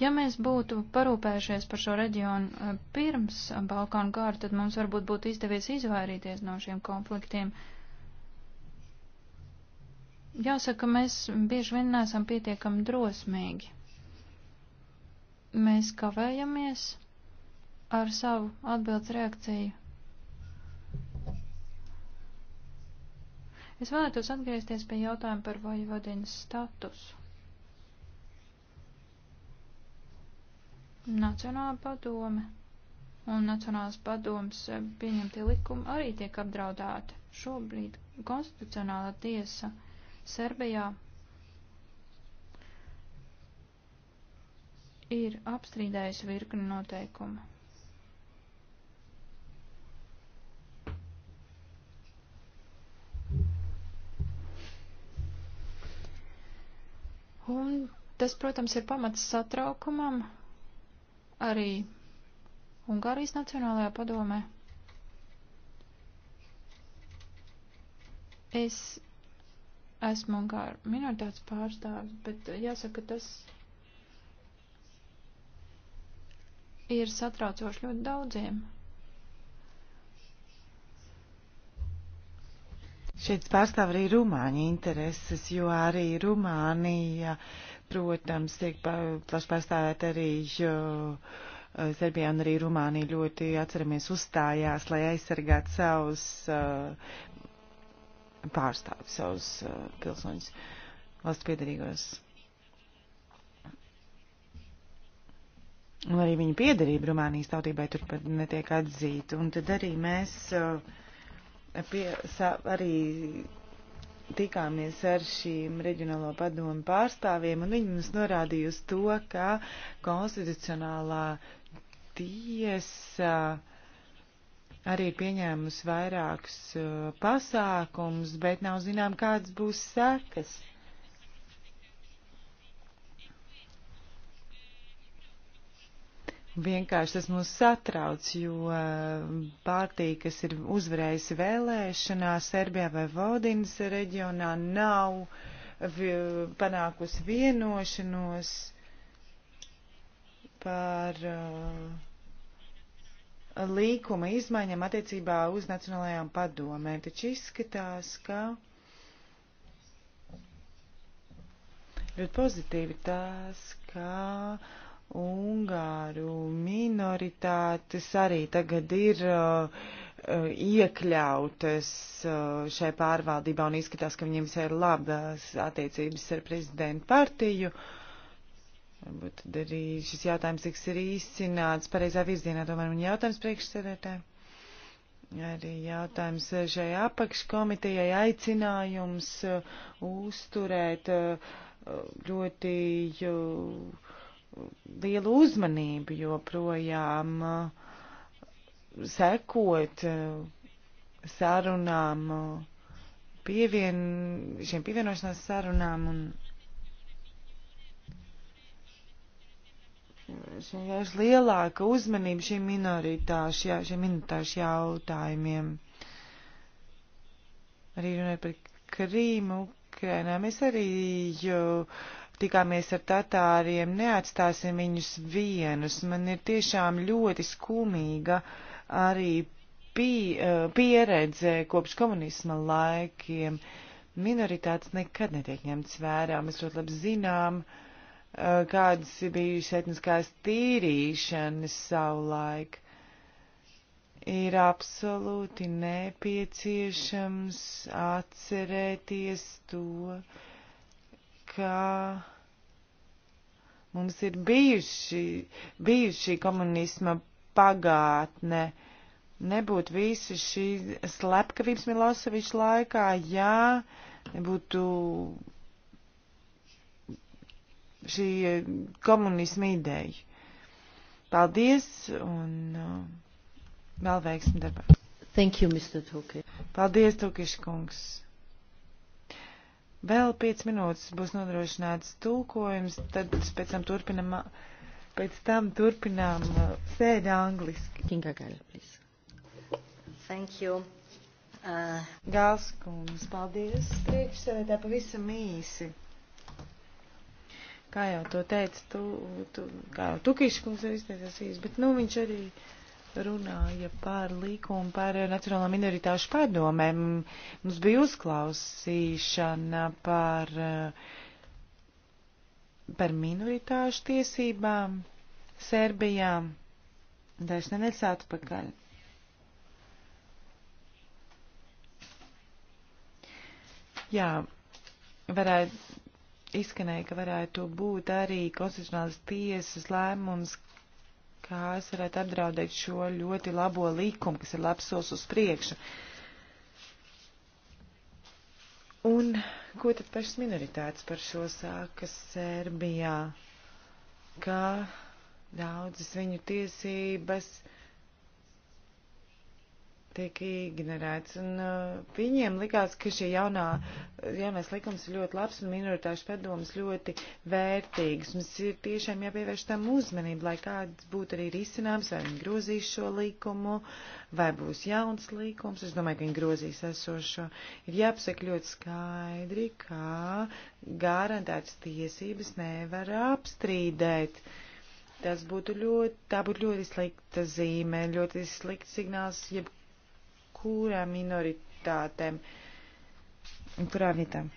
[SPEAKER 4] Ja mēs būtu parūpējušies par šo reģionu eh, pirms Balkānu kāra, tad mums varbūt būtu izdevies izvairīties no šiem konfliktiem. Jāsaka, mēs bieži vien neesam pietiekami drosmīgi. Mēs kavējamies ar savu atbildes reakciju. Es vēlētos atgriezties pie jautājuma par vojvodinas statusu. Nacionālā padome un Nacionālās padomas eh, pieņemtie likumi arī tiek apdraudēti. Šobrīd konstitucionāla tiesa Serbijā ir apstrīdējusi virkni noteikumu. Un tas, protams, ir pamats satraukumam, arī Ungārijas Nacionālajā padomē. Es esmu Ungāra minoritātes pārstāvis, bet jāsaka, tas ir satraucoši ļoti daudziem.
[SPEAKER 5] Šeit pārstāv arī Rumāņu intereses, jo arī Rumānija uh, Protams, tiek plaši pārstāvēt arī eh, Serbijā un arī Rumānija ļoti atceramies uzstājās, lai aizsargātu savus eh, pārstāvjus, savus eh, pilsoņus, valsts piedarīgos. Un arī viņa piedarība Rumānijas tautībai turpat netiek atzīta. Un tad arī mēs pie, sa, arī tikāmies ar šīm reģionālo padomu pārstāvjiem, un viņi mums norādīja uz to, ka konstitucionālā tiesa arī pieņēmusi vairākus uh, pasākums, bet nav zinām, kādas būs sekas. Vienkārši tas mūs satrauc, jo um, partija, kas ir uzvarējusi vēlēšanā Serbijā vai Vodinas reģionā, nav panākusi vienošanos par uh, līkuma izmaiņām attiecībā uz nacionālajām padomēm. Taču izskatās, ka ļoti pozitīvi tas, ka Ungāru minoritātes arī tagad ir uh, uh, iekļautas uh, šai pārvaldībā un izskatās, ka viņiem ir labas attiecības ar prezidentu partiju. Varbūt tad arī šis jautājums tiks ir izcināts pareizā virzienā, tomēr man jautājums priekšsēdētāji. Arī jautājums šai apakškomitejai aicinājums uh, uzturēt uh, uh ļoti. Uh, lielu uzmanību joprojām uh, sekot uh, sarunām, uh, pievien, šiem pievienošanās sarunām un vienkārši lielāka uzmanība šiem minoritāšu, jā, šiem minoritāšu jautājumiem. Arī runāju par Krīmu, Ukrainā. Mēs arī jau tikāmies ar tatāriem, neatstāsim viņus vienus. Man ir tiešām ļoti skumīga arī pi, eh, pieredze kopš komunisma laikiem. Minoritātes nekad netiek ņemts vērā. Mēs ļoti labi zinām, eh, kādas ir bijušas etniskās tīrīšanas savulaik. Ir absolūti nepieciešams atcerēties to, ka Mums ir bijuši, bijuši komunisma pagātne. Nebūtu visi šī slepkavības Miloseviča laikā, jā, nebūtu šī komunisma ideja. Paldies un uh, vēl veiksim darbā. Thank you, Mr. Tuki. Paldies, Tukiš kungs. Vēl 5 minūtes būs nodrošināts tulkojums, tad pēc tam turpinam, pēc tam turpinām uh, sēdi angliski. Kinga Gaļa, please. Thank you. Uh, Gāls kungs, paldies. Priekšsēdētāji pavisam īsi. Kā jau to teica, tu, tu, kā jau Tukišs kungs ir izteicies īsi, bet nu viņš arī. Uh, runāja par likumu par nacionālā minoritāšu padomēm. Mums bija uzklausīšana par, par minoritāšu tiesībām Serbijā dažs nedēļas atpakaļ. Jā, varētu izskanēja, ka varētu būt arī konstitucionālas tiesas lēmums, tās varētu apdraudēt šo ļoti labo likumu, kas ir labs solis uz priekšu. Un ko tad pašas minoritātes par šo sāka Serbijā? Kā daudzas viņu tiesības tiek ignorēts. Un uh, viņiem likās, ka šī jaunā, jaunais likums ir ļoti labs un minoritāšu padomas ļoti vērtīgs. Mums ir tiešām jāpievērš tam uzmanību, lai kāds būtu arī risinājums, vai viņi grozīs šo likumu, vai būs jauns likums. Es domāju, ka viņi grozīs esošo. Ir jāpasaka ļoti skaidri, kā garantētas tiesības nevar apstrīdēt. Tas būtu ļoti, tā būtu ļoti slikta zīme, ļoti slikts signāls, jeb kurām minoritātēm, kurām vietām.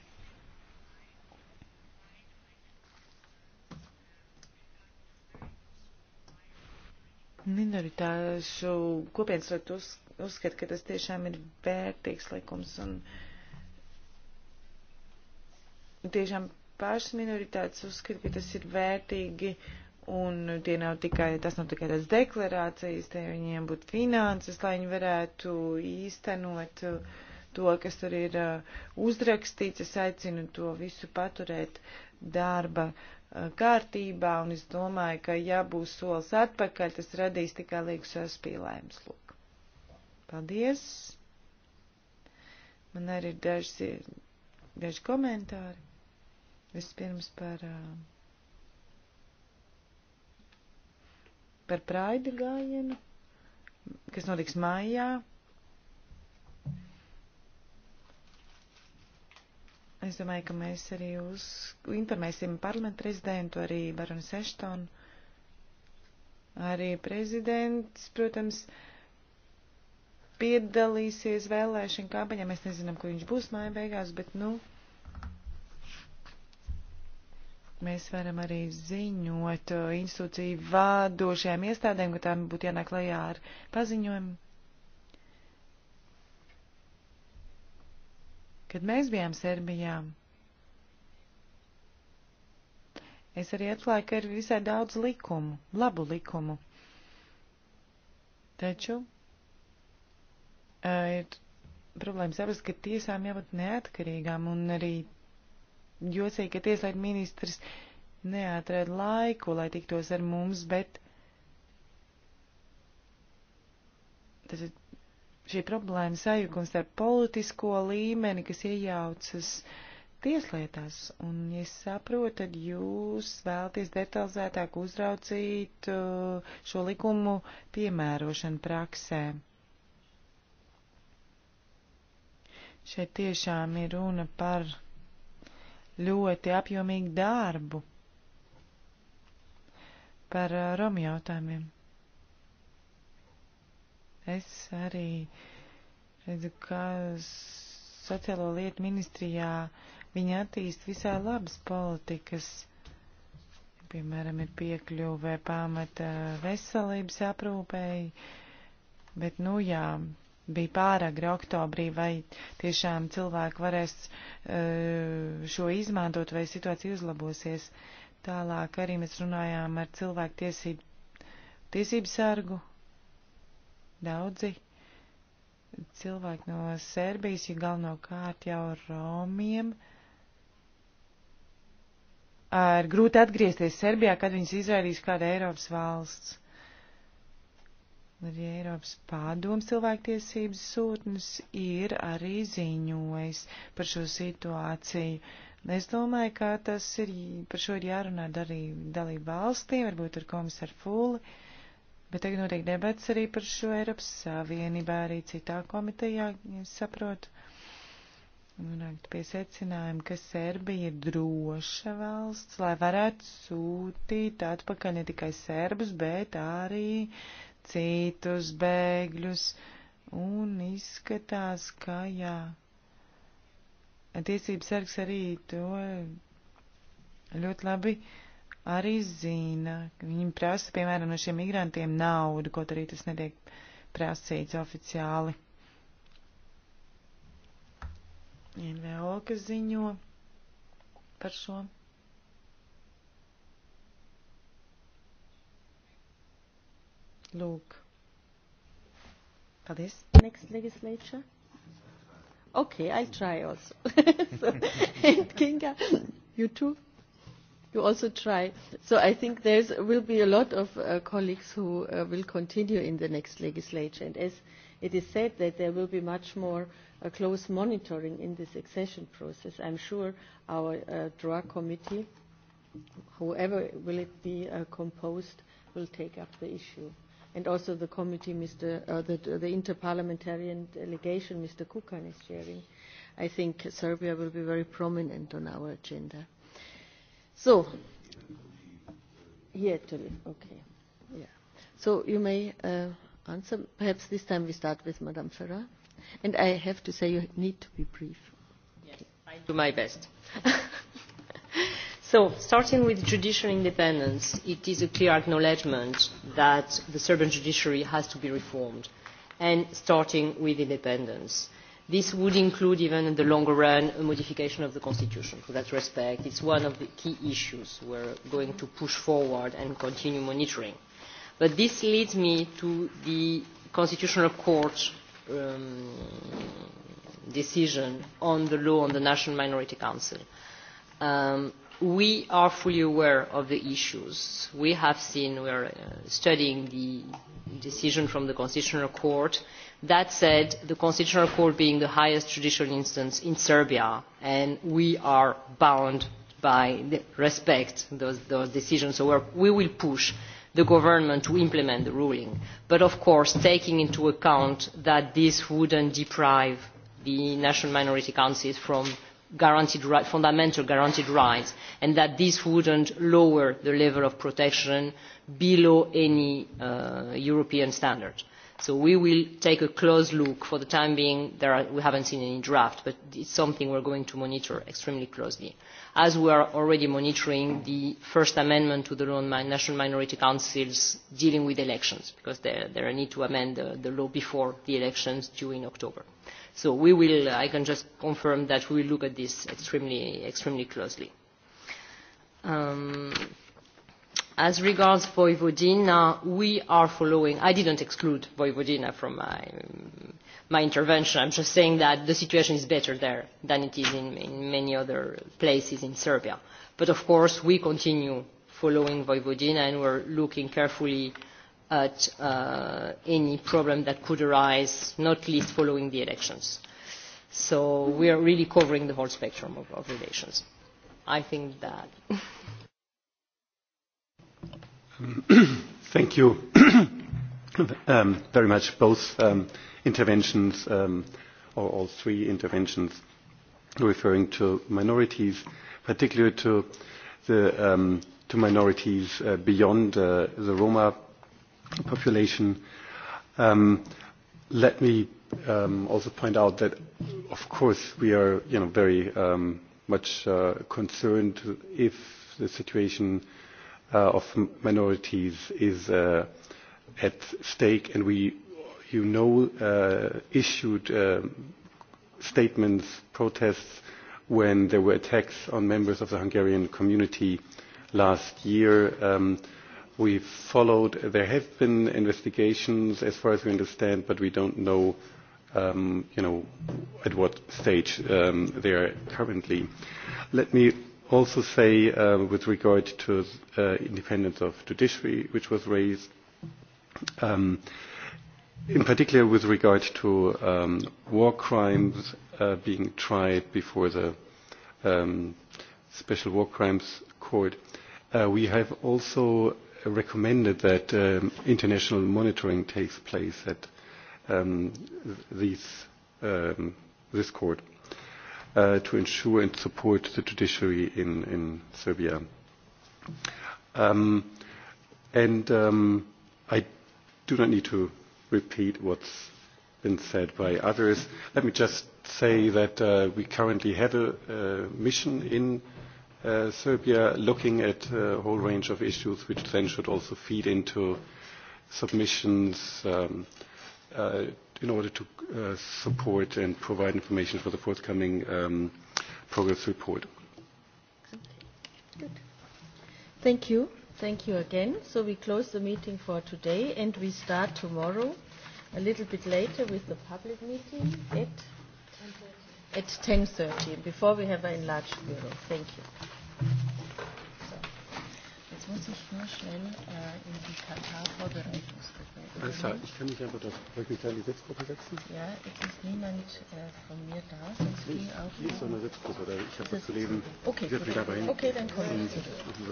[SPEAKER 5] Minoritāšu kopienas uz, uzskata, ka tas tiešām ir vērtīgs likums un tiešām pašas minoritātes uzskata, ka tas ir vērtīgi uh, Un tie nav tikai, tas nav tikai tāds deklarācijas, tie viņiem būtu finanses, lai viņi varētu īstenot uh, to, kas tur ir uh, uzrakstīts. Es aicinu to visu paturēt darba uh, kārtībā, un es domāju, ka ja būs solis atpakaļ, tas radīs tikai liekas saspīlējums. Lūk. Paldies! Man arī ir daži, daži komentāri. Vispirms par. Uh, par praida gājienu, kas notiks mājā. Es domāju, ka mēs arī uz, informēsim parlamentu prezidentu, arī Baronu Seštonu, arī prezidents, protams, piedalīsies vēlēšana kampaņā. Mēs nezinām, kur viņš būs māja beigās, bet, nu, Mēs varam arī ziņot uh, institūciju vādošajām iestādēm, ka tām būtu jānāk lejā ar paziņojumu. Kad mēs bijām Serbijā, es arī atklāju, ka ir visai daudz likumu, labu likumu. Taču uh, ir problēma saprast, ka tiesām jābūt neatkarīgām un arī jocīgi, ka tieslietu ministrs neatrada laiku, lai tiktos ar mums, bet tad šī problēma sajūgums ar politisko līmeni, kas iejaucas tieslietās, un es saprotu, tad jūs vēlties detalizētāk uzraucīt uh, šo likumu piemērošanu praksē. Šeit tiešām ir runa par ļoti apjomīgu darbu par uh, Romu jautājumiem. Es arī redzu, ka sociālo lietu ministrijā viņi attīst visai labas politikas. Piemēram, ir piekļuvē pamata veselības aprūpēji, bet, nu jā, bija pāragri oktobrī, vai tiešām cilvēki varēs e, šo izmantot, vai situācija uzlabosies. Tālāk arī mēs runājām ar cilvēku tiesību, tiesību sargu. Daudzi cilvēki no Serbijas, ja galvenokārt jau Romiem, ir grūti atgriezties Serbijā, kad viņas izvairīs kāda Eiropas valsts. Arī Eiropas pārdoms cilvēktiesības sūtnes ir arī ziņojis par šo situāciju. Es domāju, ka tas ir, par šo ir jārunā arī dalību valstīm, varbūt ar komisaru Fūli, bet tagad notiek debats arī par šo Eiropas Savienībā, arī citā komitejā, es saprotu. Nonākt pie secinājuma, ka Serbija ir droša valsts, lai varētu sūtīt atpakaļ ne tikai serbus, bet arī citus bēgļus, un izskatās, ka jā. Tiesības sargs arī to ļoti labi arī zina. Viņi prasa, piemēram, no šiem migrantiem naudu, kaut arī tas netiek prasīts oficiāli. NVO, kas ziņo par šo. lūk.
[SPEAKER 2] Paldies. Next legislature. Okay, I'll try also. [LAUGHS] so, and [LAUGHS] Kinga, you too? You also try. So I think there will be a lot of uh, colleagues who uh, will continue in the next legislature. And as it is said that there will be much more uh, close monitoring in this accession process. I'm sure our uh, DROA committee, however will it be uh, composed, will take up the issue and also the committee, Mr. Uh, the, the interparliamentarian delegation, Mr. Kukan is chairing. I think Serbia will be very prominent on our agenda. So, here to okay, yeah. So you may uh, answer. Perhaps this time we start with Madame Ferrer, and I have to say you need to
[SPEAKER 6] be brief. Yes, okay. I do my best. [LAUGHS] So, starting with judicial independence, it is a clear acknowledgement that the Serbian judiciary has to be reformed, and starting with independence. This would include, even in the longer run, a modification of the constitution. To that respect, it's one of the key issues we're going to push forward and continue monitoring. But this leads me to the Constitutional Court um, decision on the law on the National Minority Council. Um, we are fully aware of the issues. We have seen, we are uh, studying the decision from the Constitutional Court. That said, the Constitutional Court being the highest judicial instance in Serbia, and we are bound by the respect those, those decisions. So we're, we will push the government to implement the ruling. But of course, taking into account that this wouldn't deprive the national minority councils from guaranteed right, fundamental guaranteed rights and that this wouldn't lower the level of protection below any uh, European standard. So we will take a close look. For the time being, there are, we haven't seen any draft, but it's something we're going to monitor extremely closely, as we are already monitoring the First Amendment to the law on national minority councils dealing with elections, because there, there are need to amend the, the law before the elections due in October. So we will, uh, I can just confirm that we will look at this extremely, extremely closely. Um, as regards Vojvodina, we are following. I didn't exclude Vojvodina from my, my intervention. I'm just saying that the situation is better there than it is in, in many other places in Serbia. But of course, we continue following Vojvodina, and we're looking carefully uh, at uh, any problem that could arise, not least following the elections. So we are really covering the whole spectrum of, of relations. I think that.
[SPEAKER 3] Thank you [COUGHS] um, very much, both um, interventions, um, or all three interventions, referring to minorities, particularly to the um, to minorities uh, beyond uh, the Roma population. Um, let me um, also point out that, of course, we are you know, very um, much uh, concerned if the situation uh, of minorities is uh, at stake, and we, you know, uh, issued um, statements, protests when there were attacks on members of the Hungarian community last year. Um, uh, we followed. There have been investigations, as far as we understand, but we don't know, um, you know, at what stage um, they are currently. Let me also say, uh, with regard to uh, independence of judiciary, which was raised, um, in particular with regard to um, war crimes uh, being tried before the um, Special War Crimes Court, uh, we have also recommended that um, international monitoring takes place at um, these, um, this court uh, to ensure and support the judiciary in, in Serbia. Um, and um, I do not need to repeat what's been said by others. Let me just say that uh, we currently have a, a mission in uh, uh, Serbia looking at a whole range of issues which then should also feed into submissions um, uh, in order to uh, support and provide information for the forthcoming um, progress report.
[SPEAKER 2] Good. Thank you. Thank you again. So we close the meeting for today and we start tomorrow a little bit later with the public meeting at 10.30 at 10.30 before we have our enlarged bureau. Thank you. So, jetzt muss ich nur schnell äh, in die Katar-Vorbereitungsgruppe. Alles klar, ich
[SPEAKER 3] kann mich einfach auf die Sitzgruppe setzen.
[SPEAKER 2] Ja, jetzt ist niemand äh, von mir da.
[SPEAKER 3] Sonst nee, ich, hier ist so eine Sitzgruppe, oder ich habe Kollegen okay, sehr viel dabei. Okay, dann kommen wir zurück.